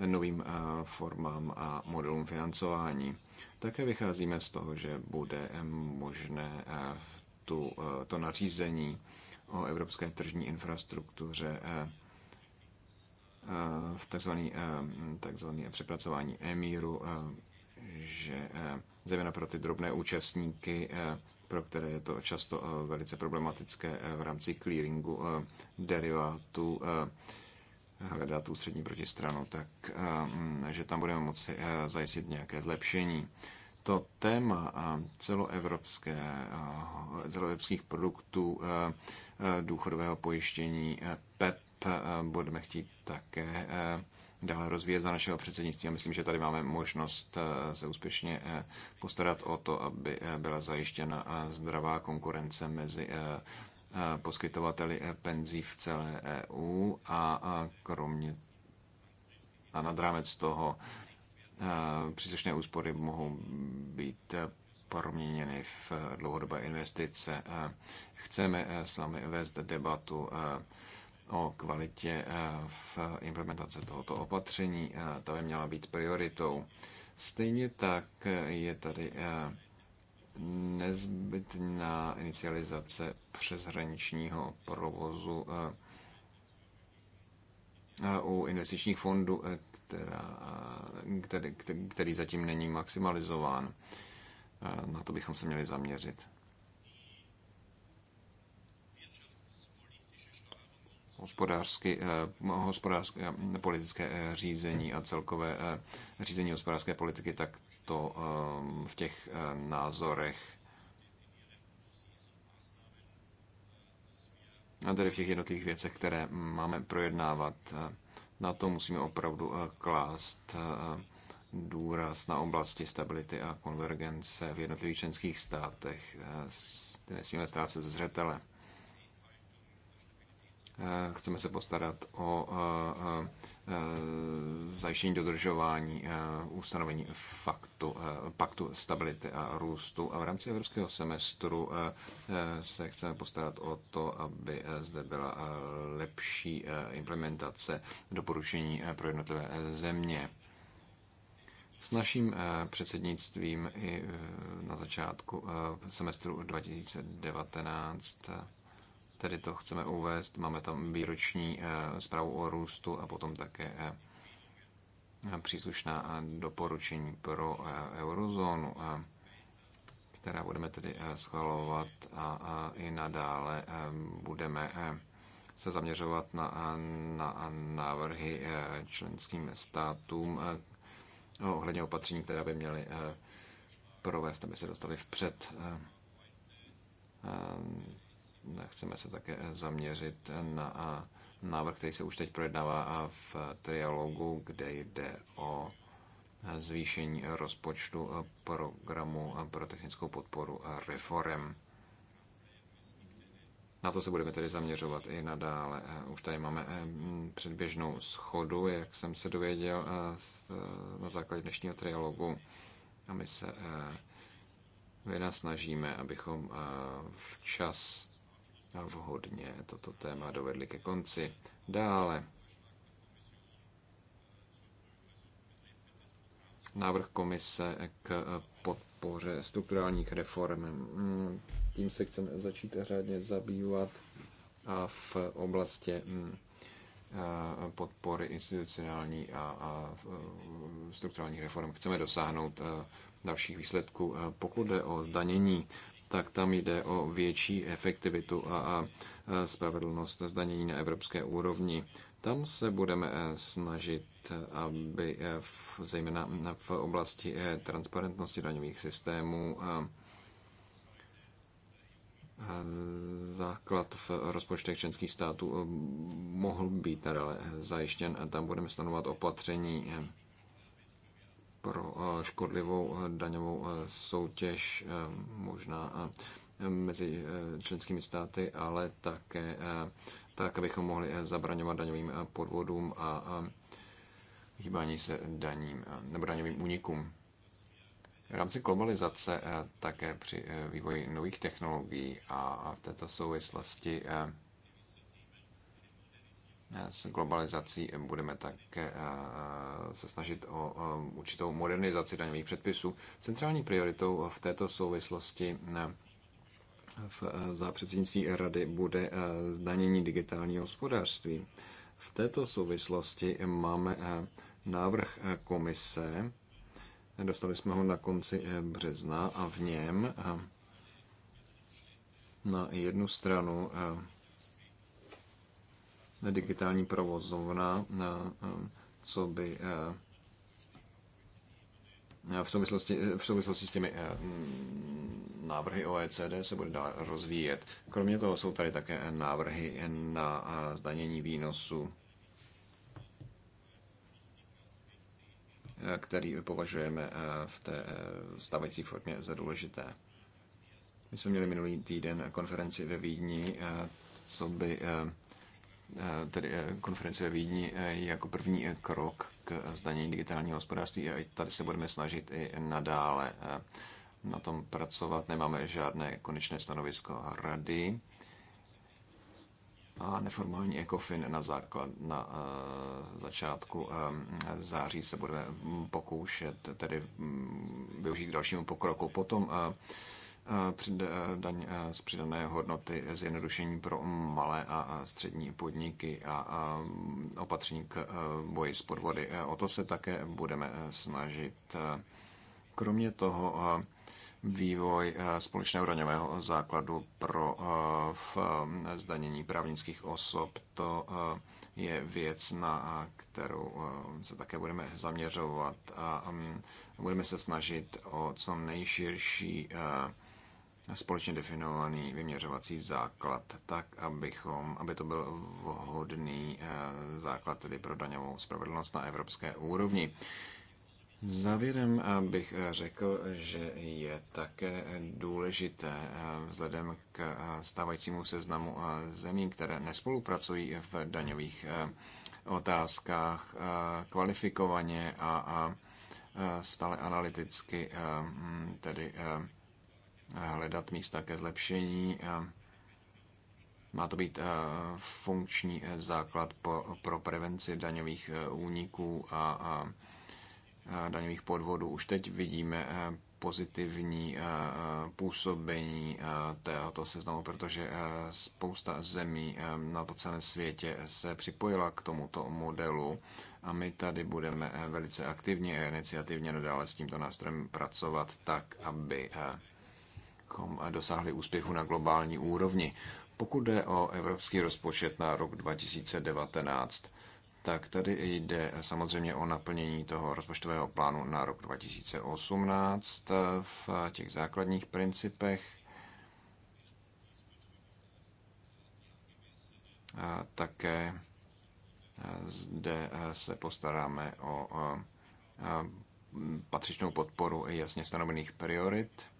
S2: eh, novým formám a modelům financování. Také vycházíme z toho, že bude možné tu, to nařízení o evropské tržní infrastruktuře v takzvaný, takzvaný přepracování emíru, že zejména pro ty drobné účastníky pro které je to často eh, velice problematické eh, v rámci clearingu eh, derivátů hledat tu střední protistranu, tak mm, že tam budeme moci zajistit nějaké zlepšení. To téma celoevropské, celoevropských produktů důchodového pojištění PEP e budeme chtít také dále rozvíjet za našeho předsednictví. A myslím, že tady máme možnost eh, se úspěšně eh, postarat o to, aby eh, byla zajištěna zdravá konkurence mezi poskytovateli penzí v celé EU a kromě a nad rámec toho příslušné úspory mohou být proměněny v dlouhodobé investice. Chceme s vámi vést debatu o kvalitě eh, v implementace tohoto opatření. Eh, to by měla být prioritou. Stejně tak eh, je tady nezbytná inicializace přeshraničního provozu u investičních fondů, která, který, který zatím není maximalizován. Na to bychom se měli zaměřit. Eh, hospodářské, hospodářské eh, politické eh, řízení a celkové řízení hospodářské politiky, tak to v těch názorech a tedy v těch jednotlivých věcech, které máme projednávat, na to musíme opravdu klást důraz na oblasti stability a konvergence v jednotlivých členských státech. Ty nesmíme ztrácet zřetele. Eh, chceme se postarat o eh, eh, zajištění dodržování ustanovení faktu, paktu stability a růstu. A v rámci evropského semestru se chceme postarat o to, aby zde byla lepší implementace doporučení pro jednotlivé země. S naším předsednictvím i na začátku semestru 2019 tedy to chceme uvést. Máme tam výroční eh, zprávu o růstu a potom také eh, příslušná eh, doporučení pro eurozónu, která budeme tedy schvalovat a i nadále budeme se zaměřovat na, na návrhy členským státům ohledně opatření, které by měly provést, aby se dostali vpřed chceme se také zaměřit na návrh, který se už teď projednává v trialogu, kde jde o zvýšení rozpočtu programu pro technickou podporu reform. Na to se budeme tedy zaměřovat i nadále. Už tady máme e, předběžnou schodu, jak jsem se dověděl na základě dnešního trialogu. A my se e, snažíme, abychom e, včas a vhodně toto téma dovedli ke konci. Dále. Návrh komise k podpoře strukturálních reform. Tím se chceme začít řádně zabývat a v oblasti mm, podpory institucionální a, strukturálních reform chceme dosáhnout e, dalších výsledků. E, pokud jde o zdanění, tak tam jde o větší efektivitu a e, spravedlnost zdanění na evropské úrovni. Tam se budeme e, snažit, e, aby v, zejména v oblasti transparentnosti daňových systémů základ v rozpočtech členských států mohl být nadále zajištěn. Tam budeme stanovat opatření pro eh, škodlivou eh, daňovou eh, soutěž možná mezi členskými státy, ale také tak, abychom mohli zabraňovat daňovým podvodům a hýbání se daním nebo daňovým únikům. V rámci globalizace také při vývoji nových technologií a v této souvislosti s globalizací budeme také se snažit o určitou modernizaci daňových předpisů. Centrální prioritou v této souvislosti v, za předsednictví rady bude zdanění digitálního hospodářství. V této souvislosti máme návrh komise, dostali jsme ho na konci e, března a v něm na jednu stranu digitální provozovna, eh, eh, co by eh, v souvislosti, v souvislosti s těmi mm, návrhy OECD se bude dál rozvíjet. Kromě toho jsou tady také návrhy na zdanění výnosu, který považujeme v té stávající formě za důležité. My jsme měli minulý týden konferenci ve Vídni, co by Eh, tedy eh, konference ve Vídni eh, jako první krok k zdanění digitálního hospodářství a tady se budeme snažit i nadále na tom pracovat. Nemáme žádné konečné stanovisko rady a neformální ECOFIN na, základ, na uh, začátku um, září se budeme pokoušet tedy um, využít k dalšímu pokroku. Potom uh, Eh, eh, daň eh, z přidané hodnoty, zjednodušení pro malé a střední podniky a mm, opatření k boji s podvody. O to se také budeme snažit. Kromě toho vývoj společného daňového základu pro v mm, zdanění právnických osob, to je věc, na kterou se také budeme zaměřovat a mm, budeme se snažit o co nejširší společně definovaný vyměřovací základ, tak abychom, aby to byl vhodný eh, základ tedy pro daňovou spravedlnost na evropské úrovni. Závěrem eh, bych eh, řekl, že je také důležité vzhledem k stávajícímu seznamu zemí, které nespolupracují v daňových otázkách kvalifikovaně a stále analyticky, tedy hledat místa ke zlepšení. Má to být eh, funkční eh, základ pro prevenci daňových eh, úniků a daňových podvodů. Už teď vidíme pozitivní působení tohoto seznamu, protože spousta zemí na to celém světě se připojila k tomuto modelu a my tady budeme velice aktivně a iniciativně nadále s tímto nástrojem pracovat tak, aby abychom dosáhli úspěchu na globální úrovni. Pokud jde o evropský rozpočet na rok 2019, tak tady jde samozřejmě o naplnění toho rozpočtového plánu na rok 2018 v těch základních principech. A také zde se postaráme o patřičnou podporu jasně stanovených priorit.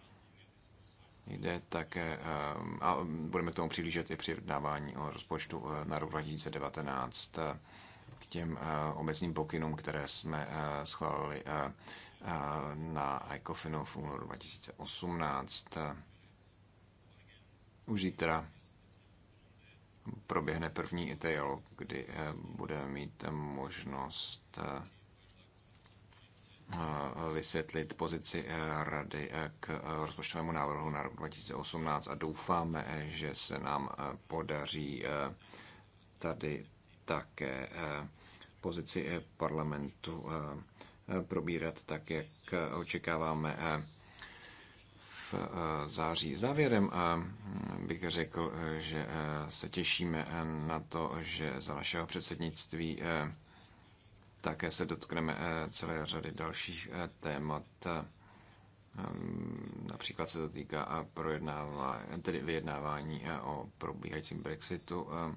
S2: Jde také, eh, a budeme k tomu přihlížet i při dávání o rozpočtu eh, na rok 2019 eh, k těm obecným pokynům, které jsme schválili na ECOFINu v únoru 2018. Už zítra proběhne první trial, kdy budeme mít možnost Eh, vysvětlit pozici eh, rady eh, k rozpočtovému návrhu na rok 2018 a doufáme, že se nám podaří tady také pozici parlamentu probírat tak, jak očekáváme v září. Závěrem bych řekl, že se těšíme na to, že za našeho předsednictví také se dotkneme eh, celé řady dalších eh, témat. Ehm, například se to týká eh, projednávání, tedy vyjednávání o probíhajícím Brexitu. Ehm,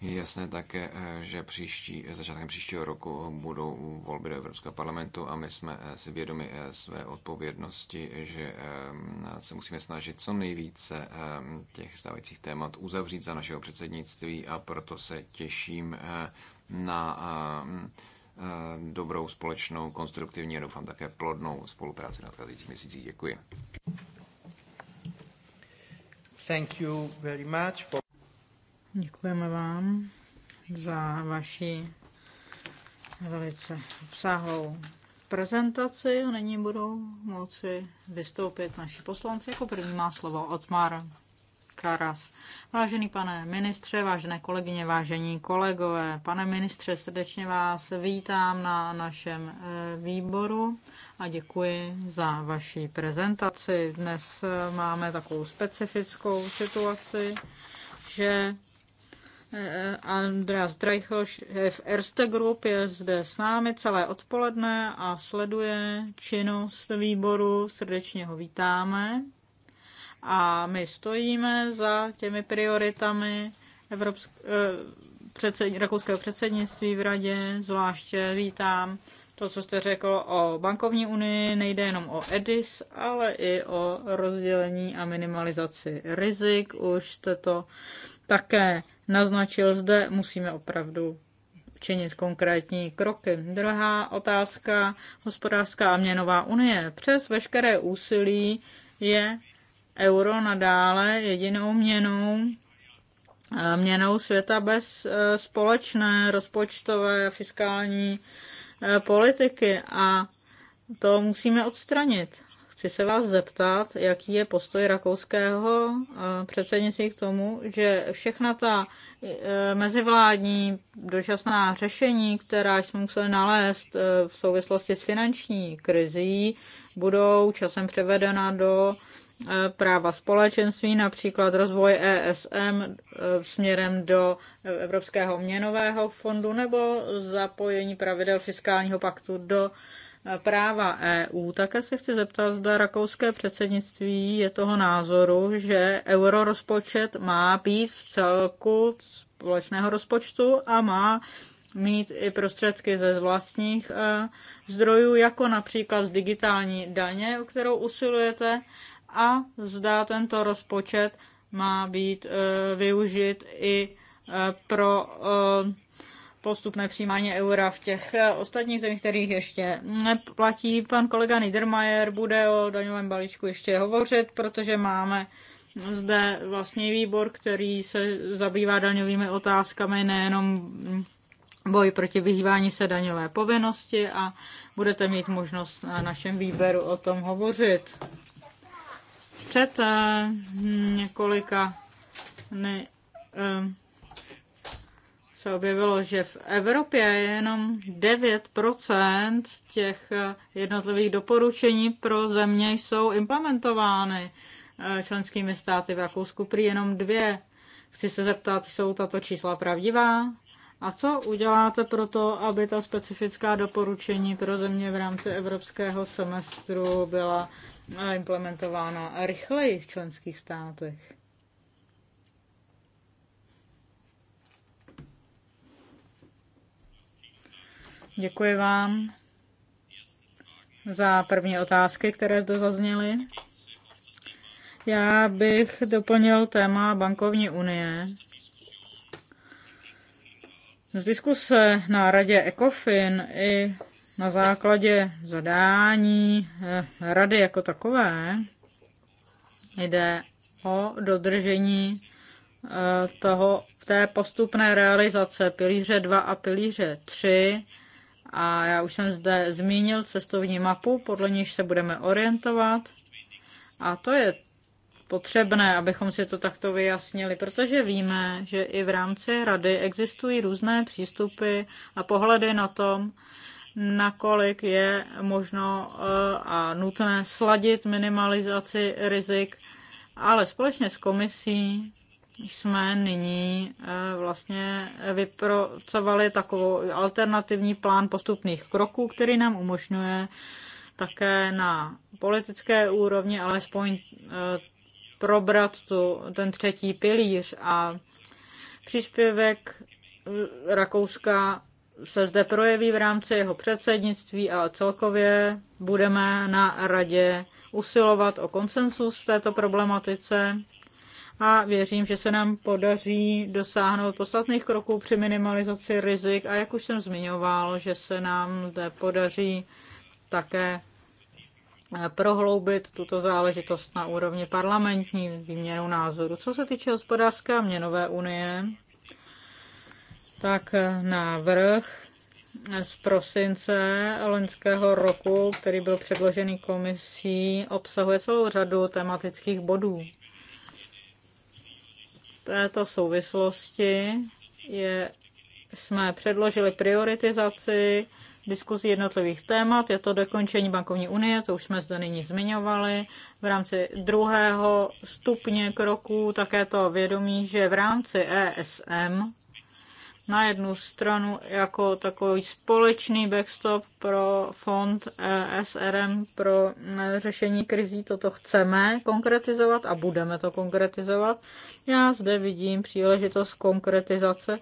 S2: je jasné také, eh, že příští, začátkem příštího roku budou volby do Evropského parlamentu a my jsme eh, si vědomi eh, své odpovědnosti, že se musíme snažit co nejvíce těch stávajících témat uzavřít za našeho předsednictví a proto se těším na dobrou, společnou, konstruktivní a doufám také plodnou spolupráci na nadcházejících měsících. Děkuji.
S1: Thank you very much for... Děkujeme vám za vaši velice obsáhlou prezentaci. Nyní budou moci vystoupit naši poslanci. Jako první má slovo Otmar Karas. Vážený pane ministře, vážené kolegyně, vážení kolegové, pane ministře, srdečně vás vítám na našem eh, výboru a děkuji za vaši prezentaci. Dnes eh, máme takovou specifickou situaci, že Eh, Andreas Dreichel, v Erste Group, je zde s námi celé odpoledne a sleduje činnost výboru. Srdečně ho vítáme. A my stojíme za těmi prioritami Evropsk- eh, předsed- rakouského předsednictví v radě. Zvláště vítám to, co jste řekl o bankovní unii, nejde jenom o EDIS, ale i o rozdělení a minimalizaci rizik. Už jste to také naznačil, zde musíme opravdu činit konkrétní kroky. Druhá otázka, hospodářská a měnová unie. Přes veškeré úsilí je euro nadále jedinou měnou, eh, měnou světa bez eh, společné rozpočtové a fiskální eh, politiky a to musíme odstranit. Chci se vás zeptat, jaký je postoj rakouského eh, předsednictví k tomu, že všechna ta eh, mezivládní dočasná řešení, která jsme museli nalézt eh, v souvislosti s finanční krizí, budou časem převedena do práva společenství, například rozvoj ESM směrem do Evropského měnového fondu nebo zapojení pravidel fiskálního paktu do práva EU. Také se chci zeptat, zda rakouské předsednictví je toho názoru, že eurorozpočet má být v celku společného rozpočtu a má mít i prostředky ze vlastních e, zdrojů, jako například z digitální daně, o kterou usilujete, a zda tento rozpočet má být e, využit i e, pro postupné přijímání eura v těch eh, ostatních zemích, kterých ještě neplatí. Pan kolega Niedermayer bude o daňovém balíčku ještě hovořit, protože máme zde vlastně výbor, který se zabývá daňovými otázkami, nejenom boj proti vyhývání se daňové povinnosti a budete mít možnost na našem výběru o tom hovořit. Před eh, několika dny, eh, se objevilo, že v Evropě je jenom 9% těch eh, jednotlivých doporučení pro země jsou implementovány eh, členskými státy. V Rakousku prý jenom dvě. Chci se zeptat, jsou tato čísla pravdivá? A co uděláte pro to, aby ta specifická doporučení pro země v rámci evropského semestru byla eh, implementována rychleji v členských státech? Děkuji vám za první otázky, které zde zazněly. Já bych doplnil téma bankovní unie. Z diskuse na radě ECOFIN i na základě zadání eh, rady jako takové jde o dodržení eh, toho, té postupné realizace pilíře 2 a pilíře 3 a já už jsem zde zmínil cestovní mapu, podle níž se budeme orientovat. A to je potřebné, abychom si to takto vyjasnili, protože víme, že i v rámci rady existují různé přístupy a pohledy na tom, nakolik je možno eh, a nutné sladit minimalizaci rizik, ale společně s komisí jsme nyní eh, vlastně vypracovali takovou alternativní plán postupných kroků, který nám umožňuje také na politické úrovni alespoň eh, probrat tu, ten třetí pilíř a příspěvek eh, Rakouska se zde projeví v rámci jeho předsednictví a celkově budeme na radě usilovat o konsensus v této problematice a věřím, že se nám podaří dosáhnout podstatných kroků při minimalizaci rizik a jak už jsem zmiňoval, že se nám zde podaří také eh, prohloubit tuto záležitost na úrovni parlamentní výměnu názoru. Co se týče hospodářské a měnové unie, tak eh, návrh z prosince loňského roku, který byl předložený komisí, obsahuje celou řadu tematických bodů této souvislosti je, jsme předložili prioritizaci diskuzí jednotlivých témat. Je to dokončení bankovní unie, to už jsme zde nyní zmiňovali. V rámci druhého stupně kroků také to vědomí, že v rámci ESM na jednu stranu jako takový společný backstop pro fond eh, SRM pro eh, řešení krizí. Toto chceme konkretizovat a budeme to konkretizovat. Já zde vidím příležitost konkretizace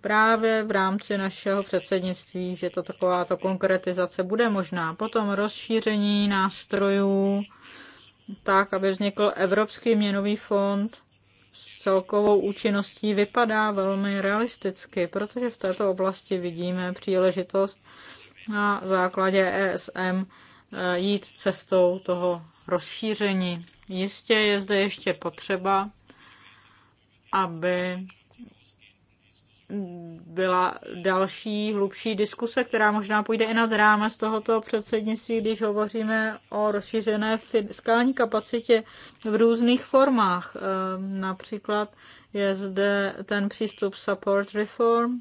S1: právě v rámci našeho předsednictví, že to takováto konkretizace bude možná. Potom rozšíření nástrojů tak, aby vznikl Evropský měnový fond, s celkovou účinností vypadá velmi realisticky, protože v této oblasti vidíme příležitost na základě ESM eh, jít cestou toho rozšíření. Jistě je zde ještě potřeba, aby byla další hlubší diskuse, která možná půjde i nad z tohoto předsednictví, když hovoříme o rozšířené fiskální kapacitě v různých formách. Ehm, například je zde ten přístup support reform,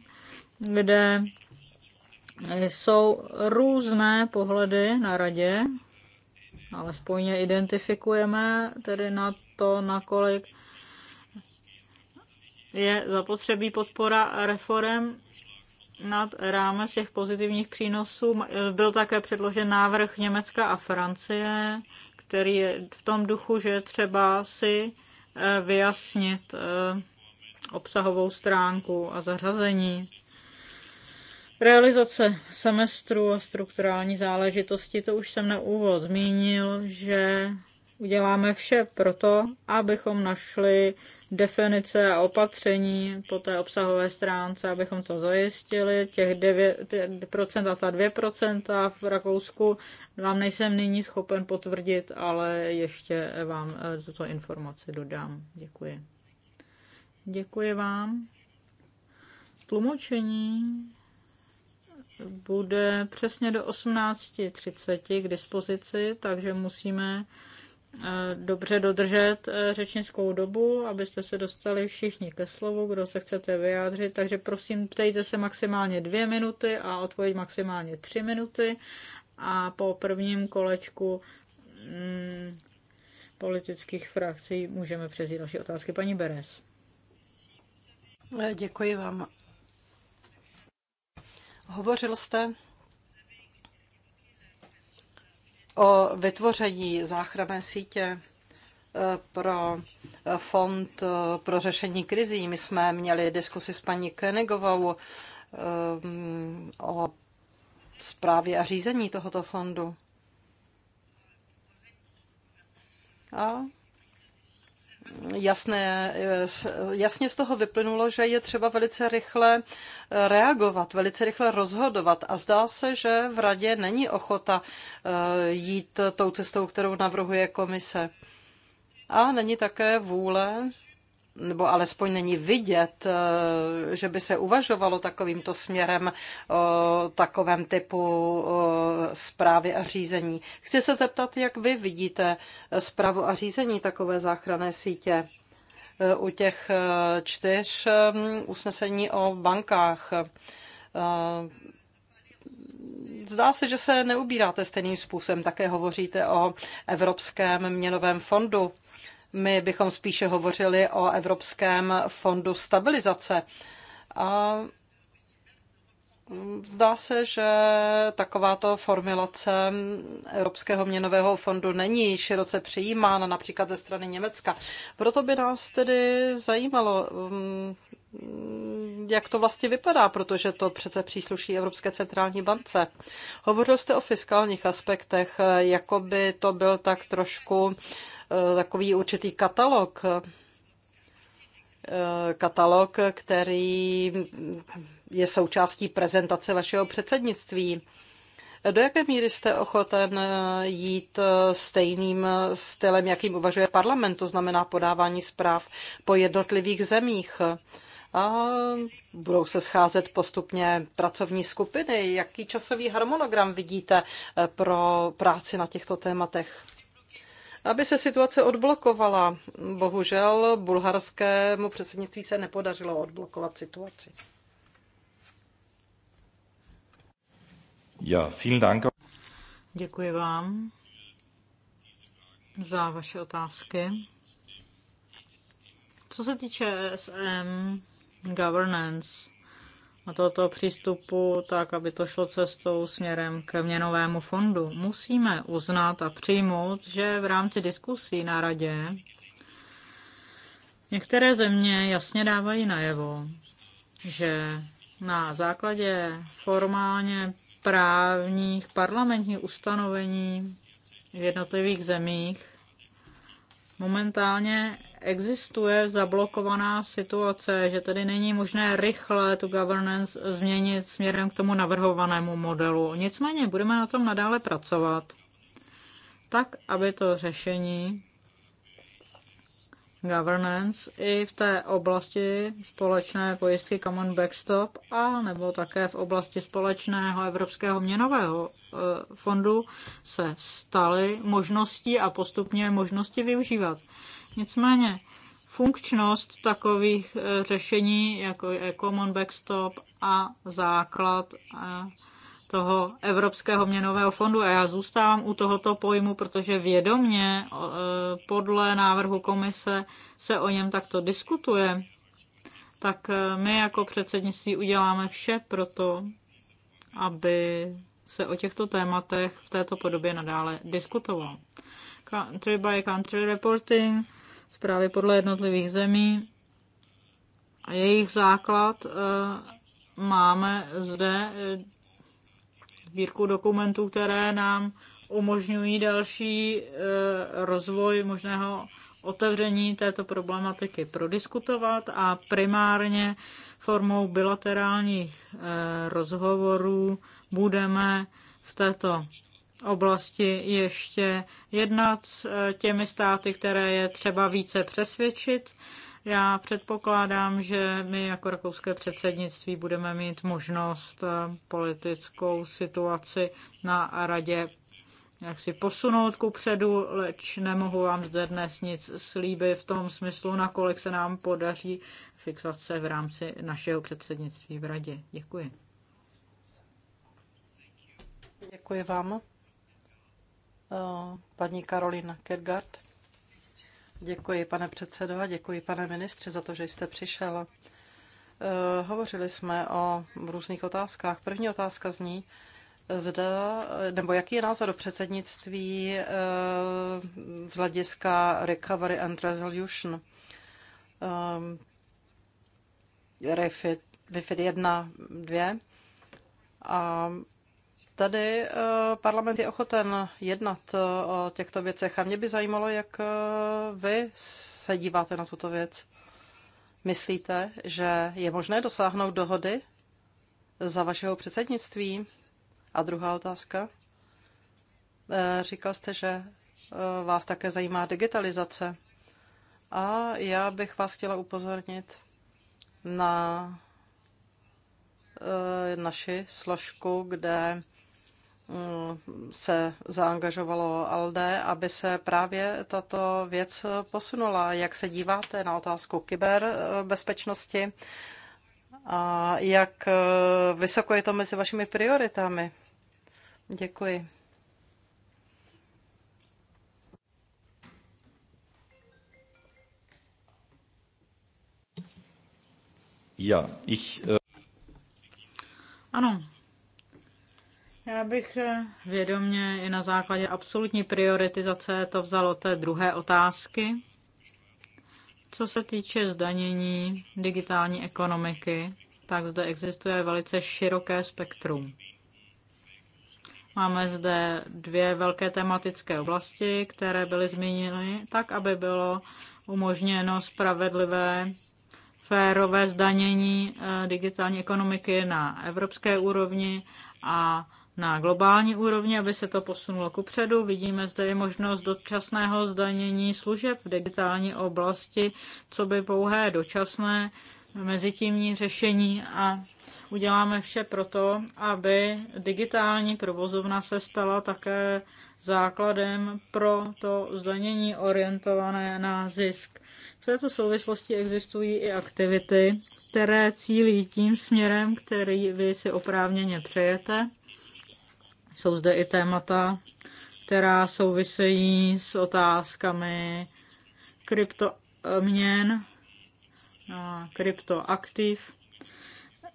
S1: kde jsou různé pohledy na radě, ale spojně identifikujeme tedy na to, nakolik je zapotřebí podpora reform nad rámec těch pozitivních přínosů. Byl také předložen návrh Německa a Francie, který je v tom duchu, že třeba si eh, vyjasnit eh, obsahovou stránku a zařazení. Realizace semestru a strukturální záležitosti, to už jsem na úvod zmínil, že uděláme vše pro to, abychom našli definice a opatření po té obsahové stránce, abychom to zajistili. Těch 9% a ta 2% v Rakousku vám nejsem nyní schopen potvrdit, ale ještě vám eh, tuto informaci dodám. Děkuji. Děkuji vám. Tlumočení bude přesně do 18.30 k dispozici, takže musíme dobře dodržet e, řečnickou dobu, abyste se dostali všichni ke slovu, kdo se chcete vyjádřit. Takže prosím, ptejte se maximálně dvě minuty a odpověď maximálně tři minuty. A po prvním kolečku mm, politických frakcí můžeme přezít další otázky. Paní Beres.
S4: E, děkuji vám. Hovořil jste o vytvoření záchranné sítě e, pro e, fond e, pro řešení krizí. My jsme měli diskusi s paní Kenigovou mm, o zprávě a řízení tohoto fondu. A jasné, jasně z toho vyplynulo, že je třeba velice rychle eh, reagovat, velice rychle rozhodovat a zdá se, že v radě není ochota eh, jít tou cestou, kterou navrhuje komise. A není také vůle nebo alespoň není vidět, eh, že by se uvažovalo takovýmto směrem o takovém typu zprávy a řízení. Chci se zeptat, jak vy vidíte zprávu a řízení takové záchranné sítě eh, u těch eh, čtyř usnesení o bankách. Zdá se, že se neubíráte stejným způsobem. Také hovoříte o Evropském měnovém fondu my bychom spíše hovořili o Evropském fondu stabilizace. A Zdá se, že takováto formulace Evropského měnového fondu není široce přijímána například ze strany Německa. Proto by nás tedy zajímalo, mm, jak to vlastně vypadá, protože to přece přísluší Evropské centrální bance. Hovořil jste o fiskálních aspektech, jako by to byl tak trošku Eh, takový určitý katalog, eh, katalog, který je součástí prezentace vašeho předsednictví. Do jaké míry jste ochoten eh, jít stejným stylem, jakým uvažuje parlament, to znamená podávání zpráv po jednotlivých zemích? A budou se scházet postupně pracovní skupiny. Jaký časový harmonogram vidíte pro práci na těchto tématech? aby se situace odblokovala. Bohužel bulharskému předsednictví se nepodařilo odblokovat situaci.
S3: Ja, vielen Dank.
S1: Děkuji vám za vaše otázky. Co se týče SM governance, a tohoto přístupu tak, aby to šlo cestou směrem k měnovému fondu. Musíme uznat a přijmout, že v rámci diskusí na radě některé země jasně dávají najevo, že na základě formálně právních parlamentních ustanovení v jednotlivých zemích momentálně existuje zablokovaná situace, že tedy není možné rychle tu governance změnit směrem k tomu navrhovanému modelu. Nicméně budeme na tom nadále pracovat, tak aby to řešení governance i v té oblasti společné pojistky Common Backstop a nebo také v oblasti společného Evropského měnového e, fondu se staly možností a postupně možnosti využívat. Nicméně funkčnost takových eh, řešení, jako je Common Backstop a základ eh, toho Evropského měnového fondu, a já zůstávám u tohoto pojmu, protože vědomně eh, podle návrhu komise se o něm takto diskutuje, tak my jako předsednictví uděláme vše pro to, aby se o těchto tématech v této podobě nadále diskutovalo. Country by country reporting – zprávy podle jednotlivých zemí a jejich základ eh, máme zde sbírku eh, dokumentů, které nám umožňují další eh, rozvoj možného otevření této problematiky prodiskutovat a primárně formou bilaterálních rozhovorů budeme v této oblasti ještě jednat s eh, těmi státy, které je třeba více přesvědčit. Já předpokládám, že my jako rakouské předsednictví budeme mít možnost eh, politickou situaci na radě jak si posunout ku předu, leč nemohu vám zde dnes nic slíbit v tom smyslu, nakolik se nám podaří fixace v rámci našeho předsednictví v radě. Děkuji. Děkuji vám.
S4: Eh, paní Karolina Kergard. Děkuji, pane předsedo, a děkuji, pane ministře, za to, že jste přišel. Eh, hovořili jsme o různých otázkách. První otázka zní, zda, nebo jaký je názor do předsednictví eh, z hlediska Recovery and Resolution. Refit, Refit 1, 2. A Tady eh, parlament je ochoten jednat eh, o těchto věcech a mě by zajímalo, jak eh, vy se díváte na tuto věc. Myslíte, že je možné dosáhnout dohody za vašeho předsednictví? A druhá otázka. Říkal jste, že vás také zajímá digitalizace. A já bych vás chtěla upozornit na naši složku, kde Mm, se zaangažovalo ALDE, aby se právě tato věc posunula. Jak se díváte na otázku kyberbezpečnosti a jak eh, vysoko je to mezi vašimi prioritami? Děkuji.
S3: Ja, ich, äh...
S1: Ano, já bych eh, vědomě i na základě absolutní prioritizace to vzalo té druhé otázky. Co se týče zdanění digitální ekonomiky, tak zde existuje velice široké spektrum. Máme zde dvě velké tematické oblasti, které byly zmíněny, tak aby bylo umožněno spravedlivé, férové zdanění eh, digitální ekonomiky na evropské úrovni a na globální úrovni, aby se to posunulo ku předu. Vidíme zde i možnost dočasného zdanění služeb v digitální oblasti, co by pouhé dočasné mezitímní řešení a uděláme vše proto, aby digitální provozovna se stala také základem pro to zdanění orientované na zisk. V této souvislosti existují i aktivity, které cílí tím směrem, který vy si oprávněně přejete jsou zde i témata, která souvisejí s otázkami kryptoměn a kryptoaktiv.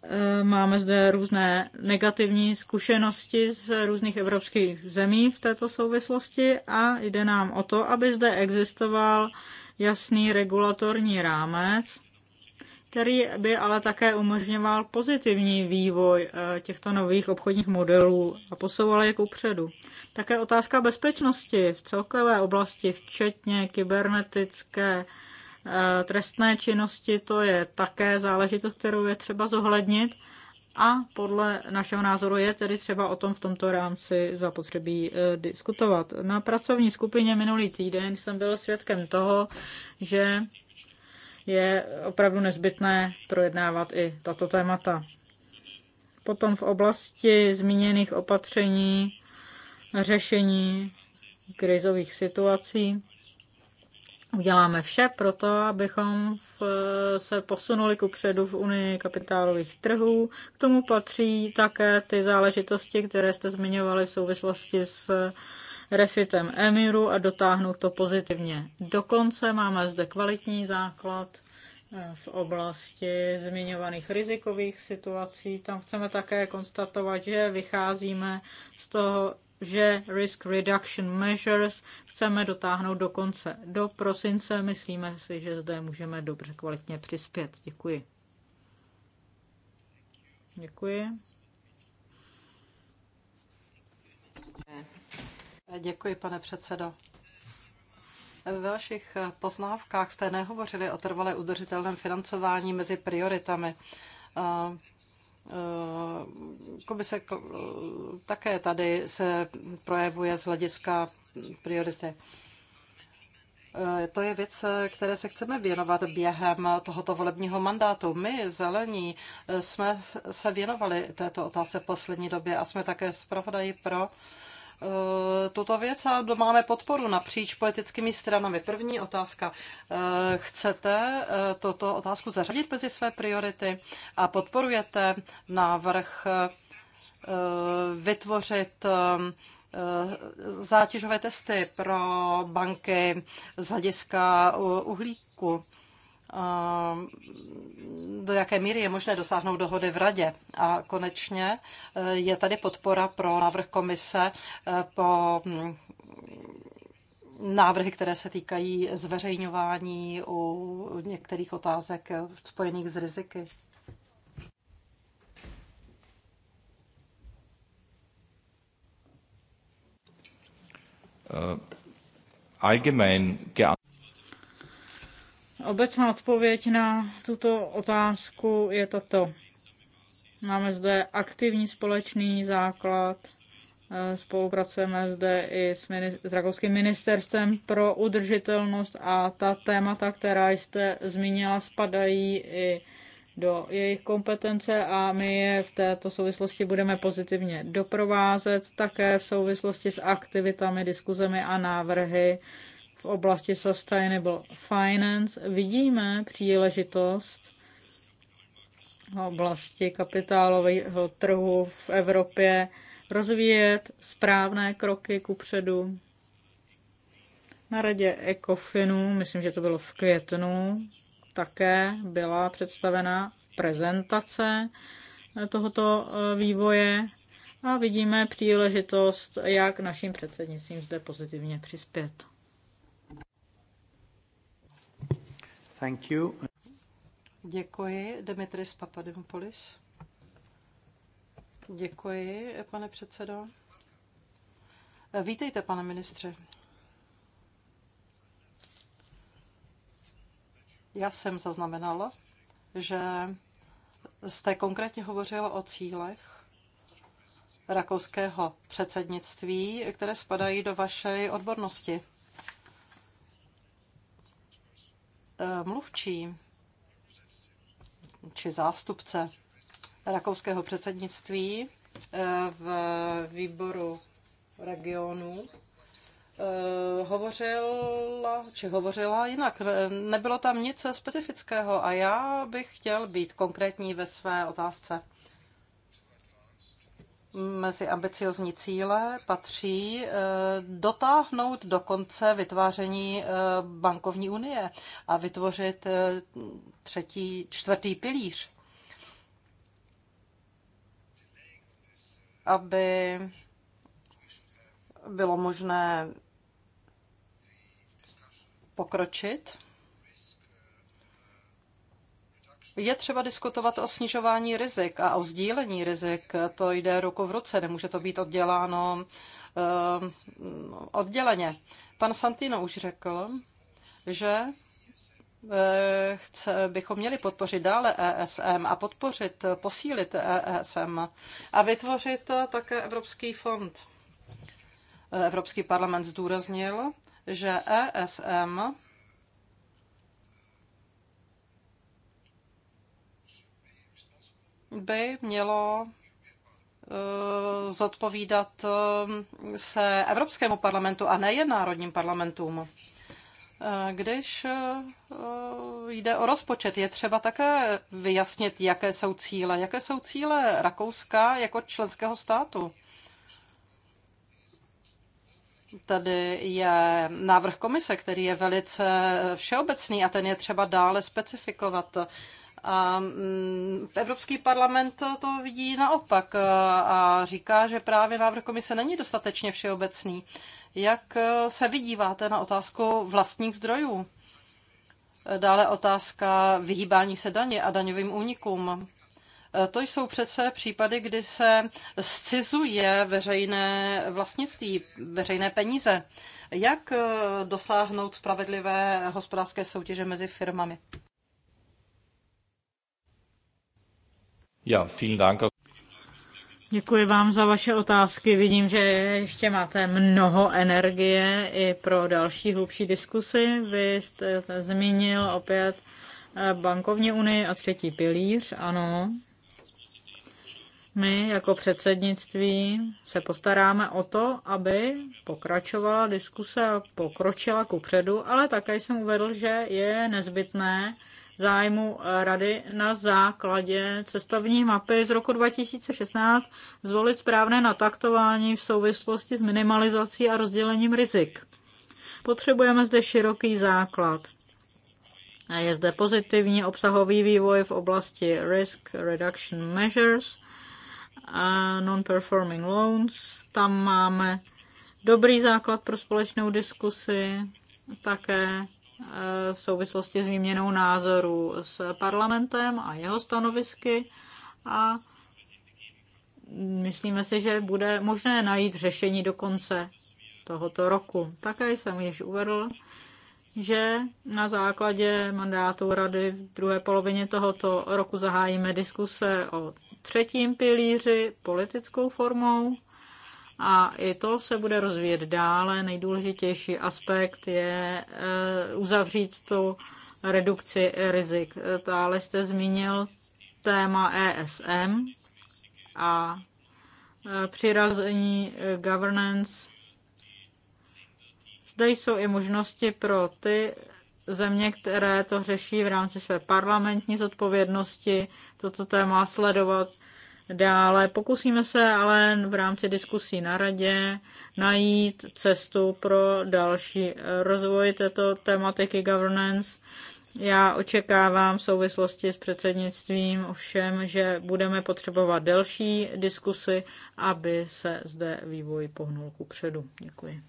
S1: Eh, máme zde různé negativní zkušenosti z různých evropských zemí v této souvislosti a jde nám o to, aby zde existoval jasný regulatorní rámec, který by ale také umožňoval pozitivní vývoj eh, těchto nových obchodních modelů a posouval je kupředu. Také otázka bezpečnosti v celkové oblasti, včetně kybernetické eh, trestné činnosti, to je také záležitost, kterou je třeba zohlednit a podle našeho názoru je tedy třeba o tom v tomto rámci zapotřebí eh, diskutovat. Na pracovní skupině minulý týden jsem byl svědkem toho, že je opravdu nezbytné projednávat i tato témata. Potom v oblasti zmíněných opatření řešení krizových situací uděláme vše pro to, abychom v, se posunuli ku předu v Unii kapitálových trhů. K tomu patří také ty záležitosti, které jste zmiňovali v souvislosti s refitem Emiru a dotáhnout to pozitivně. Dokonce máme zde kvalitní základ eh, v oblasti zmiňovaných rizikových situací. Tam chceme také konstatovat, že vycházíme z toho, že risk reduction measures chceme dotáhnout do konce. Do prosince myslíme si, že zde můžeme dobře kvalitně přispět. Děkuji. Děkuji.
S4: Eh, Děkuji, pane předsedo. Ve vašich poznávkách jste nehovořili o trvale udržitelném financování mezi prioritami. E, komise také tady se projevuje z hlediska priority. E, to je věc, které se chceme věnovat během tohoto volebního mandátu. My, zelení, e, jsme se věnovali této otázce v poslední době a jsme také zpravodaji pro uh, Eh, tuto věc a máme podporu napříč politickými stranami. První otázka. Eh, chcete eh, toto otázku zařadit mezi své priority a podporujete návrh vytvořit zátěžové testy pro banky z hlediska uhlíku do jaké míry je možné dosáhnout dohody v radě. A konečně e, je tady podpora pro návrh komise e, po mm, návrhy, které se týkají zveřejňování u některých otázek spojených s riziky.
S3: Äh, allgemein
S1: Obecná odpověď na tuto otázku je tato. Máme zde aktivní společný základ, eh, spolupracujeme zde i s, mini- s Rakouským ministerstvem pro udržitelnost a ta témata, která jste zmínila, spadají i do jejich kompetence a my je v této souvislosti budeme pozitivně doprovázet také v souvislosti s aktivitami, diskuzemi a návrhy v oblasti sustainable finance vidíme příležitost v oblasti kapitálového trhu v Evropě rozvíjet správné kroky ku předu. Na radě ECOFINu, myslím, že to bylo v květnu, také byla představena prezentace tohoto eh, vývoje a vidíme příležitost, jak naším předsednictvím zde pozitivně přispět.
S6: Thank you.
S4: Děkuji, Demetris Papadimopoulos. Děkuji, pane předsedo. Vítejte, pane ministře. Já jsem zaznamenala, že jste konkrétně hovořil o cílech rakouského předsednictví, které spadají do vaší odbornosti. mluvčí či zástupce rakouského předsednictví eh, v výboru regionu eh, hovořila, či hovořila jinak. Nebylo tam nic specifického a já bych chtěl být konkrétní ve své otázce mezi ambiciozní cíle patří eh, dotáhnout do konce vytváření eh, bankovní unie a vytvořit eh, třetí, čtvrtý pilíř, aby bylo možné pokročit Je třeba diskutovat o snižování rizik a o sdílení rizik. To jde ruku v ruce, nemůže to být odděláno eh, odděleně. Pan Santino už řekl, že eh, chce, bychom měli podpořit dále ESM a podpořit, posílit ESM a vytvořit také Evropský fond. Eh, Evropský parlament zdůraznil, že ESM by mělo eh, zodpovídat eh, se Evropskému parlamentu a nejen národním parlamentům. Eh, když jde o rozpočet, je třeba také vyjasnit, jaké jsou cíle. Jaké jsou cíle Rakouska jako členského státu? Tady je návrh komise, který je velice všeobecný a ten je třeba dále specifikovat. A mm, Evropský parlament to vidí naopak a říká, že právě návrh komise není dostatečně všeobecný. Jak e, se vydíváte na otázku vlastních zdrojů? Dále otázka vyhýbání se daně a daňovým únikům. E, to jsou přece případy, kdy se scizuje veřejné vlastnictví, veřejné peníze. Jak e, dosáhnout spravedlivé hospodářské soutěže mezi firmami?
S3: Ja, vielen Dank.
S1: Děkuji vám za vaše otázky. Vidím, že ještě máte mnoho energie i pro další hlubší diskusy. Vy jste zmínil opět eh, bankovní unii a třetí pilíř. Ano, my jako předsednictví se postaráme o to, aby pokračovala diskuse, pokročila ku předu, ale také jsem uvedl, že je nezbytné zájmu eh, rady na základě cestovní mapy z roku 2016 zvolit správné nataktování v souvislosti s minimalizací a rozdělením rizik. Potřebujeme zde široký základ. Je zde pozitivní obsahový vývoj v oblasti Risk Reduction Measures a Non-Performing Loans. Tam máme dobrý základ pro společnou diskusi, také Eh, v souvislosti s výměnou názorů s parlamentem a jeho stanovisky a myslíme si, že bude možné najít řešení do konce tohoto roku. Také jsem již uvedl, že na základě mandátu rady v druhé polovině tohoto roku zahájíme diskuse o třetím pilíři politickou formou a i to se bude rozvíjet dále. Nejdůležitější aspekt je eh, uzavřít tu redukci rizik. Dále jste zmínil téma ESM a eh, přirazení eh, governance. Zde jsou i možnosti pro ty země, které to řeší v rámci své parlamentní zodpovědnosti, toto téma sledovat dále. Pokusíme se ale v rámci diskusí na radě najít cestu pro další rozvoj této tematiky governance. Já očekávám v souvislosti s předsednictvím ovšem, že budeme potřebovat delší diskusy, aby se zde vývoj pohnul ku předu. Děkuji.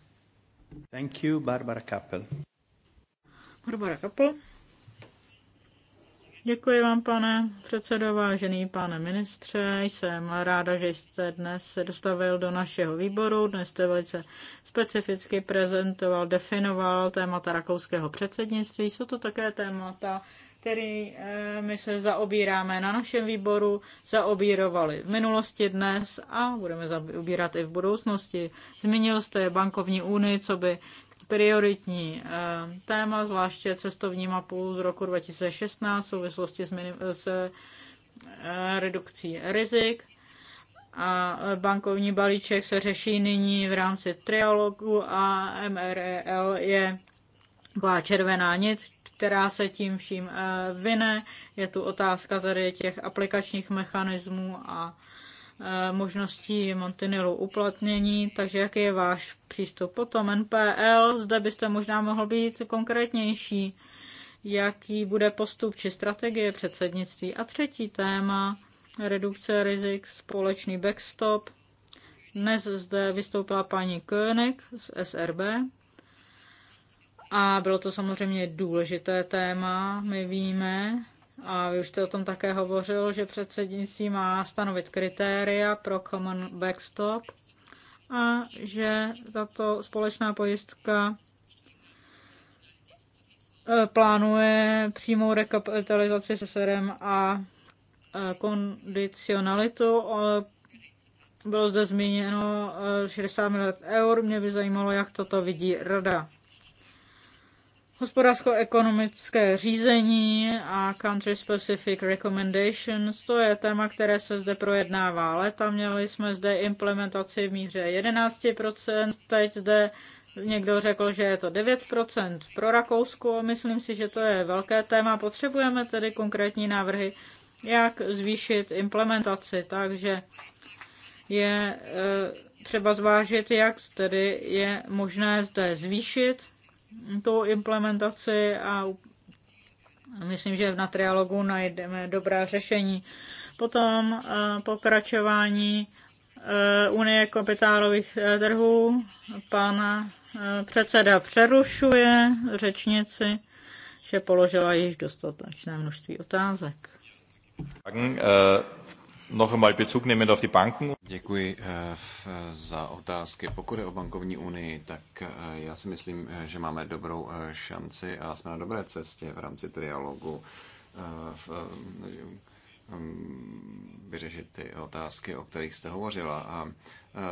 S6: Thank you, Barbara Kappel.
S1: Barbara Kappel. Děkuji vám, pane předsedo, vážený pane ministře. Jsem ráda, že jste dnes se dostavil do našeho výboru. Dnes jste velice specificky prezentoval, definoval témata rakouského předsednictví. Jsou to také témata, který eh, my se zaobíráme na našem výboru, zaobírovali v minulosti dnes a budeme zaobírat i v budoucnosti. Zmínil jste bankovní unii, co by prioritní eh, téma, zvláště cestovní mapu z roku 2016 v souvislosti s, minim, s eh, redukcí rizik. A bankovní balíček se řeší nyní v rámci trialogu a MREL je taková červená nit, která se tím vším eh, vyne. Je tu otázka tady těch aplikačních mechanismů a Eh, možností Montinelu uplatnění, takže jaký je váš přístup potom NPL? Zde byste možná mohl být konkrétnější. Jaký bude postup či strategie předsednictví? A třetí téma, redukce rizik, společný backstop. Dnes zde vystoupila paní König z SRB. A bylo to samozřejmě důležité téma, my víme, a vy už jste o tom také hovořil, že předsednictví má stanovit kritéria pro common backstop a že tato společná pojistka e, plánuje přímou rekapitalizaci se serem a e, kondicionalitu. Bylo zde zmíněno 60 e, miliard eur. Mě by zajímalo, jak toto vidí rada hospodářsko-ekonomické řízení a country specific recommendations, to je téma, které se zde projednává leta. Měli jsme zde implementaci v míře 11%, teď zde někdo řekl, že je to 9% pro Rakousko. Myslím si, že to je velké téma. Potřebujeme tedy konkrétní návrhy, jak zvýšit implementaci, takže je e, třeba zvážit, jak tedy je možné zde zvýšit tou implementaci a myslím, že na trialogu najdeme dobrá řešení. Potom eh, pokračování eh, Unie kapitálových eh, trhů. Pan předseda přerušuje řečnici, že položila již dostatečné množství otázek
S3: noch einmal Bezug auf die Banken. Děkuji eh, za otázky. Pokud je o bankovní unii, tak eh, já si
S2: myslím, eh, že máme dobrou šanci a jsme na dobré cestě v rámci trialogu vyřešit ty otázky, o kterých jste hovořila. A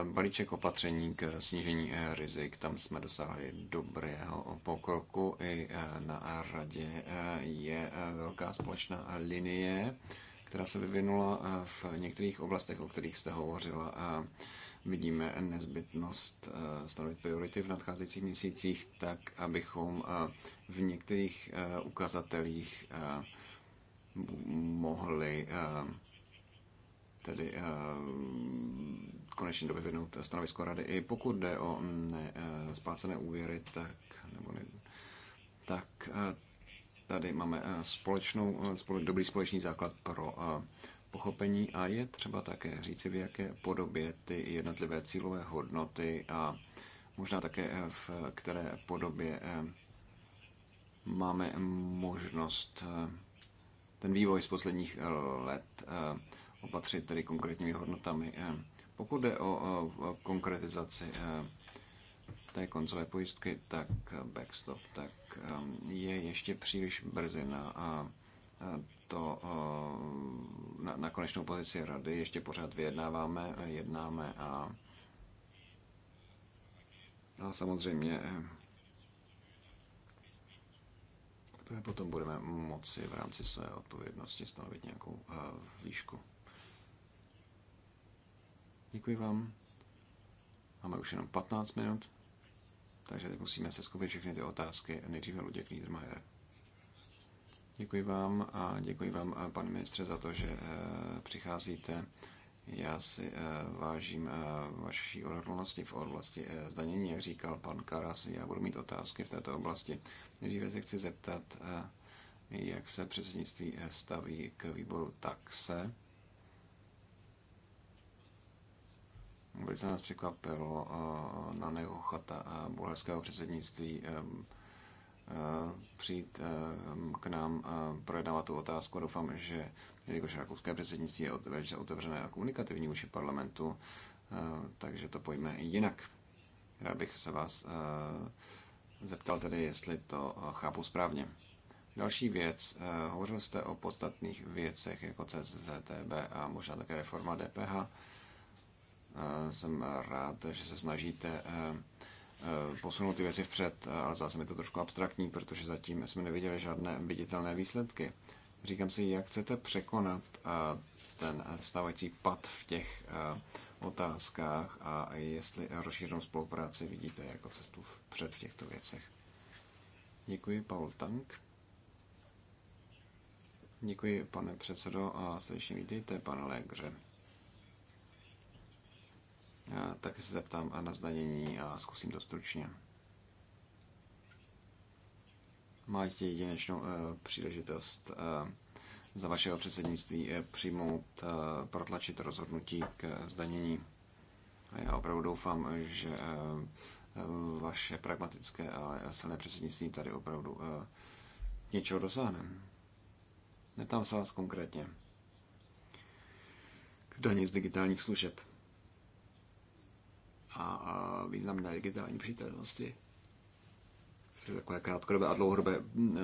S2: balíček opatření k snížení rizik, tam jsme dosáhli dobrého pokroku. I na radě je velká společná linie která se vyvinula eh, v některých oblastech, o kterých jste hovořila. Vidíme nezbytnost eh, stanovit priority v nadcházejících měsících tak, abychom eh, v některých ukazatelích mohli tedy konečně dovyvinout stanovisko rady. I pokud jde o splácené úvěry, tak, nebo ne, tak Tady máme eh, společnou, eh, dobrý společný základ pro eh, pochopení a je třeba také říci, v jaké podobě ty jednotlivé cílové hodnoty a možná také v které podobě máme možnost ten vývoj z posledních let opatřit tedy konkrétními hodnotami. Pokud jde o konkretizaci té koncové pojistky, tak eh, backstop, tak eh, je ještě příliš brzy na to eh, na, na konečnou pozici rady. Ještě pořád vyjednáváme, jednáme a, a samozřejmě teprve potom budeme moci v rámci své odpovědnosti stanovit nějakou výšku. Děkuji vám. Máme už jenom 15 minut. Takže teď musíme se skupit všechny ty otázky. Nejdříve Luděk Niedermayer. Děkuji vám a děkuji vám, eh, pane ministře, za to, že eh, přicházíte. Já si eh, vážím vaší odhodlnosti v oblasti zdanění, jak říkal pan Karas. Já budu mít otázky v této oblasti. Nejdříve se chci zeptat, jak se předsednictví staví k výboru taxe Velice nás překvapilo eh, na neochota eh, bulharského předsednictví eh, přijít k nám projednávat tu otázku. Doufám, že jelikož rakouské předsednictví je velice otevřené a komunikativní vůči parlamentu, takže to pojme jinak. Rád bych se vás zeptal tedy, jestli to chápu správně. Další věc, hovořil jste o podstatných věcech jako CZTB a možná také reforma DPH jsem rád, že se snažíte eh, eh, posunout ty věci vpřed, eh, ale zase mi to trošku abstraktní, protože zatím jsme neviděli žádné viditelné výsledky. Říkám si, jak chcete překonat ten stávající pad v těch otázkách a jestli rozšířenou spolupráci vidíte jako cestu vpřed v těchto věcech. Děkuji, Paul Tank. Děkuji, pane předsedo, a srdečně vítejte, pane Legře. Já taky se zeptám a na zdanění a zkusím to stručně. Máte jedinečnou uh, příležitost uh, za vašeho předsednictví uh, přijmout, uh, protlačit rozhodnutí k zdanění. A já opravdu doufám, že uh, vaše pragmatické a silné předsednictví tady opravdu uh, něčeho dosáhne. Neptám se vás konkrétně. K daní z digitálních služeb a významné digitální přítelnosti. je takové krátkodobé a dlouhodobé mm,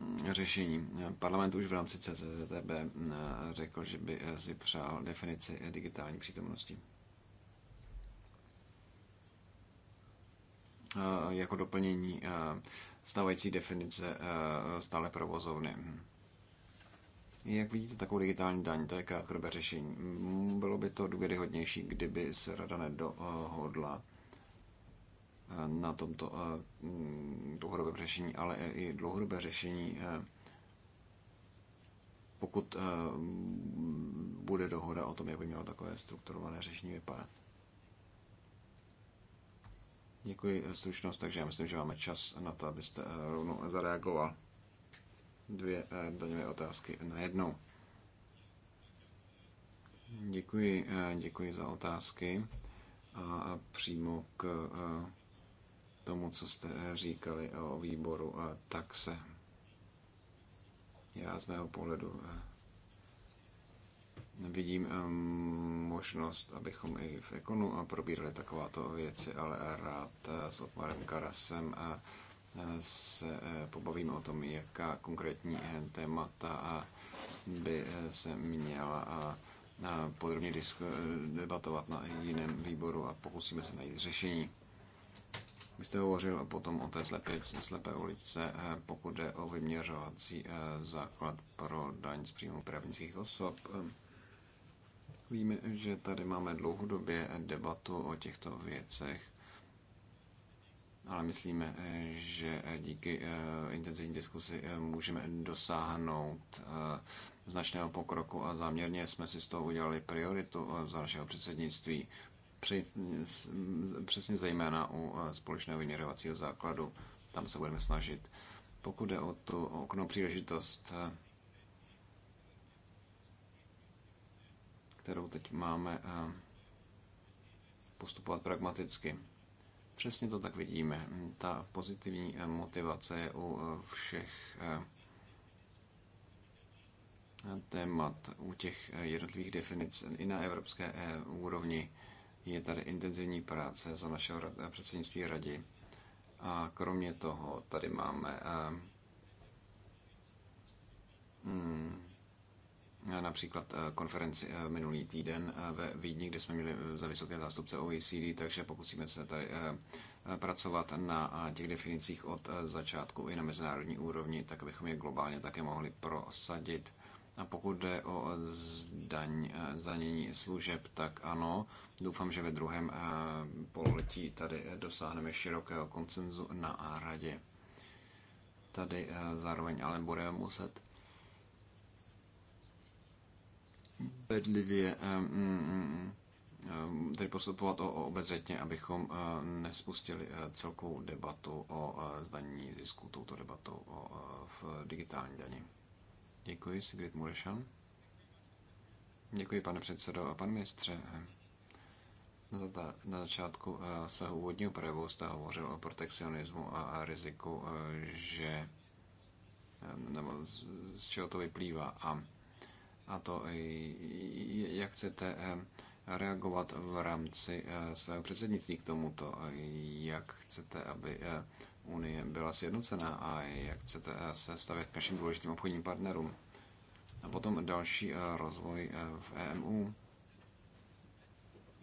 S2: mm, řešení. Parlament už v rámci CZTB mm, řekl, že by eh, si přál definici eh, digitální přítomnosti. Eh, jako doplnění stávající definice stále provozovny. Jak vidíte takovou digitální daň, to je krátkodobé řešení. Bylo by to důvěryhodnější, kdyby se rada nedohodla eh, na tomto eh, mm, dlouhodobém řešení, ale i dlouhodobé řešení, eh, pokud bude dohoda o tom, jak by mělo takové strukturované řešení vypadat. Děkuji stručnost, takže já myslím, že máme čas na to, abyste rovnou zareagoval dvě eh, daňové otázky najednou. Děkuji, eh, děkuji za otázky a přímo k eh, tomu, co jste říkali o výboru taxe. Já z mého pohledu vidím možnost, abychom i v Ekonu probírali takováto věci, ale rád s Otmarem Karasem a se eh, pobavíme o tom, jaká konkrétní eh, témata eh, by se měla podrobně debatovat na jiném výboru a pokusíme se najít řešení. Vy jste hovořil potom o té slepé, slepé ulice, pokud jde o vyměřovací základ pro daň z příjmu právnických osob. Víme, že tady máme dlouhodobě debatu o těchto věcech ale myslíme, eh, že eh, díky eh, intenzivní diskusi můžeme dosáhnout značného pokroku a záměrně jsme si z toho udělali prioritu za našeho předsednictví, při, přesně zejména u společného vyměřovacího základu. Tam se budeme snažit. Pokud jde o tu okno příležitost, kterou teď máme postupovat pragmaticky. Přesně to tak vidíme. Ta pozitivní eh, motivace je u eh, všech eh, témat, u těch jednotlivých definic i na evropské úrovni je tady intenzivní práce za našeho předsednictví radě. A kromě toho tady máme hmm, Eh, například eh, konferenci eh, minulý týden ve Vídni, kde jsme měli za vysoké zástupce OECD, takže pokusíme se tady pracovat na těch definicích od začátku i na mezinárodní úrovni, tak abychom je globálně také mohli prosadit. A pokud jde o zdaň, zdanění služeb, tak ano, doufám, že ve druhém pololetí tady dosáhneme širokého koncenzu na radě. Tady zároveň ale budeme muset bedlivě eh, mm, mm, mm, eh, tedy postupovat obezřetně, abychom eh, nespustili celkovou debatu o zdanění zisku, touto debatou o, v digitální dani. Děkuji, Sigrid Murešan. Děkuji, pane předsedo a pan ministře. Na začátku svého úvodního projevu jste hovořil o protekcionismu a riziku, že nebo z, z čeho to vyplývá. A a to, jak chcete eh, reagovat v rámci eh, svého předsednictví k tomuto, jak chcete, aby eh, Unie byla sjednocená a jak chcete se stavět k našim důležitým obchodním partnerům. A potom další rozvoj v EMU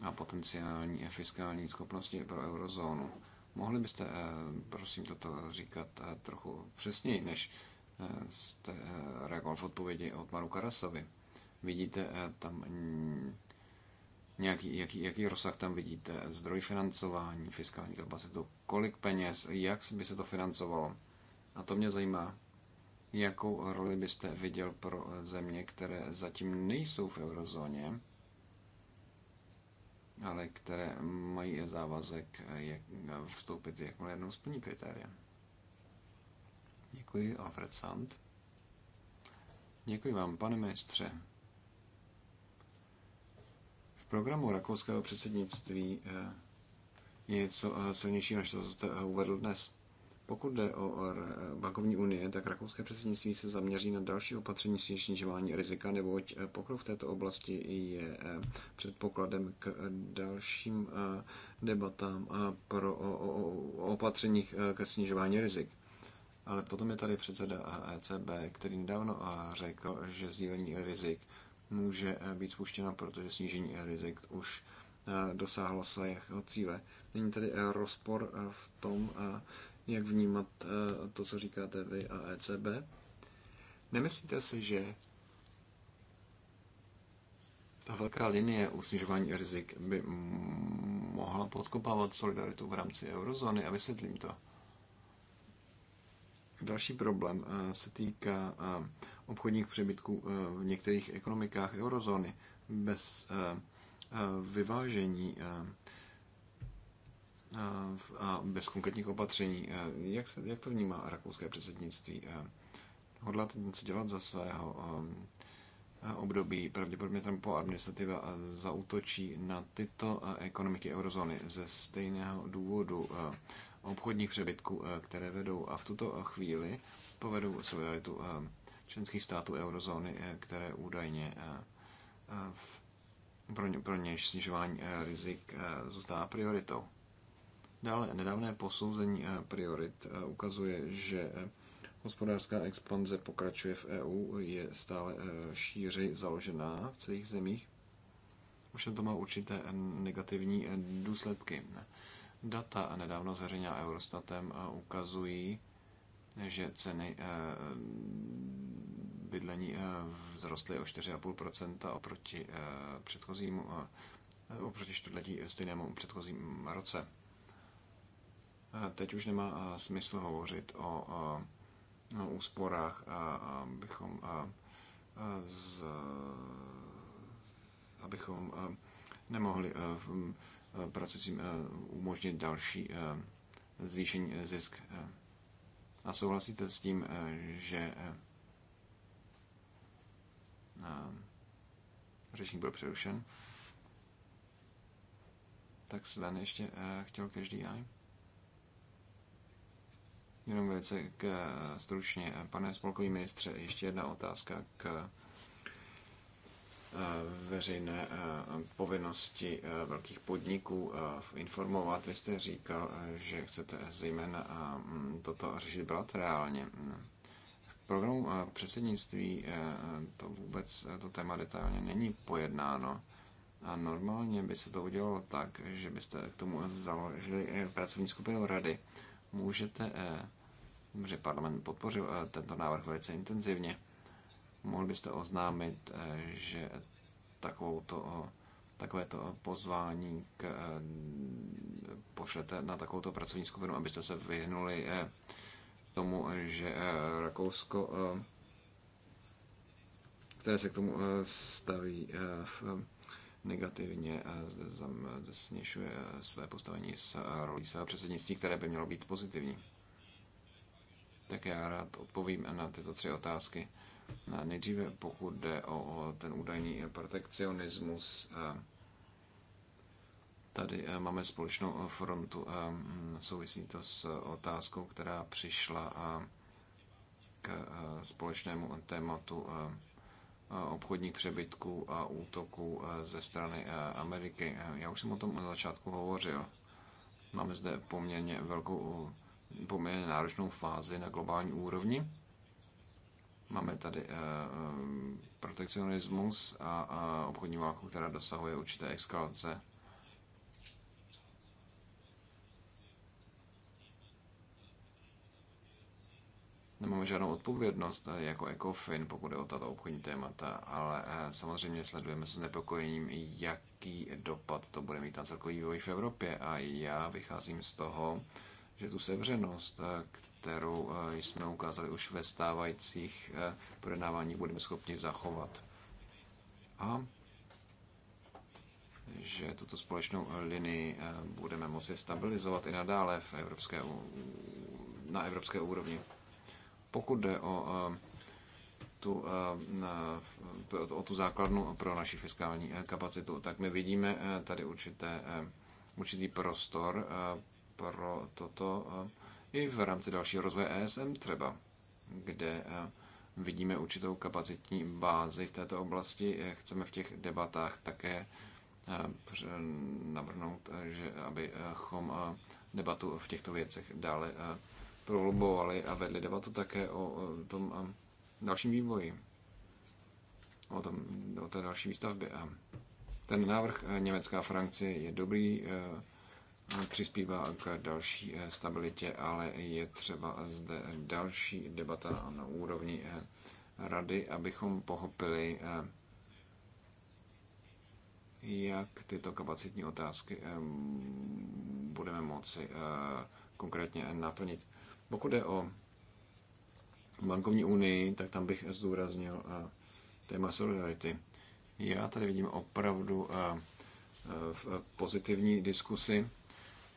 S2: a potenciální fiskální schopnosti pro eurozónu. Mohli byste, prosím, toto říkat trochu přesněji, než jste eh, reagoval v odpovědi od Maru Karasovi. Vidíte eh, tam nějaký, jaký, jaký rozsah tam vidíte, zdroj financování, fiskální kapacitu, kolik peněz, jak by se to financovalo. A to mě zajímá, jakou roli byste viděl pro eh, země, které zatím nejsou v eurozóně, ale které mají závazek jak vstoupit, jakmile jednou splní kritéria. Děkuji, Alfred Sand. Děkuji vám, pane ministře. V programu rakouského předsednictví eh, je něco eh, silnější, než to, co jste eh, uvedl dnes. Pokud jde o bankovní unie tak rakouské předsednictví se zaměří na další opatření snižování rizika, neboť pokrok v této oblasti je předpokladem k dalším debatám pro opatřeních ke snižování rizik. Ale potom je tady předseda ECB, který nedávno eh, řekl, že sdílení rizik může eh, být spuštěno, protože snížení rizik už eh, dosáhlo svého cíle. Není tady rozpor v tom, jak vnímat to, co říkáte vy a ECB? Nemyslíte si, že ta velká linie u snižování rizik by mohla podkopávat solidaritu v rámci eurozóny? A vysvětlím to. Další problém eh, se týká eh, obchodních přebytků eh, v některých ekonomikách eurozóny. Bez vyvážení a bez konkrétních opatření. Jak, se, jak to vnímá rakouské předsednictví? Hodláte něco dělat za svého období? Pravděpodobně tam po administrativa zautočí na tyto ekonomiky eurozóny ze stejného důvodu obchodních přebytků, eh, které vedou a v tuto chvíli povedou solidaritu eh, členských států eurozóny, eh, které údajně pro, ně, pro něž snižování rizik zůstává prioritou. Dále nedávné posouzení priorit ukazuje, že hospodářská expanze pokračuje v EU, je stále šířej založená v celých zemích. Už to má určité negativní důsledky. Data nedávno zveřejněná Eurostatem eh, ukazují, že ceny eh, bydlení eh, vzrostly o 4,5% oproti předchozímu, oproti čtvrtletí stejnému předchozím roce. Teď už nemá smysl hovořit o úsporách, abychom, abychom nemohli Eh, pracujícím eh, umožnit další eh, zvýšení zisk. A souhlasíte s tím, že řečník byl přerušen? Tak Sven ještě chtěl každý já. Jenom velice k, stručně, pane spolkový ministře, ještě jedna otázka k Eh, veřejné eh, povinnosti eh, velkých podniků informovat. Vy jste říkal, že chcete zejména mm, toto řešit bilaterálně. V programu předsednictví to vůbec to téma detailně není pojednáno. A normálně by se to udělalo tak, že byste k tomu založili pracovní skupinu rady. Můžete, že parlament podpořil tento návrh velice intenzivně, Mohli byste oznámit, eh, že takovouto, eh, takovéto pozvání k, eh, pošlete na takovouto pracovní skupinu, abyste se vyhnuli tomu, že Rakousko, které se k tomu staví v negativně zde, své postavení s rolí svého předsednictví, které by mělo být pozitivní. Tak já rád odpovím na tyto tři otázky. Nejdříve pokud jde o ten údajný protekcionismus, eh, tady eh, máme společnou eh, frontu. Mm, souvisí to s otázkou, která přišla k společnému tématu obchodních přebytků a útoků ze strany Ameriky. Já už jsem o tom na začátku hovořil. Máme zde poměrně velkou, poměrně náročnou fázi na globální úrovni Máme tady eh, eh, protekcionismus a, uh, obchodní válku, která dosahuje určité eskalace. nemáme žádnou odpovědnost eh, jako ECOFIN, pokud je o tato obchodní témata, ale samozřejmě sledujeme s nepokojením, jaký dopad to bude mít na celkový vývoj v Evropě. A já vycházím z toho, že tu sevřenost, kterou eh, jsme ukázali už ve stávajících eh, projednávání, budeme schopni zachovat. A že tuto společnou eh, linii budeme moci stabilizovat i nadále v evropské, na evropské úrovni. Pokud jde o tu, o tu základnu pro naši fiskální kapacitu, tak my vidíme tady určité, určitý prostor pro toto i v rámci dalšího rozvoje ESM třeba, kde eh, vidíme určitou kapacitní bázi v této oblasti. Eh, chceme v těch debatách také eh, navrhnout, že abychom debatu v těchto věcech dále prolobovali a vedli debatu také o tom dalším vývoji, o, tom, o té další výstavbě. Ten návrh Německá Francie je dobrý, přispívá k další eh, stabilitě, ale je třeba zde další debata na úrovni eh, rady, abychom pochopili, eh, jak tyto kapacitní otázky budeme moci konkrétně naplnit. Pokud je o bankovní unii, tak tam bych zdůraznil téma solidarity. Já tady vidím opravdu v pozitivní diskusi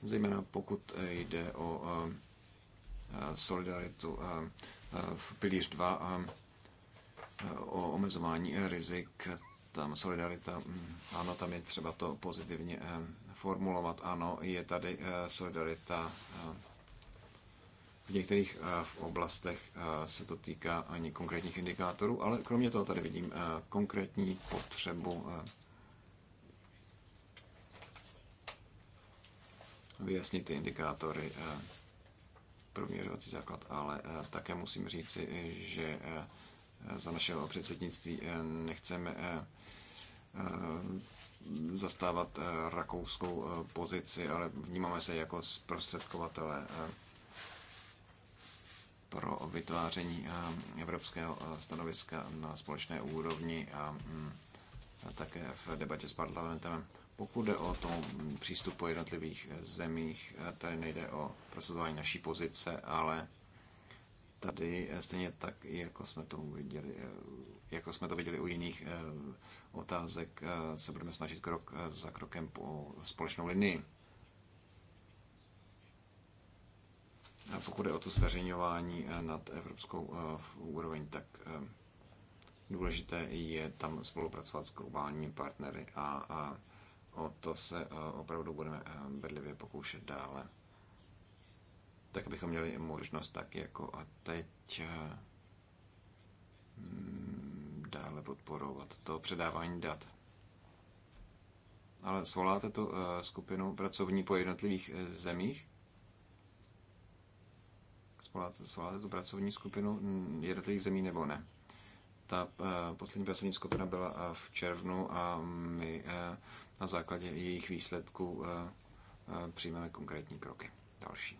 S2: zejména pokud eh, jde o eh, eh, solidaritu v pilíř 2 o omezování rizik, tam solidarita, hm, ano, tam je třeba to pozitivně formulovat, ano, je tady solidarita v některých oblastech se to týká ani konkrétních indikátorů, ale kromě toho tady vidím konkrétní potřebu vyjasnit ty indikátory eh, pro měřovací základ, ale eh, také musím říci, že eh, za našeho předsednictví nechceme zastávat rakouskou pozici, ale vnímáme se jako zprostředkovatele pro vytváření evropského stanoviska na společné úrovni a mm, také v debatě s parlamentem. Pokud jde o tom přístupu jednotlivých eh, zemích, eh, tady nejde o prosazování naší pozice, ale tady eh, stejně tak, jako jsme, to viděli, jako jsme to viděli u jiných otázek, se budeme snažit krok za krokem po společnou linii. A pokud je o to zveřejňování nad evropskou úroveň, tak důležité je tam spolupracovat s globálními partnery a, a O to se eh, opravdu budeme eh, bedlivě pokoušet dále. Tak abychom měli možnost tak jako a teď eh, mm, dále podporovat to předávání dat. Ale svoláte tu skupinu pracovní po jednotlivých zemích? Svoláte, svoláte tu pracovní skupinu mm, jednotlivých zemí nebo ne? Ta poslední pracovní skupina byla v červnu a my na základě jejich výsledků eh, eh, přijmeme konkrétní kroky. Další.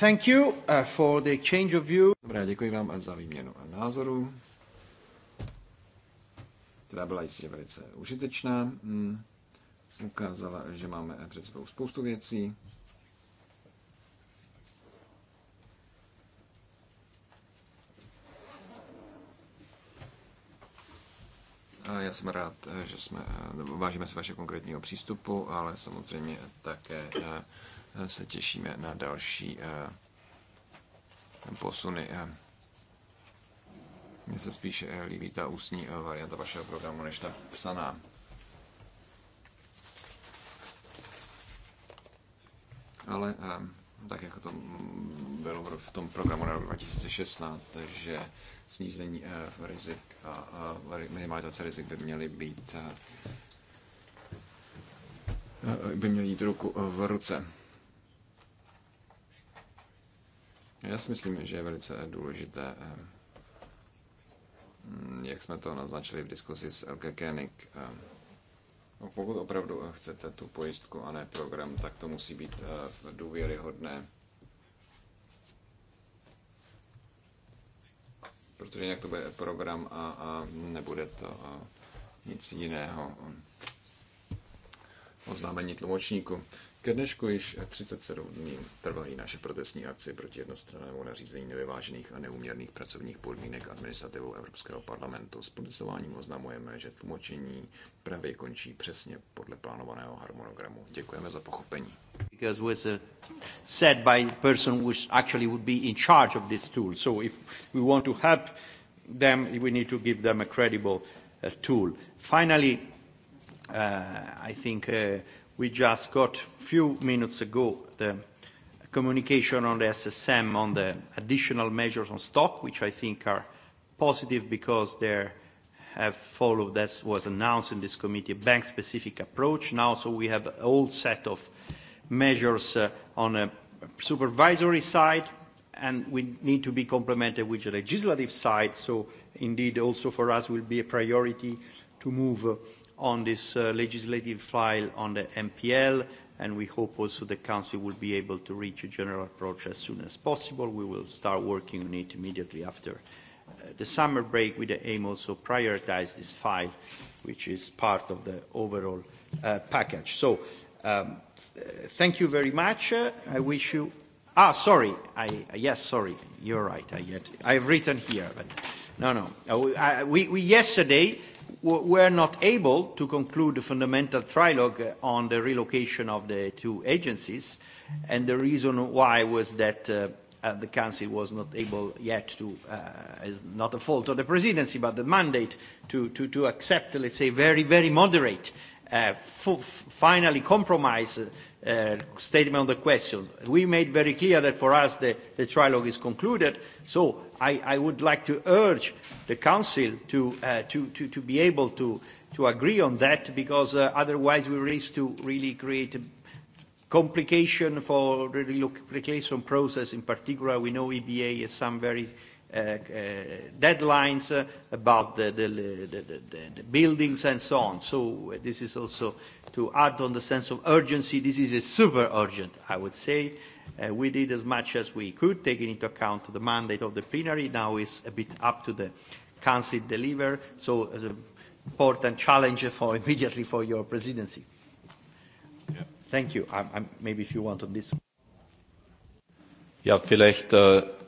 S6: Thank you eh, for the change of view. Dobrá, děkuji vám za
S2: výměnu názorů. Která byla jistě velice užitečná. Hmm, ukázala, že máme před sebou spoustu věcí. Já jsem rád, že jsme, vážíme se vaše konkrétního přístupu, ale samozřejmě také eh, se těšíme na další eh, posuny. Eh. Mně se spíše líbí ta ústní varianta vašeho programu, než ta psaná. Ale um, tak jako to bylo v tom programu na rok 2016, že snížení eh, rizik a minimalizace rizik by měly být eh, eh, by měly jít ruku v ruce. Já si myslím, že je velice důležité, jak jsme to naznačili v diskusi s Elke Koenig, No, pokud opravdu chcete tu pojistku a ne program, tak to musí být eh, v důvěryhodné. Protože jinak to bude program a, a nebude to a eh, nic jiného. Oznámení tlumočníku. Ke dnešku již 37 dní trvají naše protestní akce proti jednostrannému nařízení nevyvážených a neuměrných pracovních podmínek administrativou Evropského parlamentu. S protestováním oznamujeme, že tlumočení právě končí přesně podle plánovaného harmonogramu. Děkujeme za pochopení.
S6: Because was uh, said by person actually would be in charge of this tool. So if we want to help them, we need to give them a credible uh, tool. Finally, uh, I think uh, we just got a few minutes ago the communication on the SSM on the additional measures on stock, which I think are positive because they have followed, as was announced in this committee, a bank-specific approach now. So we have a whole set of measures uh, on a supervisory side, and we need to be complemented with the legislative side. So indeed, also for us will be a priority to move uh, on this uh, legislative file on the MPL, and we hope also the Council will be able to reach a general approach as soon as possible. We will start working on it immediately after uh, the summer break with the aim also prioritize this file, which is part of the overall uh, package. So um, uh, thank you very much. Uh, I wish you... Ah, sorry. I, yes, sorry. You're right. I, yet, I've written here, but no, no. Uh, we, I, we, we yesterday were not able to conclude the fundamental trilogue uh, on the relocation of the two agencies, and the reason why was that uh, uh, the Council was not able yet to, uh, is not a fault of the presidency, but the mandate to, to, to accept, let's say, very, very moderate, uh, f finally compromise Uh, uh, statement on the question. We made very clear that for us the, the trilogue is concluded, so I, I would like to urge the Council to, uh, to, to, to be able to, to agree on that because uh, otherwise we risk to really create a complication for the relocation process. In particular, we know EBA has some very Uh, uh, deadlines uh, about the, the, the, the buildings and so on. So this is also to add on the sense of urgency, this is a super urgent, I would say. Uh, we did as much as we could, taking into account the mandate of the plenary. Now it's a bit up to the Council deliver, so it's an important challenge for immediately for your presidency. Yeah. Thank you. I'm, I'm, maybe if you want on this.
S3: Ja, vielleicht uh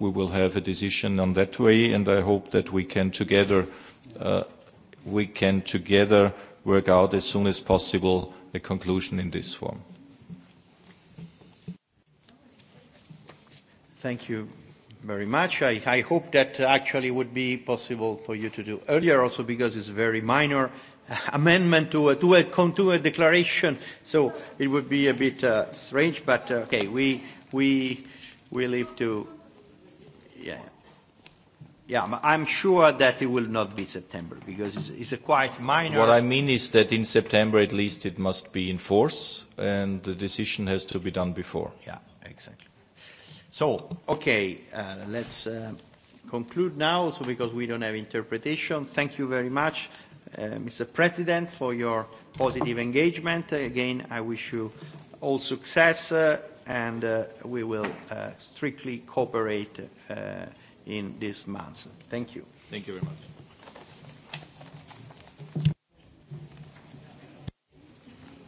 S3: we will have a decision on that way, and I hope that we can together, uh, we can together work out as soon as possible a conclusion in this form.
S6: Thank you very much. I, I hope that actually would be possible for you to do earlier also because it's very minor amendment to a, to a, to a declaration. So it would be a bit uh, strange, but uh, okay, we, we, we leave to yeah. Yeah, I'm sure that it will not be September because it's, it's a quite minor. What I
S3: mean is that in September at least it must be in force and the decision has to be done before. Yeah, exactly.
S6: So, okay, uh, let's uh, conclude now so because we don't have interpretation. Thank you very much, uh, Mr. President, for your positive engagement. Again, I wish you all success. Uh, and uh, we will uh, strictly cooperate uh, in these months. Thank you. Thank you very much.